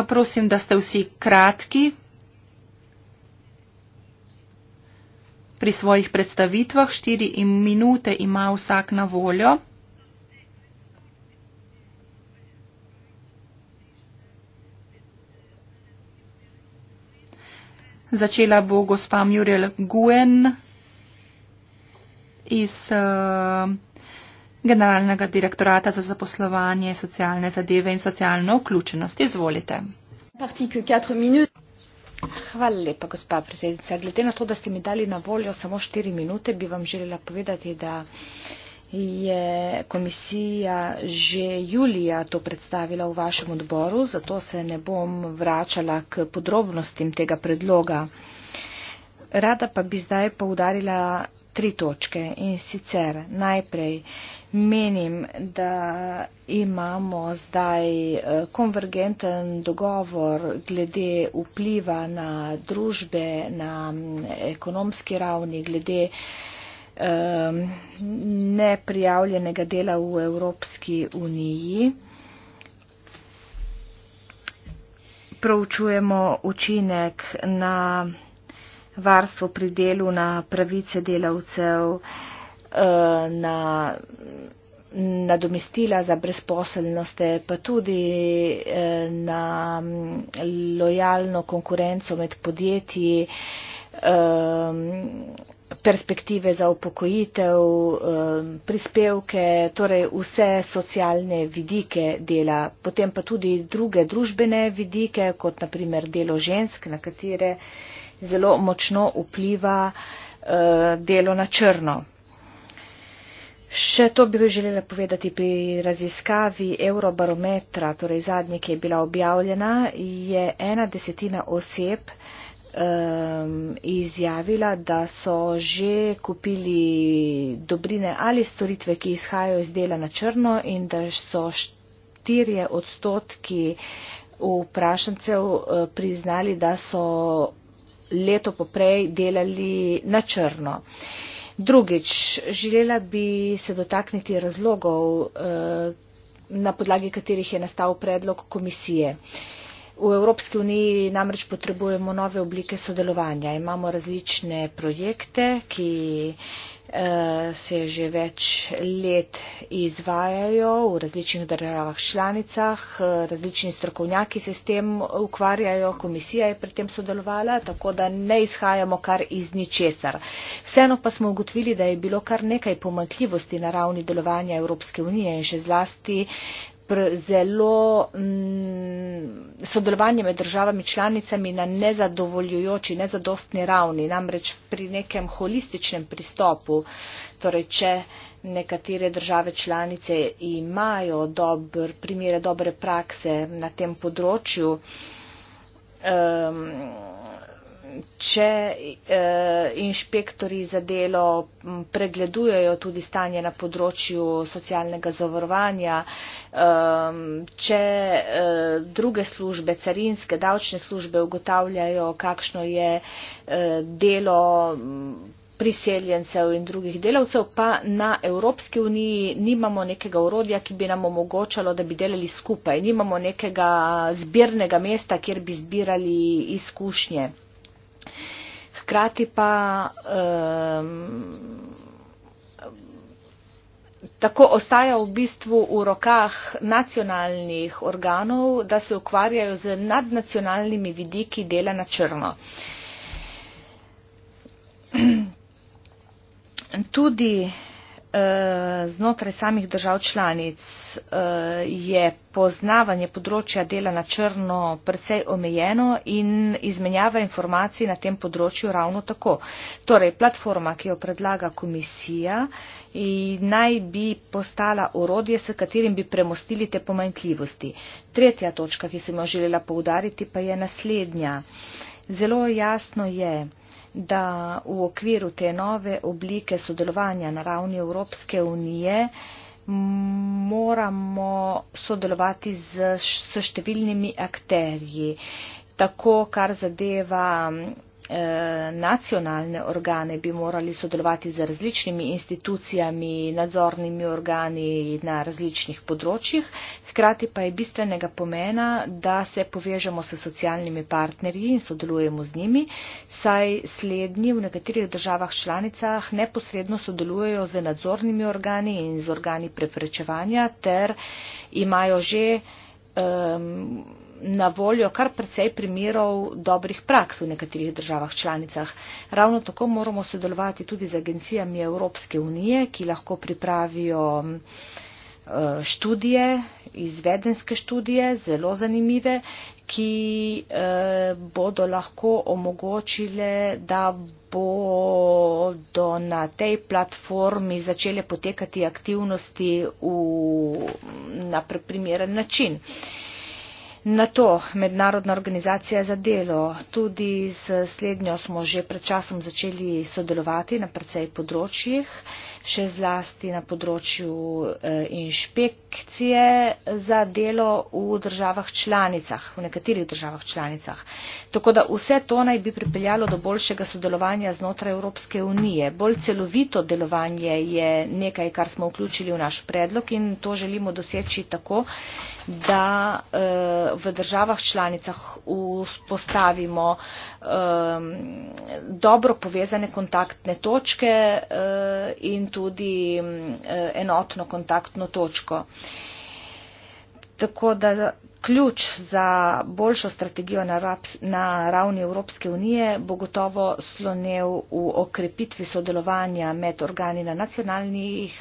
Prosim, da ste vsi kratki pri svojih predstavitvah. Štiri minute ima vsak na voljo. Začela bo gospa Muriel Guen iz. Uh, generalnega direktorata za zaposlovanje, socialne zadeve in socialno vključenost. Izvolite. Hvala lepa, gospa predsednica. Glede na to, da ste mi dali na voljo samo štiri minute, bi vam želela povedati, da je komisija že julija to predstavila v vašem odboru, zato se ne bom vračala k podrobnostim tega predloga. Rada pa bi zdaj poudarila tri točke in sicer najprej menim, da imamo zdaj eh, konvergenten dogovor glede vpliva na družbe, na mm, ekonomski ravni, glede um, neprijavljenega dela v Evropski uniji. Pravčujemo učinek na varstvo pri delu, na pravice delavcev. Eh, na nadomestila za brezposelnost, pa tudi eh, na mm, lojalno konkurenco med podjetji, eh, perspektive za upokojitev, prispevke, torej vse socialne vidike dela, potem pa tudi druge družbene vidike, kot naprimer delo žensk, na katere zelo močno vpliva delo na črno. Še to bi želela povedati pri raziskavi Eurobarometra, torej zadnje, ki je bila objavljena, je ena desetina oseb um, izjavila, da so že kupili dobrine ali storitve, ki izhajajo iz dela na črno in da so štirje odstotki vprašancev eh, priznali, da so leto poprej delali na črno. Uh, Drugič, želela bi se dotakniti razlogov, eh, na podlagi katerih je nastal predlog komisije. V Evropski uniji namreč potrebujemo nove oblike sodelovanja. Imamo različne projekte, ki Eh, se že več let izvajajo v različnih državah članicah, eh, različni strokovnjaki se s tem ukvarjajo, komisija je pri tem sodelovala, tako da ne izhajamo kar iz ničesar. Vseeno pa smo ugotovili, da je bilo kar nekaj pomakljivosti na ravni delovanja Evropske unije in še zlasti pr zelo m, mm, sodelovanje med državami članicami na nezadovoljujoči, nezadostni ravni, namreč pri nekem holističnem pristopu, torej če nekatere države članice imajo dober, primere dobre prakse na tem področju, um, Če eh, inšpektori za delo pregledujejo tudi stanje na področju socialnega zavarovanja, eh, um, če uh, druge službe, carinske, davčne službe ugotavljajo, kakšno je uh, delo priseljencev in drugih delavcev, pa na Evropski uniji nimamo nekega urodja, ki bi nam omogočalo, da bi delali skupaj. Nimamo nekega zbirnega mesta, kjer bi zbirali izkušnje. Hkrati pa. Um, tako ostaja v bistvu v rokah nacionalnih organov, da se ukvarjajo z nadnacionalnimi vidiki dela na črno. *clears throat* Tudi Eh, znotraj samih držav članic eh, je poznavanje področja dela na črno precej omejeno in izmenjava informacij na tem področju ravno tako. Torej, platforma, ki jo predlaga komisija, naj bi postala orodje, s katerim bi premostili te pomanjkljivosti. Tretja točka, ki sem jo želela poudariti, pa je naslednja. Zelo jasno je, da v okviru te nove oblike sodelovanja na ravni Evropske unije moramo sodelovati z, s številnimi akterji. Tako, kar zadeva Eh, nacionalne organe bi morali sodelovati z različnimi institucijami, nadzornimi organi na različnih področjih. Hkrati pa je bistvenega pomena, da se povežemo s socialnimi partnerji in sodelujemo z njimi, saj slednji v nekaterih državah članicah neposredno sodelujejo z nadzornimi organi in z organi preprečevanja ter imajo že um, na voljo kar precej primerov dobrih praks v nekaterih državah članicah. Ravno tako moramo sodelovati tudi z agencijami Evropske unije, ki lahko pripravijo eh, študije, izvedenske študije, zelo zanimive, ki eh, bodo lahko omogočile, da bodo na tej platformi začele potekati aktivnosti v, na primeren način. Uh, Na to mednarodna organizacija za delo, tudi s slednjo smo že pred časom začeli sodelovati na precej področjih še zlasti na področju eh, inšpekcije za delo v državah članicah, v nekaterih državah članicah. Tako da vse to naj bi pripeljalo do boljšega sodelovanja znotraj Evropske unije. Bolj celovito delovanje je nekaj, kar smo vključili v naš predlog in to želimo doseči tako, da eh, v državah članicah vzpostavimo eh, dobro povezane kontaktne točke in tudi mm, eh, enotno kontaktno točko. Tako da ključ za boljšo strategijo na ravni Evropske unije bo gotovo slonev v okrepitvi sodelovanja med organi na nacionalnih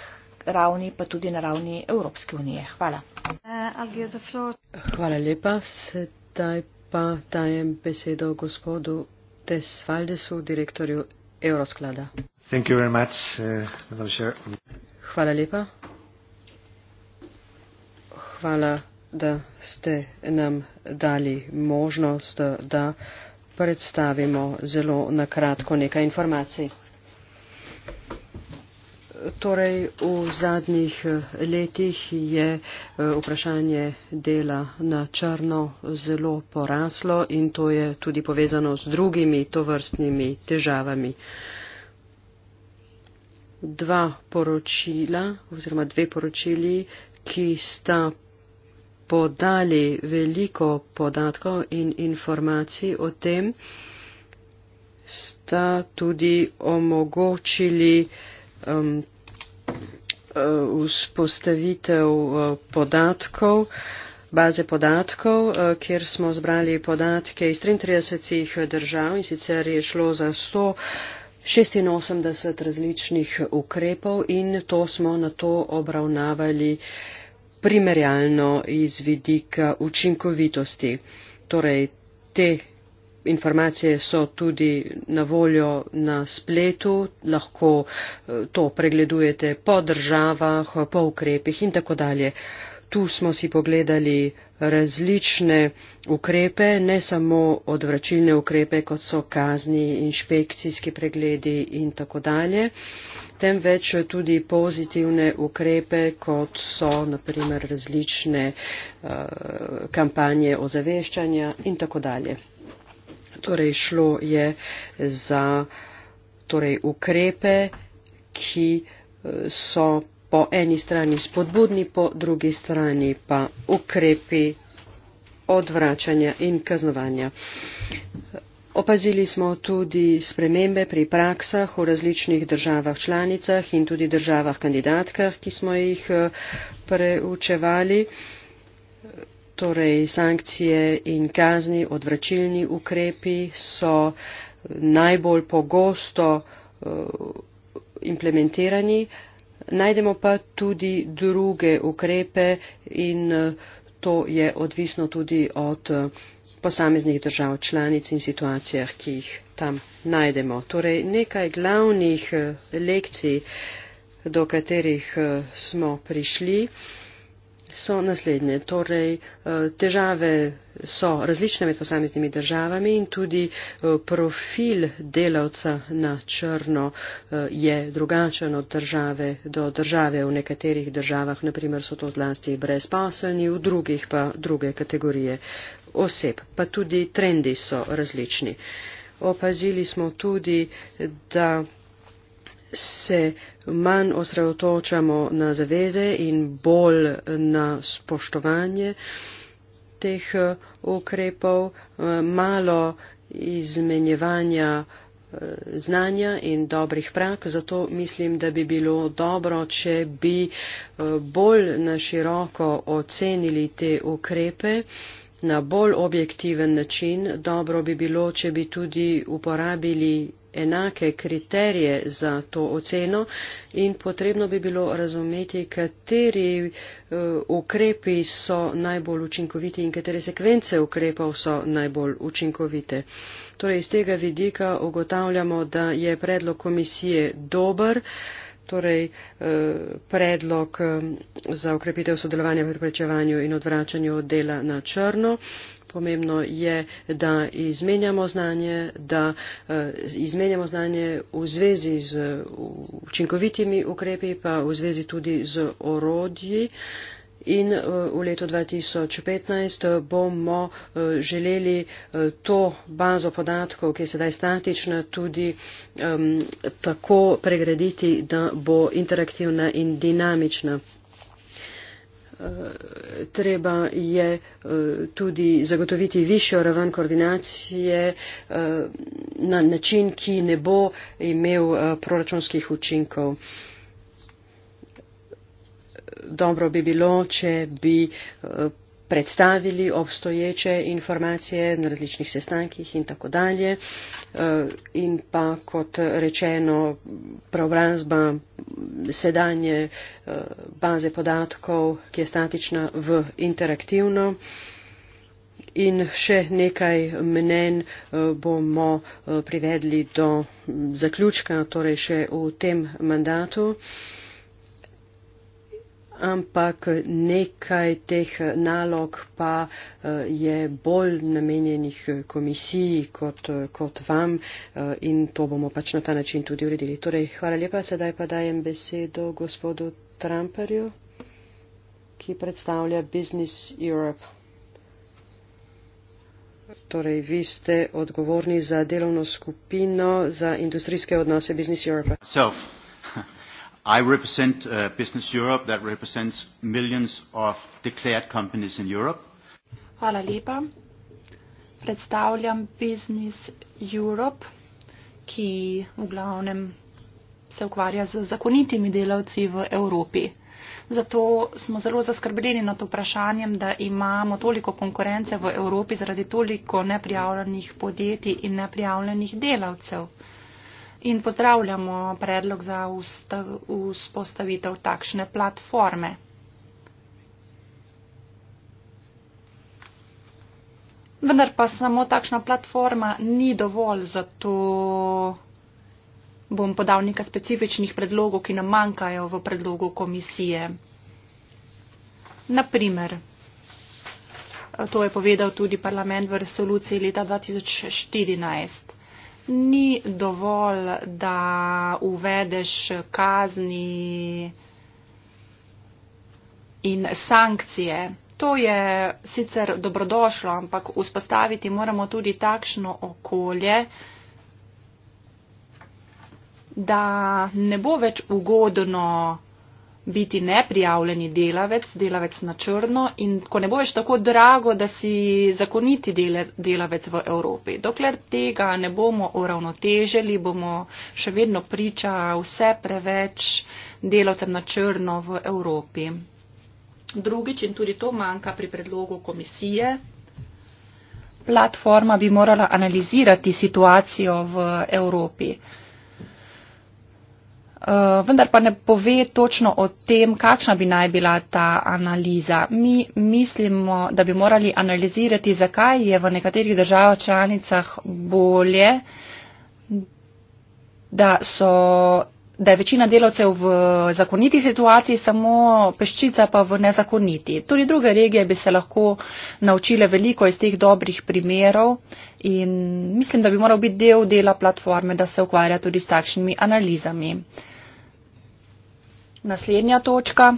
ravni, pa tudi na ravni Evropske unije. Hvala. Hvala lepa. Sedaj pa dajem besedo gospodu Tesvaldesu, direktorju Evrosklada. Uh, Hvala lepa. Hvala, da ste nam dali možnost, da predstavimo zelo na kratko nekaj informacij. Torej, v zadnjih eh, letih je eh, vprašanje dela na črno zelo poraslo in to je tudi povezano z drugimi tovrstnimi težavami dva poročila oziroma dve poročili, ki sta podali veliko podatkov in informacij o tem, sta tudi omogočili um, uh, vzpostavitev uh, podatkov, baze podatkov, uh, kjer smo zbrali podatke iz 33 držav in sicer je šlo za 100 86 različnih ukrepov in to smo na to obravnavali primerjalno iz vidika učinkovitosti. Torej, te informacije so tudi na voljo na spletu, lahko eh, to pregledujete po državah, po ukrepih in tako dalje tu smo si pogledali različne ukrepe, ne samo odvračilne ukrepe, kot so kazni, inšpekcijski pregledi in tako dalje, temveč tudi pozitivne ukrepe, kot so naprimer različne uh, kampanje ozaveščanja in tako dalje. Torej, šlo je za torej, ukrepe, ki eh, so po eni strani spodbudni, po drugi strani pa ukrepi odvračanja in kaznovanja. Opazili smo tudi spremembe pri praksah v različnih državah članicah in tudi državah kandidatkah, ki smo jih eh, preučevali, torej sankcije in kazni, odvračilni ukrepi so najbolj pogosto eh, implementirani, Najdemo pa tudi druge ukrepe in eh, to je odvisno tudi od eh, posameznih držav članic in situacijah, ki jih tam najdemo. Torej nekaj glavnih eh, lekcij, do katerih smo prišli so naslednje. Torej, eh, težave so različne med posameznimi državami in tudi eh, profil delavca na črno eh, je drugačen od države do države. V nekaterih državah, naprimer, so to zlasti brezposelni, v drugih pa druge kategorije oseb. Pa tudi trendi so različni. Opazili smo tudi, da se manj osredotočamo na zaveze in bolj na spoštovanje teh eh, ukrepov, eh, malo izmenjevanja eh, znanja in dobrih prak. Zato mislim, da bi bilo dobro, če bi bolj naširoko ocenili te ukrepe na bolj objektiven način. Dobro bi bilo, če bi tudi uporabili enake kriterije za to oceno in potrebno bi bilo razumeti, kateri eh, ukrepi so najbolj učinkoviti in katere sekvence ukrepov so najbolj učinkovite. Torej, iz tega vidika ugotavljamo, da je predlog komisije dober torej eh, predlog eh, za ukrepitev sodelovanja v preprečevanju in odvračanju od dela na črno. Pomembno je, da izmenjamo znanje, da eh, izmenjamo znanje v zvezi z učinkovitimi ukrepi, pa v zvezi tudi z orodji. In eh, v letu 2015 eh, bomo eh, želeli to bazo podatkov, ki je sedaj statična, tudi um, tako pregraditi, da bo interaktivna in dinamična. Treba je tudi zagotoviti višjo raven koordinacije na način, ki ne bo imel proračunskih učinkov dobro bi bilo, če bi eh, predstavili obstoječe informacije na različnih sestankih in tako dalje. Eh, in pa, kot rečeno, preobrazba sedanje eh, baze podatkov, ki je statična, v interaktivno. In še nekaj mnen bomo privedli do zaključka, torej še v tem mandatu ampak nekaj teh nalog pa eh, je bolj namenjenih eh, komisiji kot, eh, kot vam in to bomo pač na ta način tudi uredili. Torej, hvala lepa, sedaj pa dajem besedo gospodu Tramperju, ki predstavlja Business Europe. Torej, vi ste odgovorni za delovno skupino za industrijske odnose Business Europe. Self. I represent uh, Business Europe that represents millions of declared companies in Europe. Hvala lepa. Predstavljam Business Europe, ki v glavnem se ukvarja z zakonitimi delavci v Evropi. Zato smo zelo zaskrbljeni nad vprašanjem, da imamo toliko konkurence v Evropi zaradi toliko neprijavljenih podjetij in neprijavljenih delavcev in pozdravljamo predlog za vzpostavitev takšne platforme. Vendar pa samo takšna platforma ni dovolj, zato bom podal nekaj specifičnih predlogov, ki nam manjkajo v predlogu komisije. Naprimer, to je povedal tudi parlament v resoluciji leta 2014 ni dovolj, da uvedeš kazni in sankcije. To je sicer dobrodošlo, ampak vzpostaviti moramo tudi takšno okolje, da ne bo več ugodno biti neprijavljeni delavec, delavec na črno in ko ne bo več tako drago, da si zakoniti dele, delavec v Evropi. Dokler tega ne bomo uravnotežili, bomo še vedno priča vse preveč delavcem na črno v Evropi. Drugič in tudi to manjka pri predlogu komisije. Platforma bi morala analizirati situacijo v Evropi. Eh, vendar pa ne pove točno o tem, kakšna bi naj bila ta analiza. Mi mislimo, da bi morali analizirati, zakaj je v nekaterih državah članicah bolje, da, so, da je večina delavcev v zakoniti situaciji, samo peščica pa v nezakoniti. Tudi druge regije bi se lahko naučile veliko iz teh dobrih primerov. In mislim, da bi moral biti del dela platforme, da se ukvarja tudi s takšnimi analizami. Naslednja točka.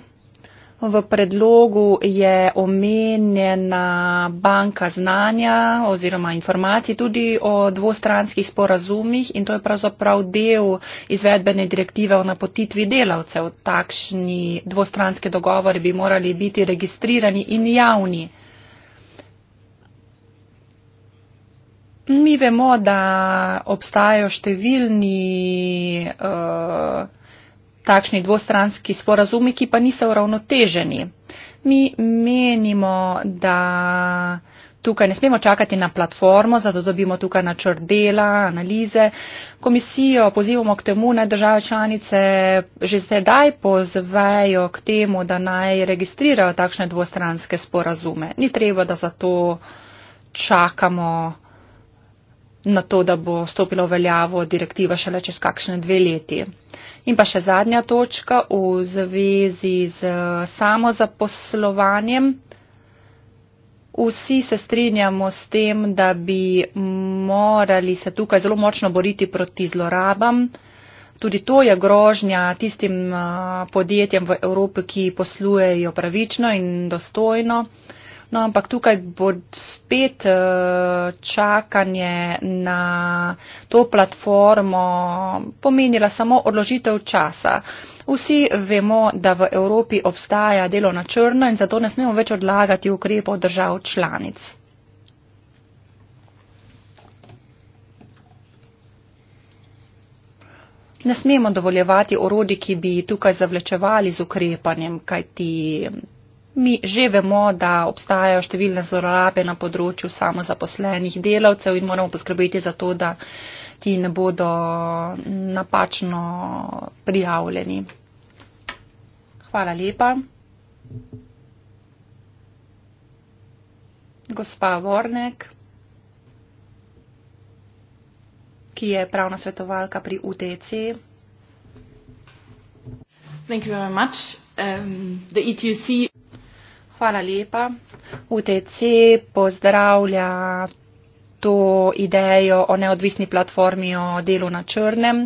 V predlogu je omenjena banka znanja oziroma informacij tudi o dvostranskih sporazumih in to je pravzaprav del izvedbene direktive o napotitvi delavcev. Takšni dvostranski dogovori bi morali biti registrirani in javni. Mi vemo, da obstajajo številni. Uh, takšni dvostranski sporazumi, ki pa niso uravnoteženi. Mi menimo, da tukaj ne smemo čakati na platformo, zato dobimo tukaj načrt dela, analize. Komisijo pozivamo k temu, naj države članice že sedaj pozvejo k temu, da naj registrirajo takšne dvostranske sporazume. Ni treba, da zato čakamo na to, da bo stopila v veljavo direktiva šele čez kakšne dve leti. In pa še zadnja točka v zvezi z eh, samozaposlovanjem. Vsi se strinjamo s tem, da bi morali se tukaj zelo močno boriti proti zlorabam. Tudi to je grožnja tistim eh, podjetjem v Evropi, ki poslujejo pravično in dostojno. No, ampak tukaj bo spet eh, čakanje na to platformo pomenila samo odložitev časa. Vsi vemo, da v Evropi obstaja delo na črno in zato ne smemo več odlagati ukrepov držav članic. Ne smemo dovoljevati orodi, ki bi tukaj zavlečevali z ukrepanjem, kaj ti Mi že vemo, da obstajajo številne zlorabe na področju samozaposlenih delavcev in moramo poskrbeti za to, da ti ne bodo napačno prijavljeni. Hvala lepa. Gospa Vornek, ki je pravna svetovalka pri UTC. Thank you very much. Um, the ETUC Hvala lepa. UTC pozdravlja to idejo o neodvisni platformi o delu na črnem.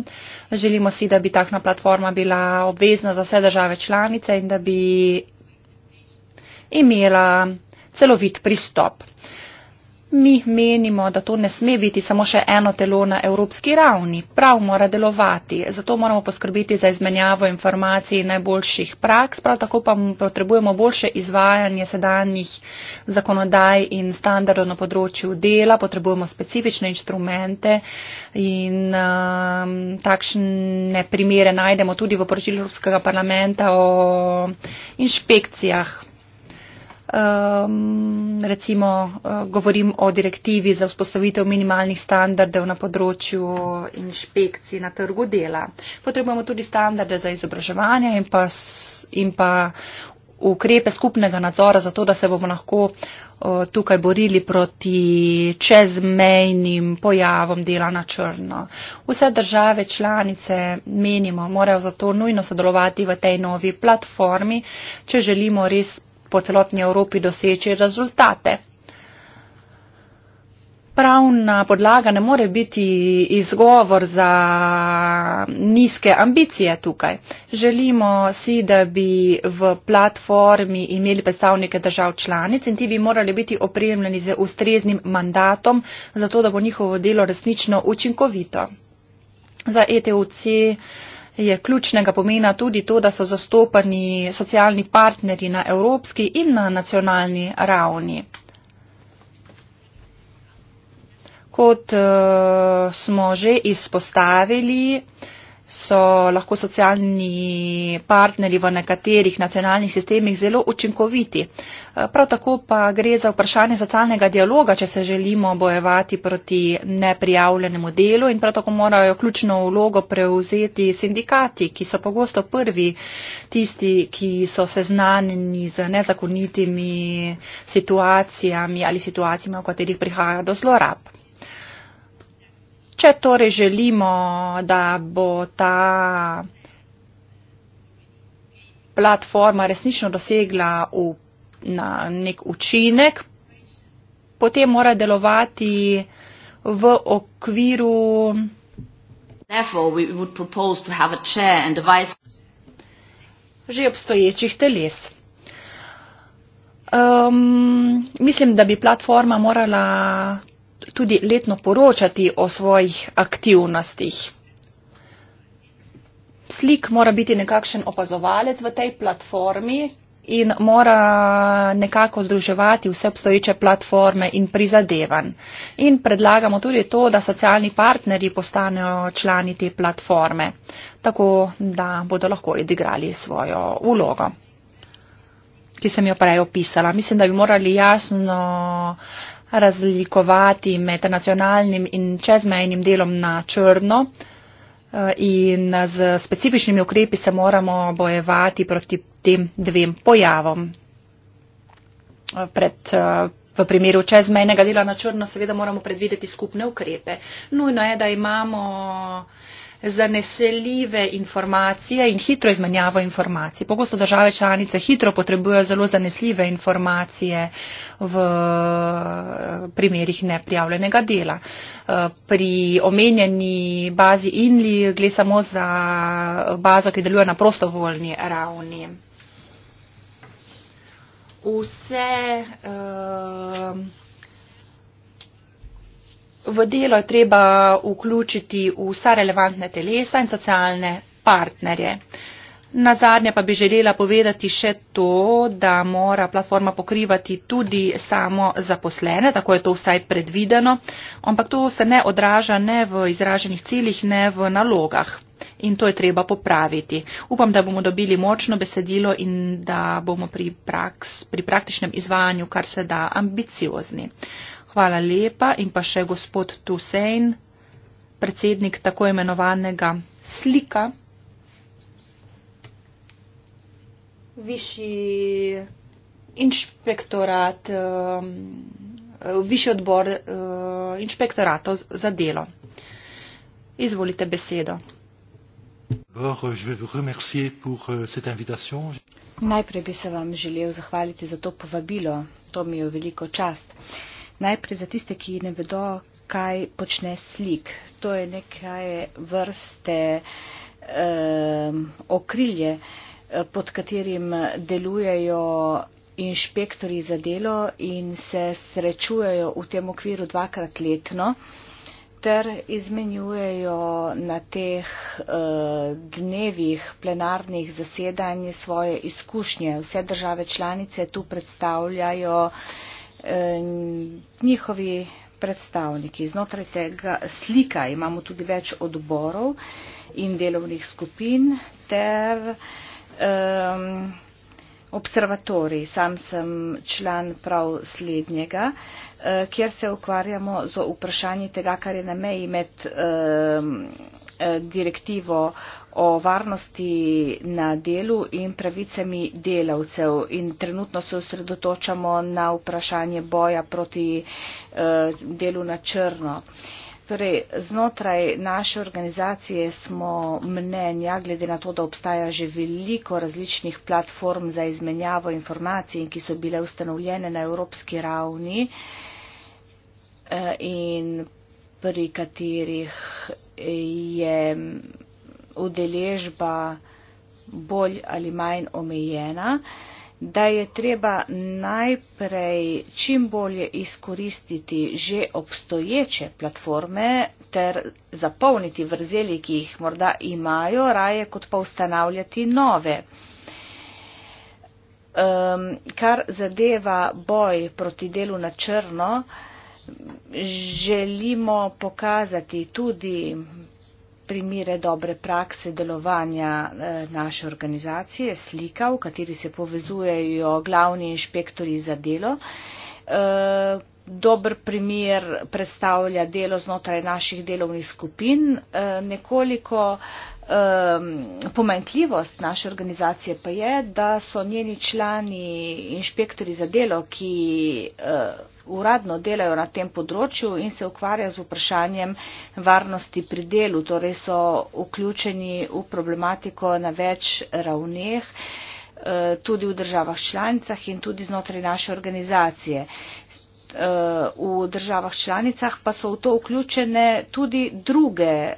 Želimo si, da bi takna platforma bila obvezna za vse države članice in da bi imela celovit pristop. Mi menimo, da to ne sme biti samo še eno telo na evropski ravni. Prav mora delovati, zato moramo poskrbiti za izmenjavo informacij najboljših praks, prav tako pa potrebujemo boljše izvajanje sedanjih zakonodaj in standardov na področju dela, potrebujemo specifične inštrumente in um, takšne primere najdemo tudi v poročilu Evropskega parlamenta o inšpekcijah um, recimo uh, govorim o direktivi za vzpostavitev minimalnih standardov na področju inšpekcij na trgu dela. Potrebujemo tudi standarde za izobraževanje in pa, in pa ukrepe skupnega nadzora, zato da se bomo lahko eh, tukaj borili proti čezmejnim pojavom dela na črno. Vse države članice, menimo, morajo zato nujno sodelovati v tej novi platformi, če želimo res po celotni Evropi doseči rezultate. Pravna podlaga ne more biti izgovor za nizke ambicije tukaj. Želimo si, da bi v platformi imeli predstavnike držav članic in ti bi morali biti opremljeni z ustreznim mandatom, zato da bo njihovo delo resnično učinkovito. Za ETUC je ključnega pomena tudi to, da so zastopani socialni partnerji na evropski in na nacionalni ravni. Kot uh, smo že izpostavili, uh, so lahko socialni partnerji v nekaterih nacionalnih sistemih zelo učinkoviti. Eh, prav tako pa gre za vprašanje socialnega dialoga, če se želimo bojevati proti neprijavljenemu delu in prav tako morajo ključno vlogo prevzeti sindikati, ki so pogosto prvi tisti, ki so seznanjeni z nezakonitimi situacijami ali situacijami, v katerih prihaja do zlorab če torej želimo, da bo ta platforma resnično dosegla v, na nek učinek, potem mora delovati v okviru. Že obstoječih teles. Um, mislim, da bi platforma morala tudi letno poročati o svojih aktivnostih. Slik mora biti nekakšen opazovalec v tej platformi in mora nekako združevati vse obstoječe platforme in prizadevan. In predlagamo tudi to, da socialni partnerji postanejo člani te platforme, tako da bodo lahko odigrali svojo vlogo, ki sem jo prej opisala. Mislim, da bi morali jasno razlikovati med nacionalnim in čezmejnim delom na črno eh, in z specifičnimi ukrepi se moramo bojevati proti tem dvem pojavom. Eh, pred, eh, v primeru čezmejnega dela na črno seveda moramo predvideti skupne ukrepe. Nujno je, da imamo zanesljive informacije in hitro izmenjavo informacij. Pogosto države članice hitro potrebujejo zelo zanesljive informacije v eh, primerih neprijavljenega dela. Eh, pri omenjeni bazi INLI gre samo za bazo, ki deluje na prostovoljni ravni. Vse uh, v delo je treba vključiti vsa relevantna telesa in socialne partnerje. Na zadnje pa bi želela povedati še to, da mora platforma pokrivati tudi samo zaposlene, tako je to vsaj predvideno, ampak to se ne odraža ne v izraženih ciljih, ne v nalogah. In to je treba popraviti. Upam, da bomo dobili močno besedilo in da bomo pri, praks, pri praktičnem izvajanju kar se da ambiciozni. Hvala lepa. In pa še gospod Tusein, predsednik tako imenovanega slika. Višji inšpektorat, um, višji odbor uh, inšpektoratov za delo. Izvolite besedo. Euh, Najprej bi se vam želel zahvaliti za to povabilo. To mi je v veliko čast. Uh, Najprej za tiste, ki ne vedo, kaj počne slik. To je nekaj vrste ehm, eh, okrilje, pod katerim delujejo inšpektori za delo in se srečujejo v tem okviru dvakrat letno ter izmenjujejo na teh eh, dnevih plenarnih zasedanj svoje izkušnje. Vse države članice tu predstavljajo eh, Eh, njihovi predstavniki. Znotraj tega slika imamo tudi več odborov in delovnih skupin ter um, observatorij. Sam sem član prav slednjega, eh, kjer se ukvarjamo z vprašanji tega, kar je na meji med ehm, eh, direktivo o varnosti na delu in pravicami delavcev. In trenutno se osredotočamo na vprašanje boja proti eh, delu na črno. Torej, znotraj naše organizacije smo mnenja, glede na to, da obstaja že veliko različnih platform za izmenjavo informacij, ki so bile ustanovljene na evropski ravni eh, in pri katerih je udeležba bolj ali manj omejena da je treba najprej čim bolje izkoristiti že obstoječe platforme ter zapolniti vrzeli, ki jih morda imajo, raje kot pa ustanavljati nove. Um, kar zadeva boj proti delu na črno, želimo pokazati tudi primere dobre prakse delovanja eh, naše organizacije, slika, v kateri se povezujejo glavni inšpektori za delo. Eh, dober primer predstavlja delo znotraj naših delovnih skupin. Eh, nekoliko um, pomenkljivost naše organizacije pa je, da so njeni člani inšpektori za delo, ki uh, uradno delajo na tem področju in se ukvarjajo z vprašanjem varnosti pri delu, torej so vključeni v problematiko na več ravneh eh, tudi v državah članicah in tudi znotraj naše organizacije. S Eh, v državah članicah, pa so v to vključene tudi druge eh,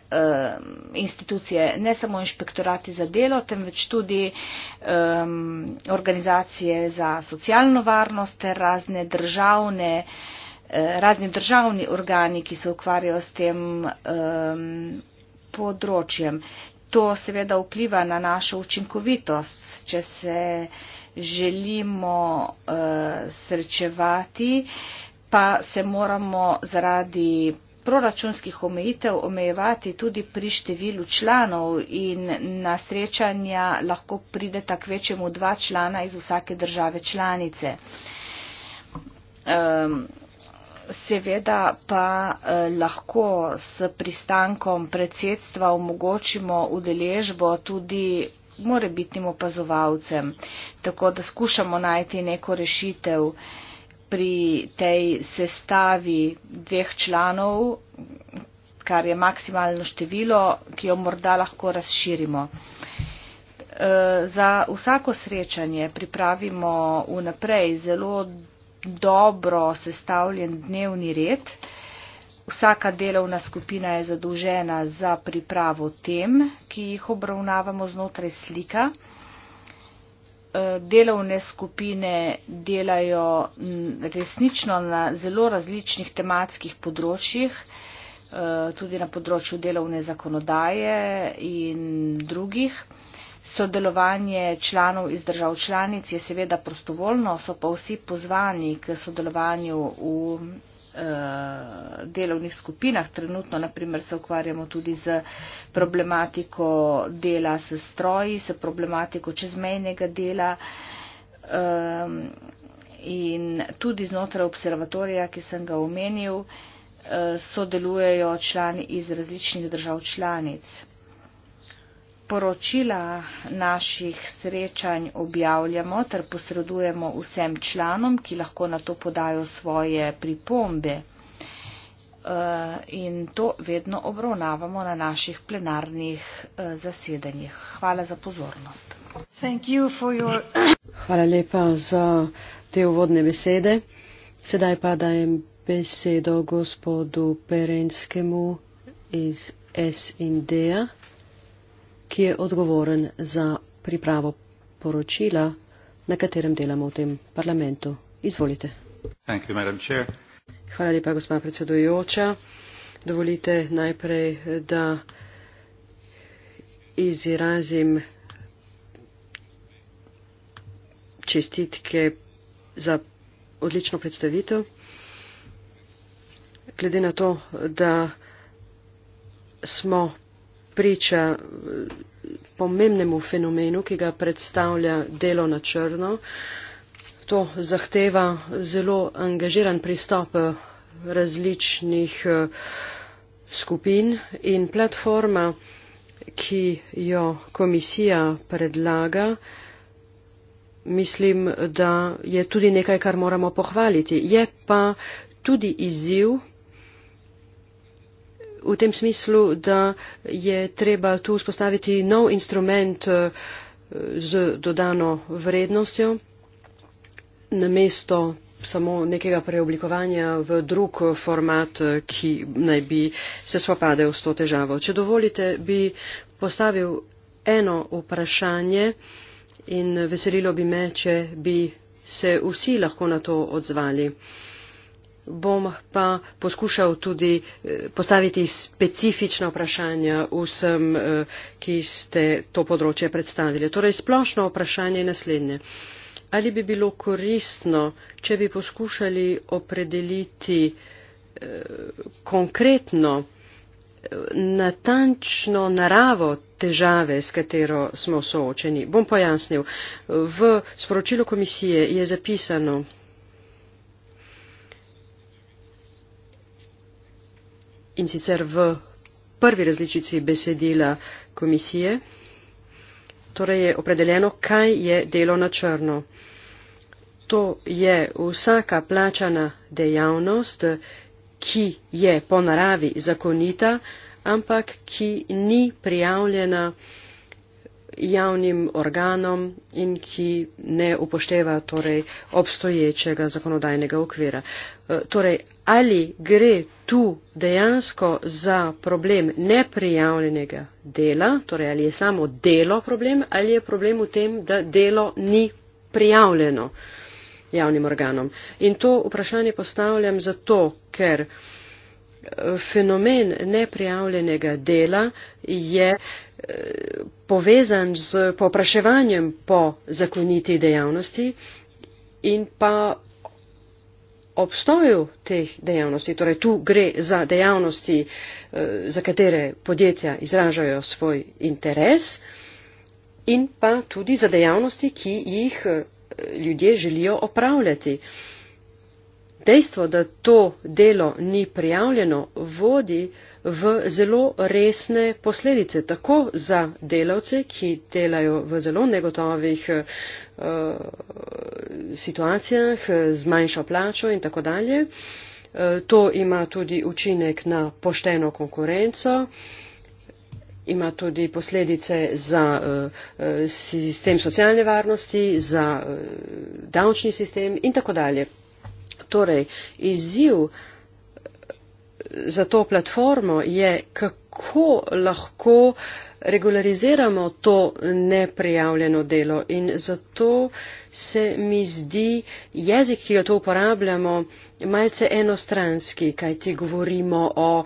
institucije, ne samo inšpektorati za delo, temveč tudi eh, organizacije za socialno varnost, razne državne, razni državni organi, ki se ukvarjajo s tem področjem. To seveda vpliva na našo učinkovitost, če se želimo uh, srečevati, pa se moramo zaradi proračunskih omejitev omejevati tudi pri številu članov in na srečanja lahko pride tak večjemu dva člana iz vsake države članice. Um, Seveda pa eh, lahko s pristankom predsedstva omogočimo udeležbo tudi more biti tim opazovalcem. Tako da skušamo najti neko rešitev pri tej sestavi dveh članov, kar je maksimalno število, ki jo morda lahko razširimo. E, za vsako srečanje pripravimo vnaprej zelo dobro sestavljen dnevni red, Vsaka delovna skupina je zadolžena za pripravo tem, ki jih obravnavamo znotraj slika. E, delovne skupine delajo resnično na zelo različnih tematskih področjih, e, tudi na področju delovne zakonodaje in drugih. Sodelovanje članov iz držav članic je seveda prostovoljno, so pa vsi pozvani k sodelovanju v Eh, delovnih skupinah. Trenutno naprimer se ukvarjamo tudi z problematiko dela s stroji, s problematiko čezmejnega dela in tudi znotraj observatorija, ki sem ga omenil, eh, sodelujejo člani iz različnih držav članic poročila naših srečanj objavljamo ter posredujemo vsem članom, ki lahko na to podajo svoje pripombe. Eh, in to vedno obravnavamo na naših plenarnih eh, zasedanjih. Hvala za pozornost. Your... Hvala lepa za te uvodne besede. Sedaj pa dajem besedo gospodu Perenskemu iz SND-a ki je odgovoren za pripravo poročila, na katerem delamo v tem parlamentu. Izvolite. You, Hvala lepa, gospa predsedujoča. Dovolite najprej, da izrazim čestitke za odlično predstavitev. Glede na to, da smo priča eh, pomembnemu fenomenu, ki ga predstavlja delo na črno. To zahteva zelo angažiran pristop eh, različnih eh, skupin in platforma, ki jo komisija predlaga, mislim, da je tudi nekaj, kar moramo pohvaliti. Je pa tudi izziv, v tem smislu, da je treba tu vzpostaviti nov instrument eh, z dodano vrednostjo, namesto samo nekega preoblikovanja v drug format, eh, ki naj bi se spopadel s to težavo. Če dovolite, bi postavil eno vprašanje in veselilo bi me, če bi se vsi lahko na to odzvali. Uh, bom pa poskušal tudi eh, postaviti specifično vprašanje vsem, eh, ki ste to področje predstavili. Torej, splošno vprašanje je naslednje. Ali bi bilo koristno, če bi poskušali opredeliti eh, konkretno, natančno naravo težave, s katero smo soočeni? Bom pojasnil. V sporočilu komisije je zapisano, in sicer v prvi različici besedila komisije. Torej je opredeljeno, kaj je delo na črno. To je vsaka plačana dejavnost, ki je po naravi zakonita, ampak ki ni prijavljena uh, javnim organom in ki ne upošteva torej, obstoječega zakonodajnega okvira. E, torej, ali gre tu dejansko za problem neprijavljenega dela, torej ali je samo delo problem ali je problem v tem, da delo ni prijavljeno javnim organom. In to vprašanje postavljam zato, ker uh, fenomen neprijavljenega dela je eh, povezan z popraševanjem po zakoniti dejavnosti in pa obstoju teh dejavnosti. Torej, tu gre za dejavnosti, eh, za katere podjetja izražajo svoj interes in pa tudi za dejavnosti, ki jih eh, ljudje želijo opravljati. Dejstvo, da to delo ni prijavljeno, vodi v zelo resne posledice, tako za delavce, ki delajo v zelo negotovih uh, situacijah z manjšo plačo in tako dalje. Eh, to ima tudi učinek na pošteno konkurenco, ima tudi posledice za eh, sistem socialne varnosti, za davčni sistem in tako dalje torej izziv eh, za to platformo je, kako lahko regulariziramo to neprijavljeno delo. In zato se mi zdi jezik, ki ga to uporabljamo, malce enostranski, kaj ti govorimo o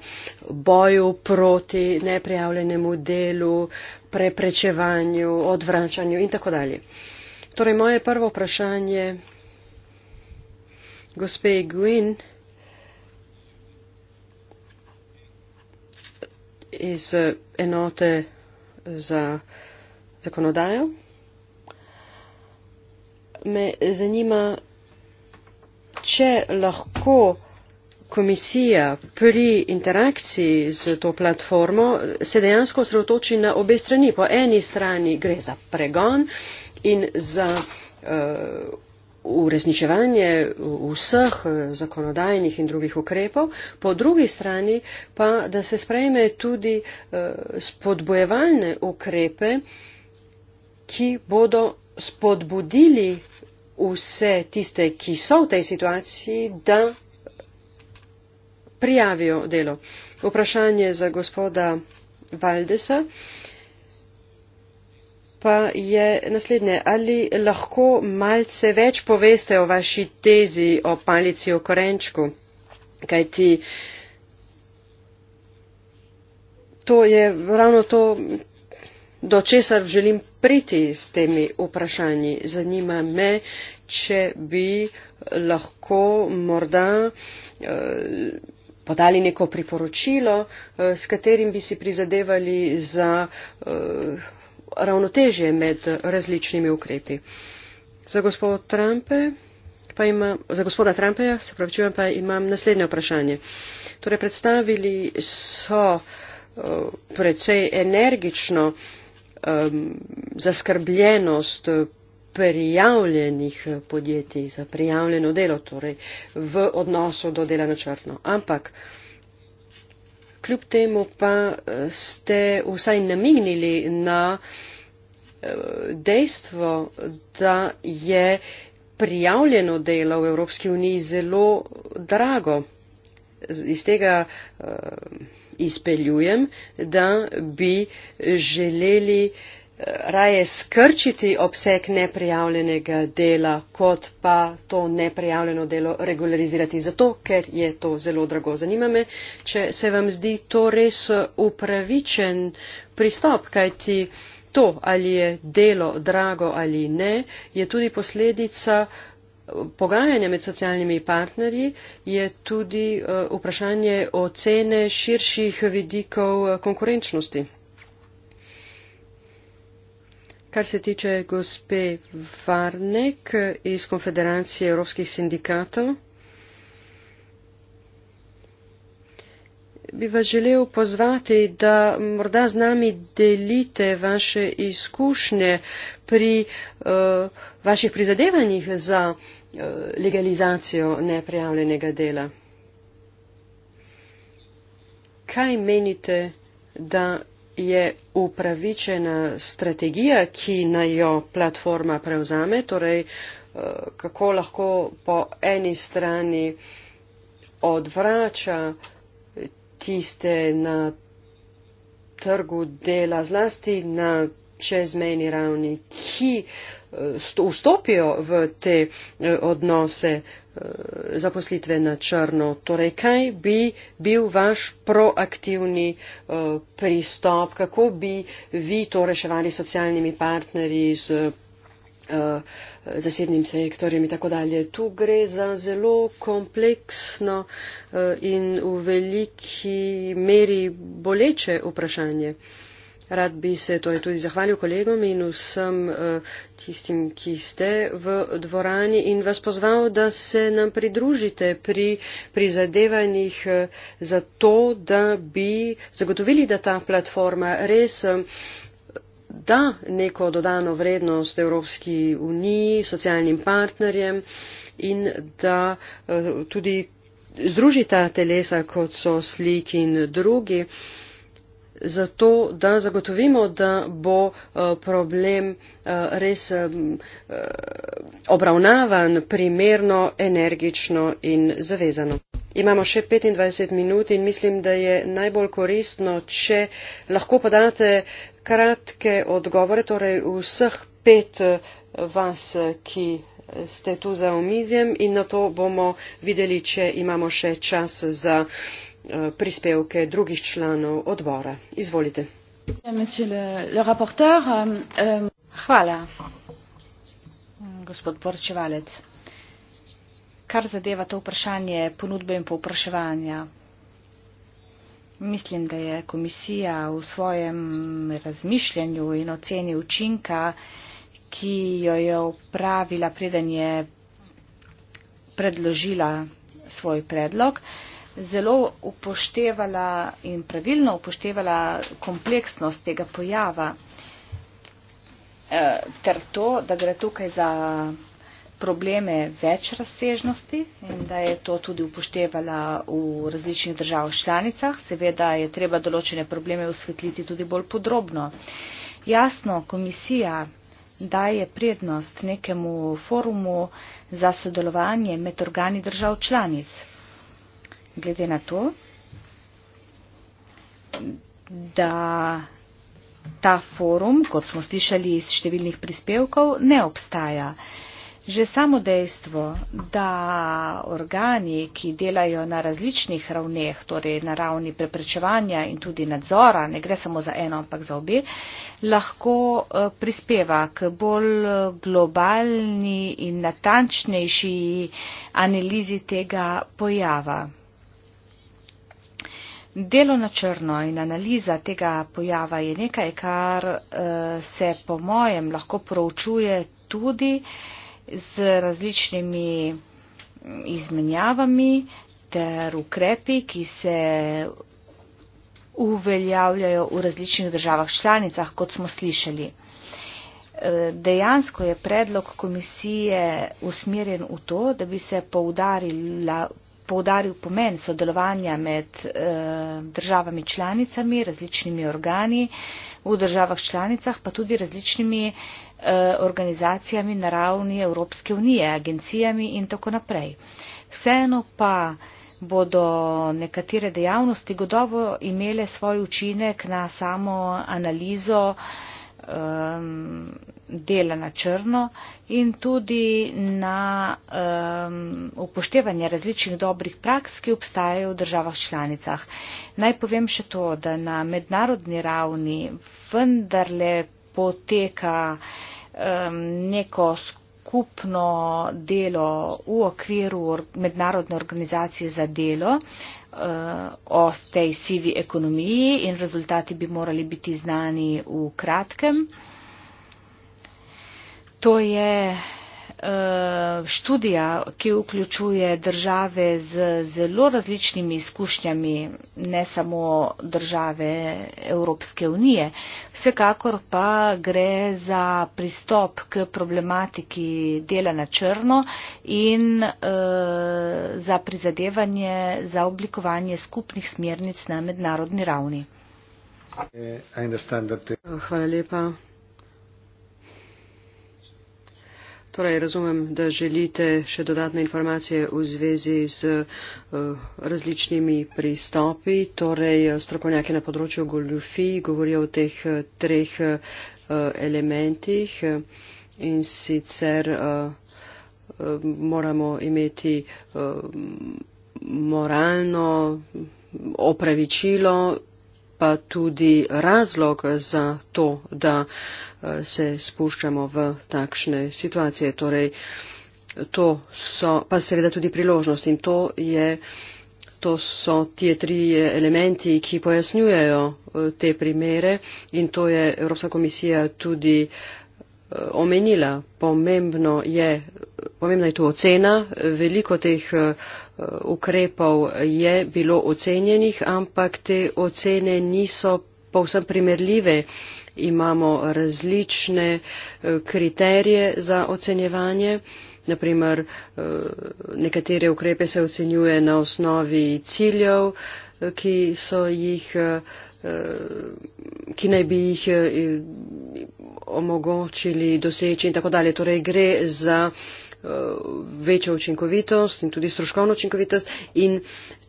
boju proti neprijavljenemu delu, preprečevanju, odvračanju in tako dalje. Torej, moje prvo vprašanje gospe Guin iz eh, enote eh, za zakonodajo. Me zanima, če lahko komisija pri interakciji z to platformo se dejansko osredotoči na obe strani. Po eni strani gre za pregon in za uh, uresničevanje vseh zakonodajnih in drugih ukrepov, po drugi strani pa, da se sprejme tudi eh, spodbojevalne ukrepe, ki bodo spodbudili vse tiste, ki so v tej situaciji, da prijavijo delo. Vprašanje za gospoda Valdesa. Uh, pa je naslednje. Ali lahko malce več poveste o vaši tezi o palici o korenčku? Kajti to je ravno to, do česar želim priti s temi vprašanji. Zanima me, če bi lahko morda. Eh, podali neko priporočilo, eh, s katerim bi si prizadevali za uh, ravnotežje med različnimi ukrepi. Za, gospod Trumpe, pa ima, za gospoda Trumpeja se pravičujem, pa imam naslednje vprašanje. Torej, predstavili so eh, predvsej energično um, zaskrbljenost prijavljenih podjetij za prijavljeno delo, torej v odnosu do dela načrtno. Ampak kljub temu pa eh, ste vsaj namignili na eh, dejstvo, da je prijavljeno delo v Evropski uniji zelo drago. Iz tega eh, izpeljujem, da bi želeli raje skrčiti obseg neprijavljenega dela, kot pa to neprijavljeno delo regularizirati, zato ker je to zelo drago. Zanima me, če se vam zdi to res upravičen pristop, kajti to, ali je delo drago ali ne, je tudi posledica eh, pogajanja med socialnimi partnerji, je tudi eh, vprašanje ocene širših vidikov eh, konkurenčnosti. Kar se tiče gospe Varnek iz Konfederacije evropskih sindikatov, bi vas želel pozvati, da morda z nami delite vaše izkušnje pri uh, vaših prizadevanjih za uh, legalizacijo neprijavljenega dela. Kaj menite, da je upravičena strategija, ki naj jo platforma prevzame, torej eh, kako lahko po eni strani odvrača tiste na trgu dela zlasti na čezmejni ravni, ki uh, vstopijo v te eh, odnose eh, zaposlitve na črno. Torej, kaj bi bil vaš proaktivni eh, pristop, kako bi vi to reševali s socialnimi partnerji, z zasebnim sektorjem in tako dalje. Tu gre za zelo kompleksno in v veliki meri boleče vprašanje. Uh, Rad bi se torej tudi zahvalil kolegom in vsem eh, tistim, ki ste v dvorani in vas pozval, da se nam pridružite pri prizadevanjih eh, za to, da bi zagotovili, da ta platforma res eh, da neko dodano vrednost Evropski uniji, socialnim partnerjem in da tudi združita telesa, kot so slik in drugi zato, da zagotovimo, da bo eh, problem eh, res eh, obravnavan primerno, energično in zavezano. Imamo še 25 minut in mislim, da je najbolj koristno, če lahko podate kratke odgovore, torej vseh pet vas, ki ste tu za omizjem in na to bomo videli, če imamo še čas za. Uh, Eh, prispevke drugih članov odbora. Izvolite. Eh, eh, Hvala, gospod poročevalec. Kar zadeva to vprašanje ponudbe in povpraševanja, mislim, da je komisija v svojem razmišljanju in oceni učinka, ki jo je upravila, preden je predložila svoj predlog, eh, zelo upoštevala in pravilno upoštevala kompleksnost tega pojava eh, ter to, da gre tukaj za probleme več razsežnosti in da je to tudi upoštevala v različnih držav članicah. Seveda je treba določene probleme osvetliti tudi bolj podrobno. Jasno, komisija daje prednost nekemu forumu za sodelovanje med organi držav članic glede na to, da ta forum, kot smo slišali iz številnih prispevkov, ne obstaja. Že samo dejstvo, da organi, ki delajo na različnih ravneh, torej na ravni preprečevanja in tudi nadzora, ne gre samo za eno, ampak za obe, lahko eh, prispeva k bolj globalni in natančnejši analizi tega pojava. Delo na črno in analiza tega pojava je nekaj, kar uh, se po mojem lahko proučuje tudi z različnimi mm, izmenjavami ter ukrepi, ki se uveljavljajo v različnih državah članicah, kot smo slišali. Eh, dejansko je predlog komisije usmerjen v to, da bi se poudarila, poudaril pomen sodelovanja med eh, državami članicami, različnimi organi v državah članicah, pa tudi različnimi eh, organizacijami na ravni Evropske unije, agencijami in tako naprej. Vseeno pa bodo nekatere dejavnosti gotovo imele svoj učinek na samo analizo eh, um, dela na črno in tudi na um, upoštevanje različnih dobrih praks, ki obstajajo v državah članicah. Naj povem še to, da na mednarodni ravni vendarle poteka um, neko skupno delo v okviru mednarodne organizacije za delo, o tej sivi ekonomiji in rezultati bi morali biti znani v kratkem. To je Eh, študija, ki vključuje države z zelo različnimi izkušnjami, ne samo države Evropske unije. Vsekakor pa gre za pristop k problematiki dela na črno in eh, za prizadevanje za oblikovanje skupnih smernic na mednarodni ravni. Eh, Hvala lepa. Torej, razumem, da želite še dodatne informacije v zvezi z uh, različnimi pristopi. Torej, eh, strokovnjaki na področju goljufij govorijo o teh uh, treh uh, elementih in sicer uh, uh, moramo imeti uh, moralno opravičilo pa tudi razlog za to, da eh, se spuščamo v takšne situacije. Torej, to so pa seveda tudi priložnost in to, je, to so tie tri elementi, ki pojasnjujejo eh, te primere in to je Evropska komisija tudi uh, Eh, omenila. Pomembno je, pomembna je tu ocena, veliko teh eh, ukrepov je bilo ocenjenih, ampak te ocene niso povsem primerljive. Imamo različne eh, kriterije za ocenjevanje naprimer eh, nekatere ukrepe se ocenjuje na osnovi ciljev, eh, ki so jih eh, ki naj bi jih omogočili doseči in tako dalje. Torej gre za večjo učinkovitost in tudi stroškovno učinkovitost in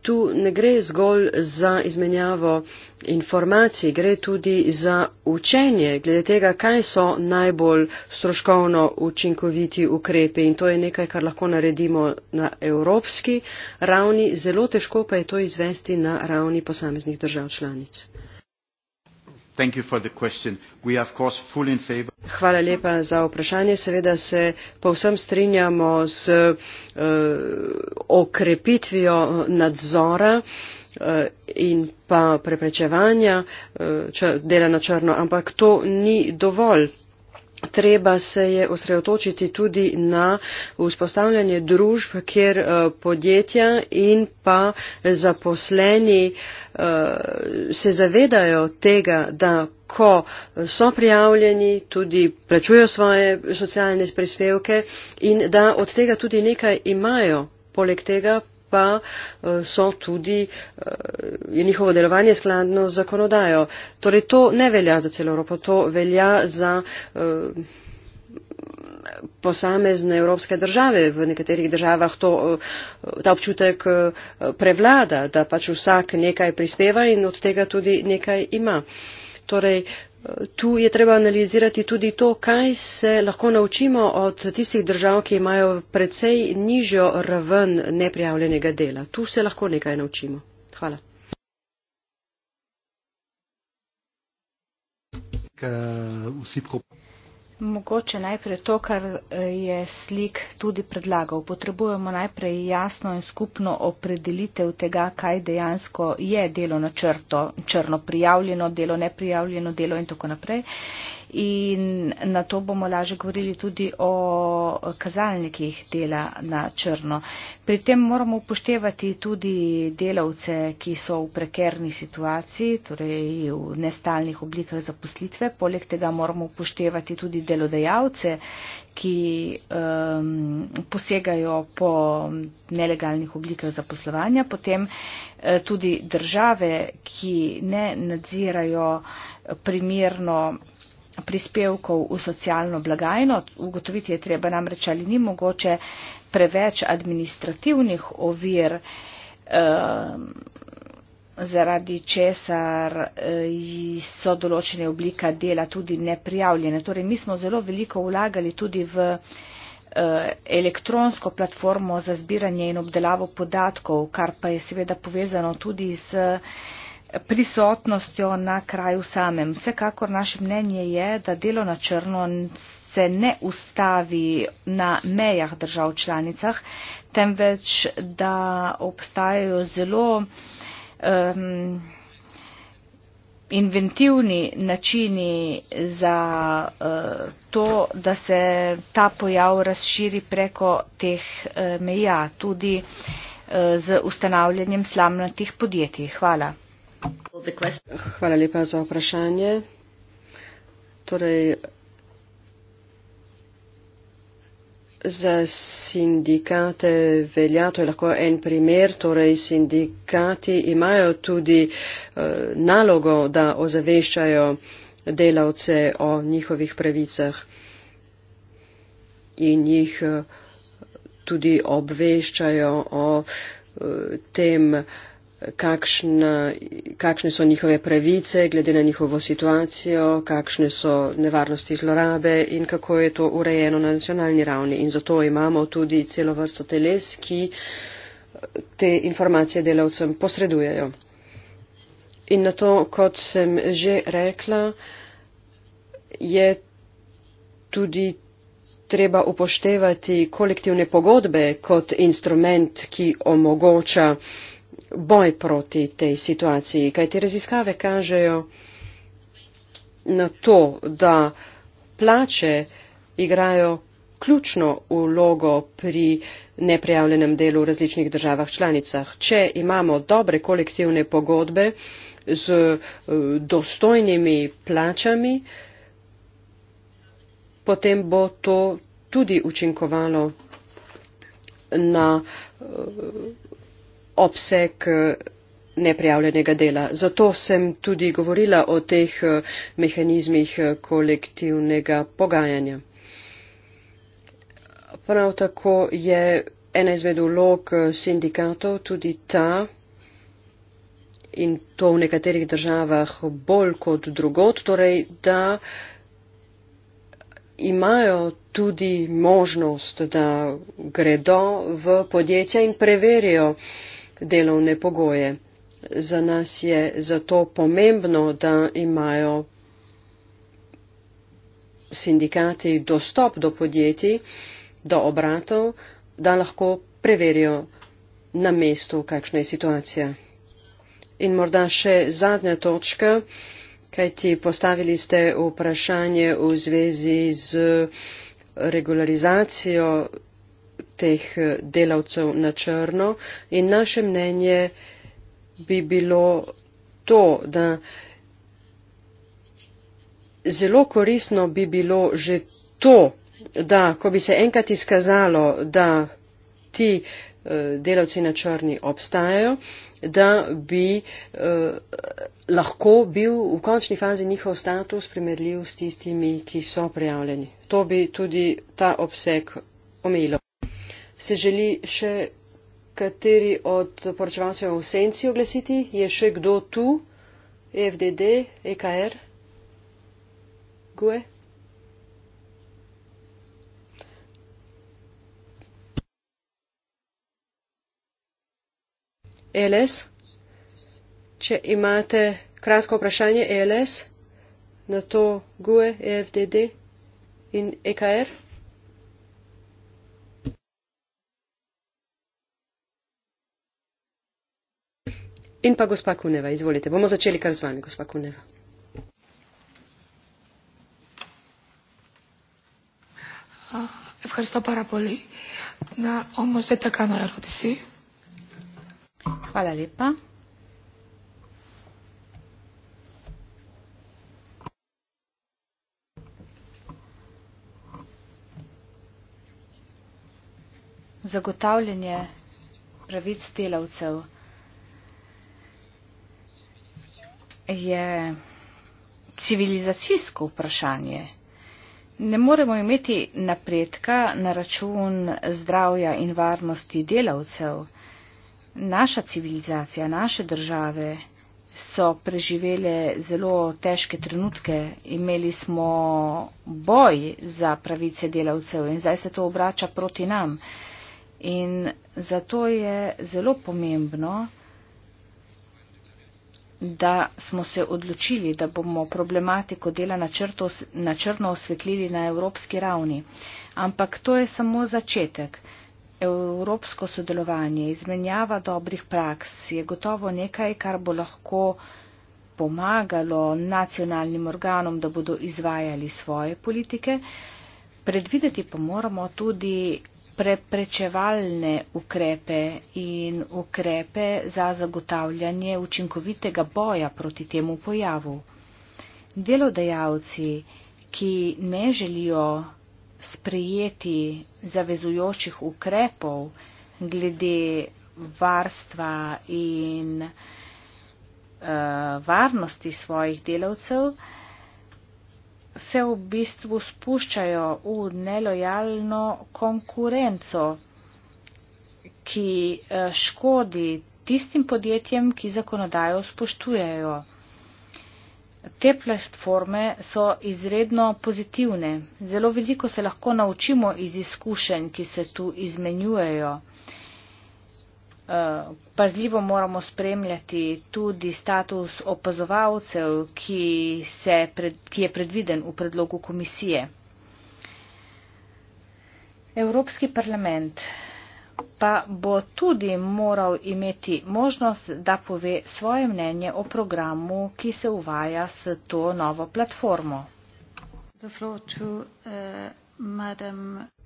tu ne gre zgolj za izmenjavo informacij, gre tudi za učenje glede tega, kaj so najbolj stroškovno učinkoviti ukrepi in to je nekaj, kar lahko naredimo na evropski ravni, zelo težko pa je to izvesti na ravni posameznih držav članic. Hvala lepa za vprašanje. Seveda se povsem strinjamo z uh, okrepitvijo nadzora eh, in pa preprečevanja eh, dela na črno, ampak to ni dovolj. Treba se je osredotočiti tudi na vzpostavljanje družb, kjer podjetja in pa zaposleni uh, se zavedajo tega, da ko so prijavljeni, tudi plačujo svoje socialne prispevke in da od tega tudi nekaj imajo. Poleg tega pa eh, so tudi, eh, je njihovo delovanje skladno z zakonodajo. Torej to ne velja za celo Evropo, to velja za. Uh, posamezne evropske države. V nekaterih državah to, eh, ta občutek eh, prevlada, da pač vsak nekaj prispeva in od tega tudi nekaj ima. Torej, eh, tu je treba analizirati tudi to, kaj se lahko naučimo od tistih držav, ki imajo precej nižjo raven neprijavljenega dela. Tu se lahko nekaj naučimo. Hvala. Vsi Mogoče najprej to, kar eh, je slik tudi predlagal. Potrebujemo najprej jasno in skupno opredelitev tega, kaj dejansko je delo na črto, črno prijavljeno, delo neprijavljeno, delo in tako naprej in na to bomo lažje govorili tudi o kazalnikih dela na črno. Pri tem moramo upoštevati tudi delavce, ki so v prekerni situaciji, torej v nestalnih oblikah zaposlitve. Poleg tega moramo upoštevati tudi delodajalce, ki um, posegajo po nelegalnih oblikah zaposlovanja, potem eh, tudi države, ki ne nadzirajo primerno prispevkov v socialno blagajno. Ugotoviti je treba namreč, ali ni mogoče preveč administrativnih ovir, ehm, zaradi česar eh, so določene oblika dela tudi neprijavljene. Torej, mi smo zelo veliko vlagali tudi v eh, elektronsko platformo za zbiranje in obdelavo podatkov, kar pa je seveda povezano tudi z prisotnostjo na kraju samem. Vsekakor naše mnenje je, da delo na črno se ne ustavi na mejah držav članicah, temveč da obstajajo zelo um, inventivni načini za uh, to, da se ta pojav razširi preko teh uh, meja, tudi uh, z ustanavljanjem slamnatih podjetij. Hvala. Hvala lepa za vprašanje. Torej, za sindikate velja, to je lahko en primer, torej sindikati imajo tudi uh, nalogo, da ozaveščajo delavce o njihovih pravicah in jih uh, tudi obveščajo o uh, tem, uh, kakšna, kakšne so njihove pravice glede na njihovo situacijo, kakšne so nevarnosti zlorabe in kako je to urejeno na nacionalni ravni. In zato imamo tudi celo vrsto teles, ki te informacije delavcem posredujejo. In na to, kot sem že rekla, je tudi treba upoštevati kolektivne pogodbe kot instrument, ki omogoča uh, boj proti tej situaciji, kajti raziskave kažejo na to, da plače igrajo ključno vlogo pri neprijavljenem delu v različnih državah članicah. Če imamo dobre kolektivne pogodbe z eh, dostojnimi plačami, potem bo to tudi učinkovalo na eh, obseg eh, neprijavljenega dela. Zato sem tudi govorila o teh eh, mehanizmih eh, kolektivnega pogajanja. Prav tako je ena izmed vlog sindikatov tudi ta in to v nekaterih državah bolj kot drugot, torej da imajo tudi možnost, da gredo v podjetja in preverijo, delovne pogoje. Za nas je zato pomembno, da imajo sindikati dostop do podjetij, do obratov, da lahko preverijo na mestu, kakšna je situacija. In morda še zadnja točka, kajti postavili ste vprašanje v zvezi z regularizacijo teh eh, delavcev na črno. In naše mnenje bi bilo to, da zelo koristno bi bilo že to, da ko bi se enkrat izkazalo, da ti eh, delavci na črni obstajajo, da bi eh, lahko bil v končni fazi njihov status primerljiv s tistimi, ki so prijavljeni. To bi tudi ta obseg omejilo se želi še kateri od poročevalcev v senci oglasiti? Je še kdo tu? E FDD, EKR? GUE? ELS? Če imate kratko vprašanje, ELS? Na to GUE, e FDD in EKR? In pa gospa Kuneva, izvolite. Bomo začeli kar z vami, gospa Kuneva. Ah, Hvala lepa. Zagotavljanje pravic delavcev. je civilizacijsko vprašanje. Ne moremo imeti napredka na račun zdravja in varnosti delavcev. Naša civilizacija, naše države so preživele zelo težke trenutke, imeli smo boj za pravice delavcev in zdaj se to obrača proti nam. In zato je zelo pomembno, da smo se odločili, da bomo problematiko dela na, črto, na črno osvetlili na evropski ravni. Ampak to je samo začetek. Evropsko sodelovanje, izmenjava dobrih praks je gotovo nekaj, kar bo lahko pomagalo nacionalnim organom, da bodo izvajali svoje politike. Predvideti pa moramo tudi preprečevalne ukrepe in ukrepe za zagotavljanje učinkovitega boja proti temu pojavu. Delodajalci, ki ne želijo sprejeti zavezujočih ukrepov glede varstva in uh, varnosti svojih delavcev, uh, se v bistvu spuščajo v nelojalno konkurenco, ki eh, škodi tistim podjetjem, ki zakonodajo spoštujejo. Te platforme so izredno pozitivne. Zelo veliko se lahko naučimo iz izkušenj, ki se tu izmenjujejo. Eh, pazljivo moramo spremljati tudi status opazovalcev, ki, se, ki je predviden v predlogu komisije. Evropski parlament pa bo tudi moral imeti možnost, da pove svoje mnenje o programu, ki se uvaja s to novo platformo. Eh,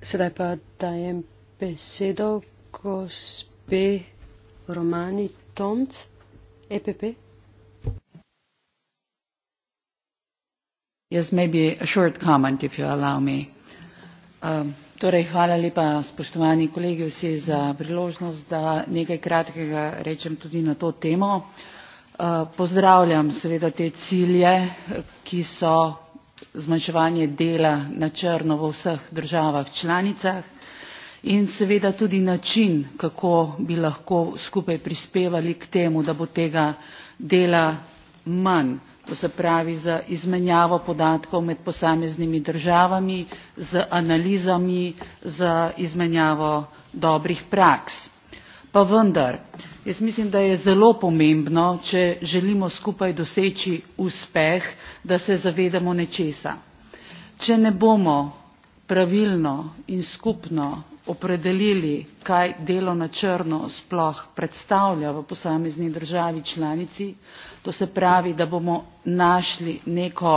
Sedaj pa dajem besedo gospodinu. EPP Romani Tont EPP Yes maybe a short comment if you allow me um, Torej, hvala lepa, spoštovani kolegi, vsi za priložnost, da nekaj kratkega rečem tudi na to temo. Uh, pozdravljam seveda te cilje, ki so zmanjševanje dela na črno v vseh državah članicah in seveda tudi način, kako bi lahko skupaj prispevali k temu, da bo tega dela manj, to se pravi za izmenjavo podatkov med posameznimi državami, z analizami, za izmenjavo dobrih praks. Pa vendar, jaz mislim, da je zelo pomembno, če želimo skupaj doseči uspeh, da se zavedamo nečesa. Če ne bomo pravilno in skupno opredelili, kaj delo na črno sploh predstavlja v posamezni državi članici, to se pravi, da bomo našli neko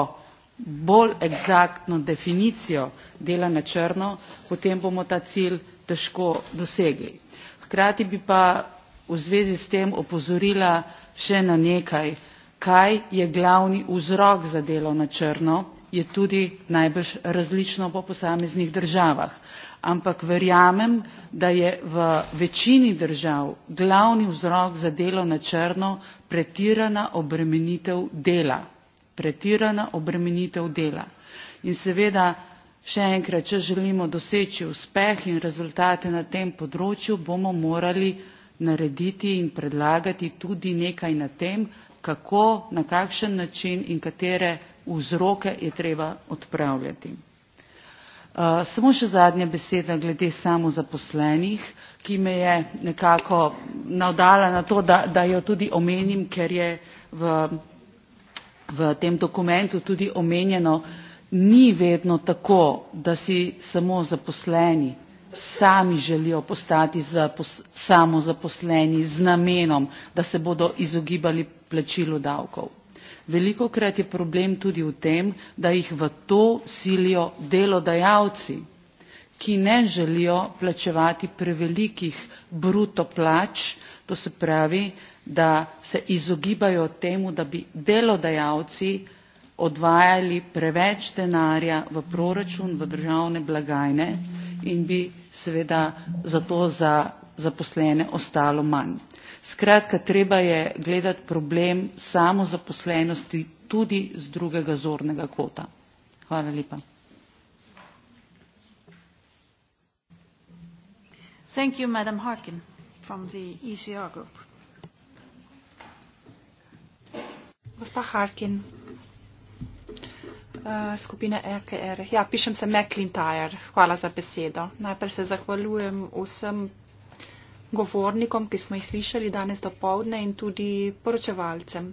bolj egzaktno definicijo dela na črno, potem bomo ta cilj težko dosegli. Hkrati bi pa v zvezi s tem opozorila še na nekaj, kaj je glavni vzrok za delo na črno, je tudi najbrž različno po posameznih državah ampak verjamem, da je v večini držav glavni vzrok za delo na črno pretirana obremenitev dela. Pretirana obremenitev dela. In seveda, še enkrat, če želimo doseči uspeh in rezultate na tem področju, bomo morali narediti in predlagati tudi nekaj na tem, kako, na kakšen način in katere vzroke je treba odpravljati. Eh, samo še zadnja beseda glede samozaposlenih, ki me je nekako navdala na to, da, da jo tudi omenim, ker je v, v tem dokumentu tudi omenjeno, ni vedno tako, da si samo zaposleni sami želijo postati zapos, samozaposleni z namenom, da se bodo izogibali plačilu davkov. Veliko krat je problem tudi v tem, da jih v to silijo delodajalci, ki ne želijo plačevati prevelikih bruto plač, to se pravi, da se izogibajo temu, da bi delodajalci odvajali preveč denarja v proračun, v državne blagajne in bi seveda zato za zaposlene ostalo manj. Skratka, treba je gledati problem samozaposlenosti tudi z drugega zornega kota. Hvala lepa. Thank you, Madam Harkin, from the ECR group. Gospa Harkin, uh, skupina RKR. Ja, pišem se McIntyre. Hvala za besedo. Najprej se zahvaljujem vsem govornikom, ki smo jih slišali danes do povdne in tudi poročevalcem.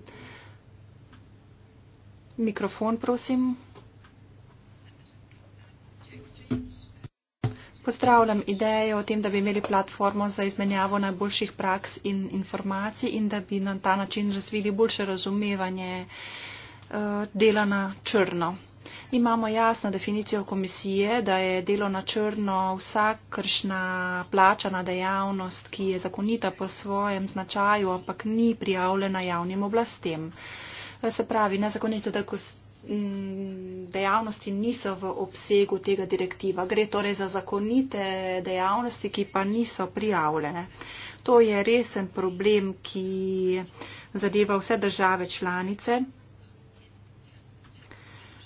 Mikrofon, prosim. Pozdravljam idejo o tem, da bi imeli platformo za izmenjavo najboljših praks in informacij in da bi na ta način razvili boljše razumevanje eh, dela na črno imamo jasno definicijo komisije, da je delo na črno vsakršna plačana dejavnost, ki je zakonita po svojem značaju, ampak ni prijavljena javnim oblastem. Se pravi, nezakonite dejavnosti niso v obsegu tega direktiva. Gre torej za zakonite dejavnosti, ki pa niso prijavljene. To je resen problem, ki zadeva vse države članice.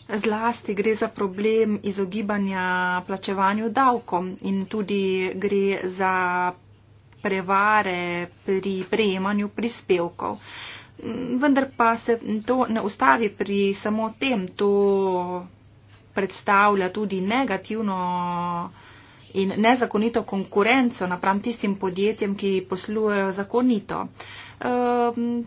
Zlasti gre za problem izogibanja plačevanju davkom in tudi gre za prevare pri prejemanju prispevkov. Vendar pa se to ne ustavi pri samo tem, to predstavlja tudi negativno in nezakonito konkurenco napram tistim podjetjem, ki poslujejo zakonito. Ehm,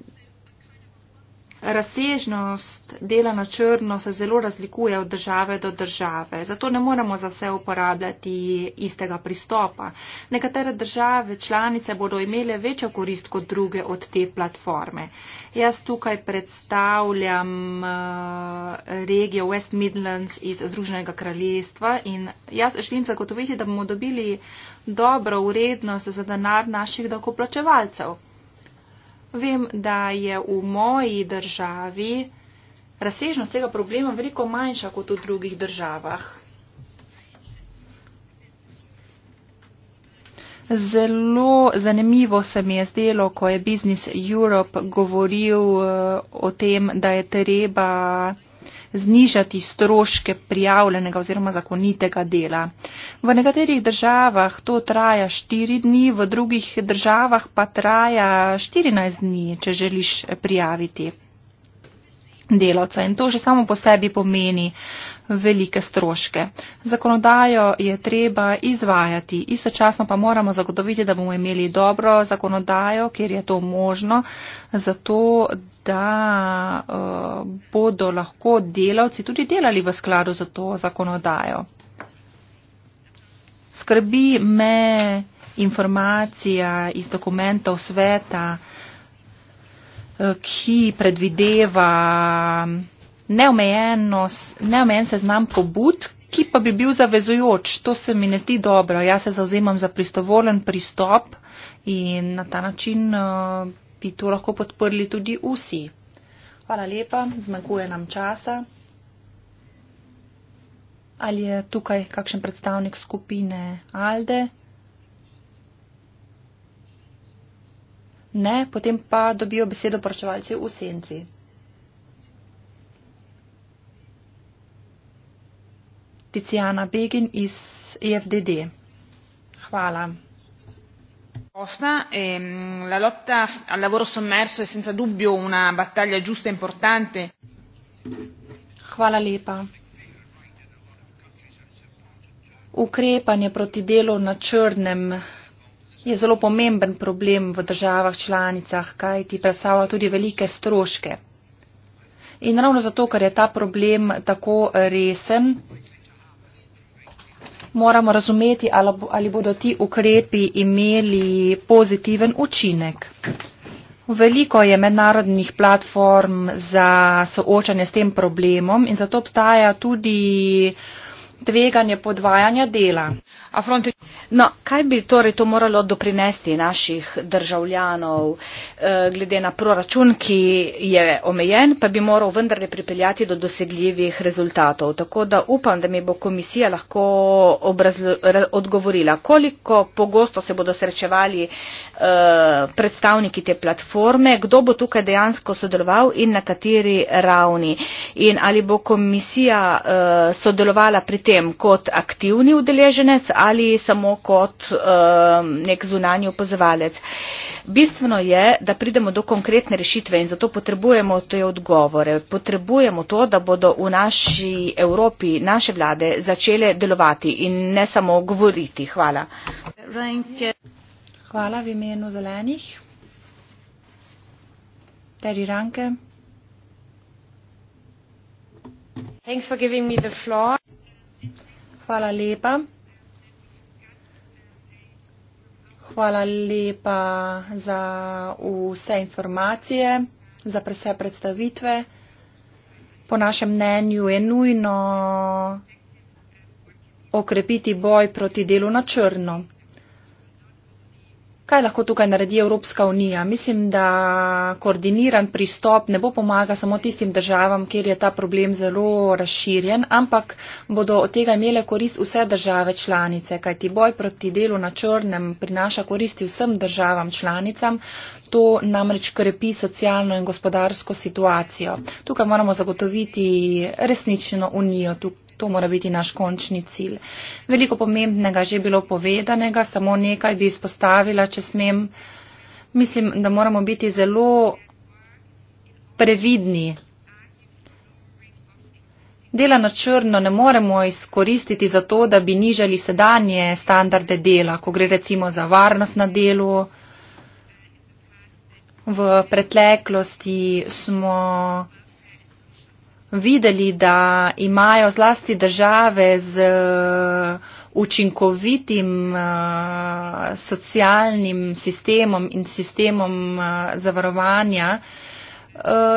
Razsežnost dela na črno se zelo razlikuje od države do države, zato ne moremo za vse uporabljati istega pristopa. Nekatere države članice bodo imele večjo korist kot druge od te platforme. Jaz tukaj predstavljam eh, regijo West Midlands iz Združenega kraljestva in jaz želim zagotoviti, da bomo dobili dobro urednost za denar naših dokoplačevalcev. Vem, da je v moji državi razsežnost tega problema veliko manjša kot v drugih državah. Zelo zanimivo se mi je zdelo, ko je Business Europe govoril eh, o tem, da je treba znižati stroške prijavljenega oziroma zakonitega dela. V nekaterih državah to traja 4 dni, v drugih državah pa traja 14 dni, če želiš prijaviti delavca. In to že samo po sebi pomeni uh, velike stroške. Zakonodajo je treba izvajati, istočasno pa moramo zagotoviti, da bomo imeli dobro zakonodajo, kjer je to možno, zato da uh, bodo lahko delavci tudi delali v skladu za to zakonodajo. Skrbi me informacija iz dokumentov sveta, eh, ki predvideva neomejen seznam pobud, ki pa bi bil zavezujoč. To se mi ne zdi dobro. Jaz se zauzemam za pristovolen pristop in na ta način eh, bi to lahko podprli tudi vsi. Hvala lepa, zmanjkuje nam časa. Ali je tukaj kakšen predstavnik skupine Alde? Ne, potem pa dobijo besedo poročevalci v senci. Tiziana Begin iz EFDD. Hvala. Ehm, la lotta al lavoro sommerso è senza dubbio una battaglia giusta e importante. Hvala lepa. Ukrepanje proti delu na črnem je zelo pomemben problem v državah članicah, kaj ti predstavlja tudi velike stroške. In ravno zato, ker je ta problem tako resen, moramo razumeti, ali, ali bodo ti ukrepi imeli pozitiven učinek. Veliko je mednarodnih platform za soočanje s tem problemom in zato obstaja tudi uh, tveganje podvajanja dela. No, kaj bi torej to moralo doprinesti naših državljanov, e, glede na proračun, ki je omejen, pa bi moral vendarle pripeljati do dosegljivih rezultatov. Tako da upam, da mi bo komisija lahko odgovorila, koliko pogosto se bodo srečevali e, predstavniki te platforme, kdo bo tukaj dejansko sodeloval in na kateri ravni. In ali bo komisija e, sodelovala pri tem, tem kot aktivni udeleženec ali samo kot um, nek zunanji opazovalec. Bistveno je, da pridemo do konkretne rešitve in zato potrebujemo te odgovore. Potrebujemo to, da bodo v naši Evropi naše vlade začele delovati in ne samo govoriti. Hvala. Hvala v imenu zelenih. Teri Ranke. Thanks for giving me the floor. Hvala lepa. Hvala lepa za vse informacije, za vse predstavitve. Po našem mnenju je nujno okrepiti boj proti delu na črno kaj lahko tukaj naredi Evropska unija. Mislim, da koordiniran pristop ne bo pomaga samo tistim državam, kjer je ta problem zelo razširjen, ampak bodo od tega imele korist vse države članice, kajti boj proti delu na črnem prinaša koristi vsem državam članicam. To namreč krepi socialno in gospodarsko situacijo. Tukaj moramo zagotoviti resnično unijo. Tukaj To mora biti naš končni cilj. Veliko pomembnega že je bilo povedanega, samo nekaj bi izpostavila, če smem. Mislim, da moramo biti zelo previdni. Dela na črno ne moremo izkoristiti za to, da bi nižali sedanje standarde dela, ko gre recimo za varnost na delu. V preteklosti smo videli, da imajo zlasti države z uh, učinkovitim uh, socialnim sistemom in sistemom uh, zavarovanja,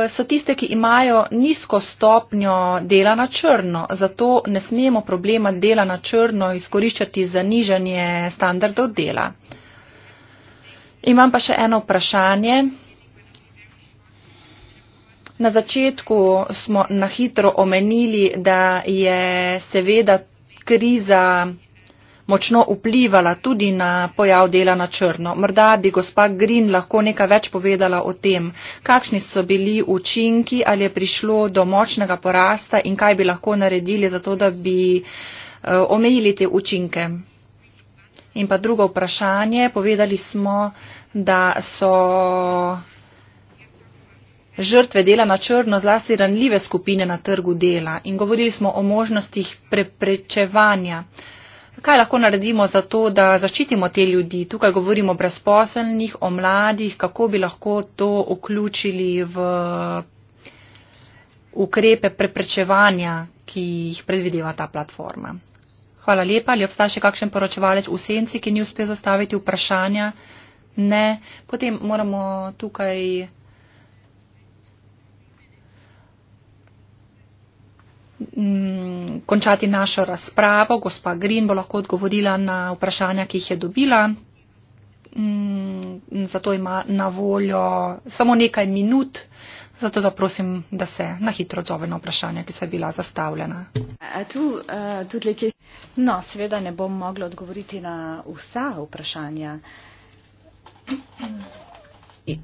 so tiste, ki imajo nizko stopnjo dela na črno. Zato ne smemo problema dela na črno izkoriščati za nižanje standardov dela. Imam pa še eno vprašanje. Na začetku smo na hitro omenili, da je seveda kriza močno vplivala tudi na pojav dela na črno. Morda bi gospa Green lahko nekaj več povedala o tem, kakšni so bili učinki, ali je prišlo do močnega porasta in kaj bi lahko naredili za to, da bi eh, omejili te učinke. In pa drugo vprašanje, povedali smo, da so žrtve dela na črno, zlasti ranljive skupine na trgu dela in govorili smo o možnostih preprečevanja. Kaj lahko naredimo za to, da zaščitimo te ljudi? Tukaj govorimo o brezposelnih, o mladih, kako bi lahko to vključili v ukrepe preprečevanja, ki jih predvideva ta platforma. Hvala lepa, ali obstaja še kakšen poročevalec v senci, ki ni uspel zastaviti vprašanja? Ne, potem moramo tukaj Mm, končati našo razpravo. Gospa Green bo lahko odgovorila na vprašanja, ki jih je dobila. Mm, zato ima na voljo samo nekaj minut, zato da prosim, da se na hitro odzove na vprašanja, ki so bila zastavljena. No, seveda ne bom mogla odgovoriti na vsa vprašanja.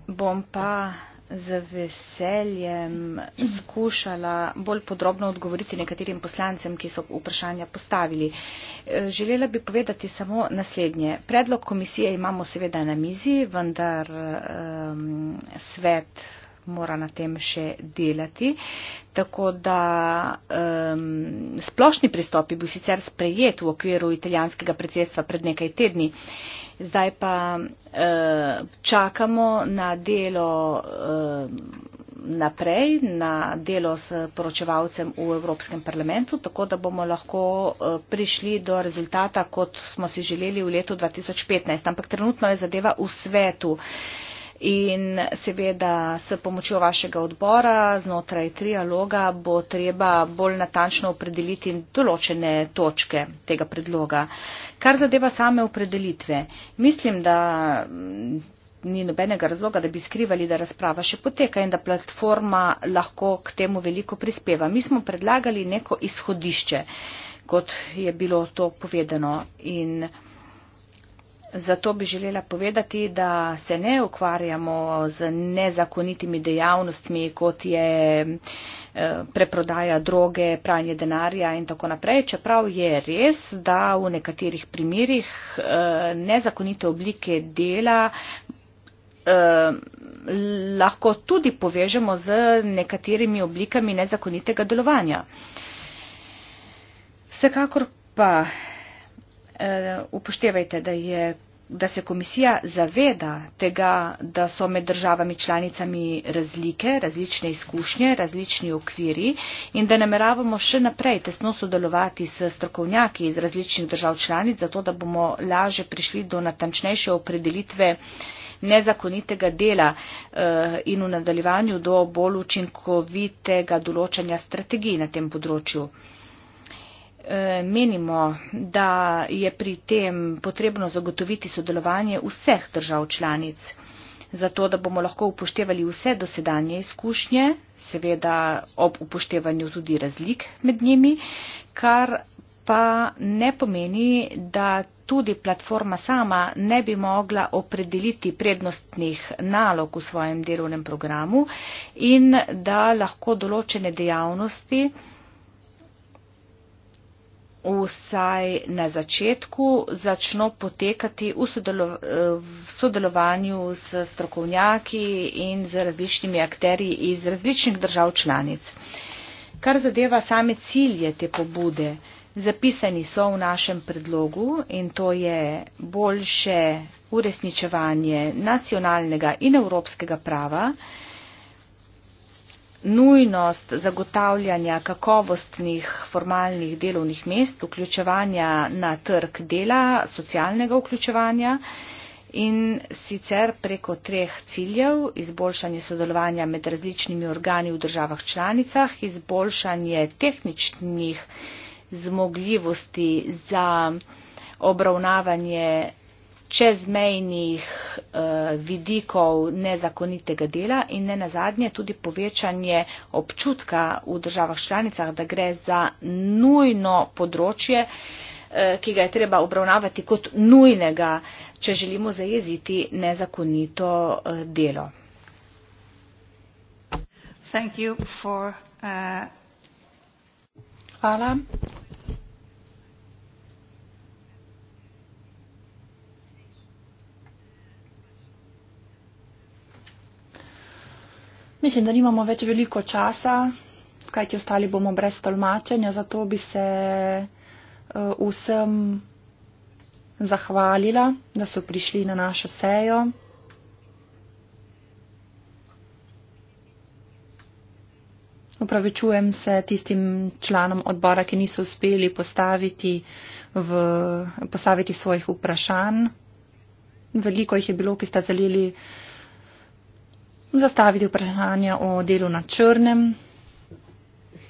Bom pa z veseljem skušala bolj podrobno odgovoriti nekaterim poslancem, ki so vprašanja postavili. E, želela bi povedati samo naslednje. Predlog komisije imamo seveda na mizi, vendar um, svet uh, mora na tem še delati. Tako da um, splošni pristopi bi sicer sprejet v okviru italijanskega predsedstva pred nekaj tedni. Zdaj pa uh, čakamo na delo uh, naprej, na delo s poročevalcem v Evropskem parlamentu, tako da bomo lahko uh, prišli do rezultata, kot smo si želeli v letu 2015. Ampak trenutno je zadeva v svetu. Uh, in seveda s pomočjo vašega odbora znotraj trialoga bo treba bolj natančno opredeliti določene točke tega predloga. Kar zadeva same opredelitve, mislim, da. Mm, ni nobenega razloga, da bi skrivali, da razprava še poteka in da platforma lahko k temu veliko prispeva. Mi smo predlagali neko izhodišče, kot je bilo to povedano. In Zato bi želela povedati, da se ne ukvarjamo z nezakonitimi dejavnostmi, kot je eh, preprodaja droge, pranje denarja in tako naprej, čeprav je res, da v nekaterih primerjih eh, nezakonite oblike dela eh, lahko tudi povežemo z nekaterimi oblikami nezakonitega delovanja. Vsekakor pa Eh, upoštevajte, da, je, da se komisija zaveda tega, da so med državami članicami razlike, različne izkušnje, različni okviri in da nameravamo še naprej tesno sodelovati s strokovnjaki iz različnih držav članic, zato da bomo laže prišli do natančnejše opredelitve nezakonitega dela eh, in v nadaljevanju do bolj učinkovitega določanja strategij na tem področju. Eh, menimo, da je pri tem potrebno zagotoviti sodelovanje vseh držav članic, zato da bomo lahko upoštevali vse dosedanje izkušnje, seveda ob upoštevanju tudi razlik med njimi, kar pa ne pomeni, da tudi platforma sama ne bi mogla opredeliti prednostnih nalog v svojem delovnem programu in da lahko določene dejavnosti vsaj na začetku začno potekati v, sodelov, v sodelovanju s strokovnjaki in z različnimi akteri iz različnih držav članic. Kar zadeva same cilje te pobude, zapisani so v našem predlogu in to je boljše uresničevanje nacionalnega in evropskega prava, nujnost zagotavljanja kakovostnih formalnih delovnih mest, vključevanja na trg dela, socialnega vključevanja in sicer preko treh ciljev izboljšanje sodelovanja med različnimi organi v državah članicah, izboljšanje tehničnih zmogljivosti za obravnavanje čezmejnih eh, vidikov nezakonitega dela in ne nazadnje tudi povečanje občutka v državah članicah, da gre za nujno področje, eh, ki ga je treba obravnavati kot nujnega, če želimo zajeziti nezakonito eh, delo. Hvala. Mislim, da nimamo več veliko časa, kajti ostali bomo brez tolmačenja, zato bi se eh, vsem zahvalila, da so prišli na našo sejo. Upravičujem se tistim članom odbora, ki niso uspeli postaviti, v, postaviti svojih vprašanj. Veliko jih je bilo, ki sta zalili zastaviti vprašanja o delu na črnem.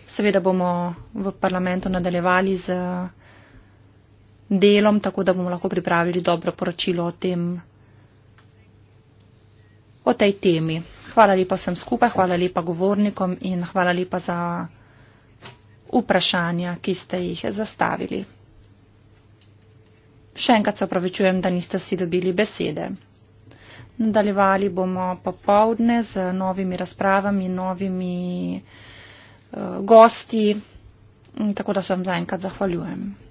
Seveda bomo v parlamentu nadaljevali z delom, tako da bomo lahko pripravili dobro poročilo o, tem, o tej temi. Hvala lepa vsem skupaj, hvala lepa govornikom in hvala lepa za vprašanja, ki ste jih zastavili. Še enkrat se opravičujem, da niste vsi dobili besede. Nadaljevali bomo popovdne z novimi razpravami, novimi uh, gosti. Tako da se vam zaenkrat zahvaljujem.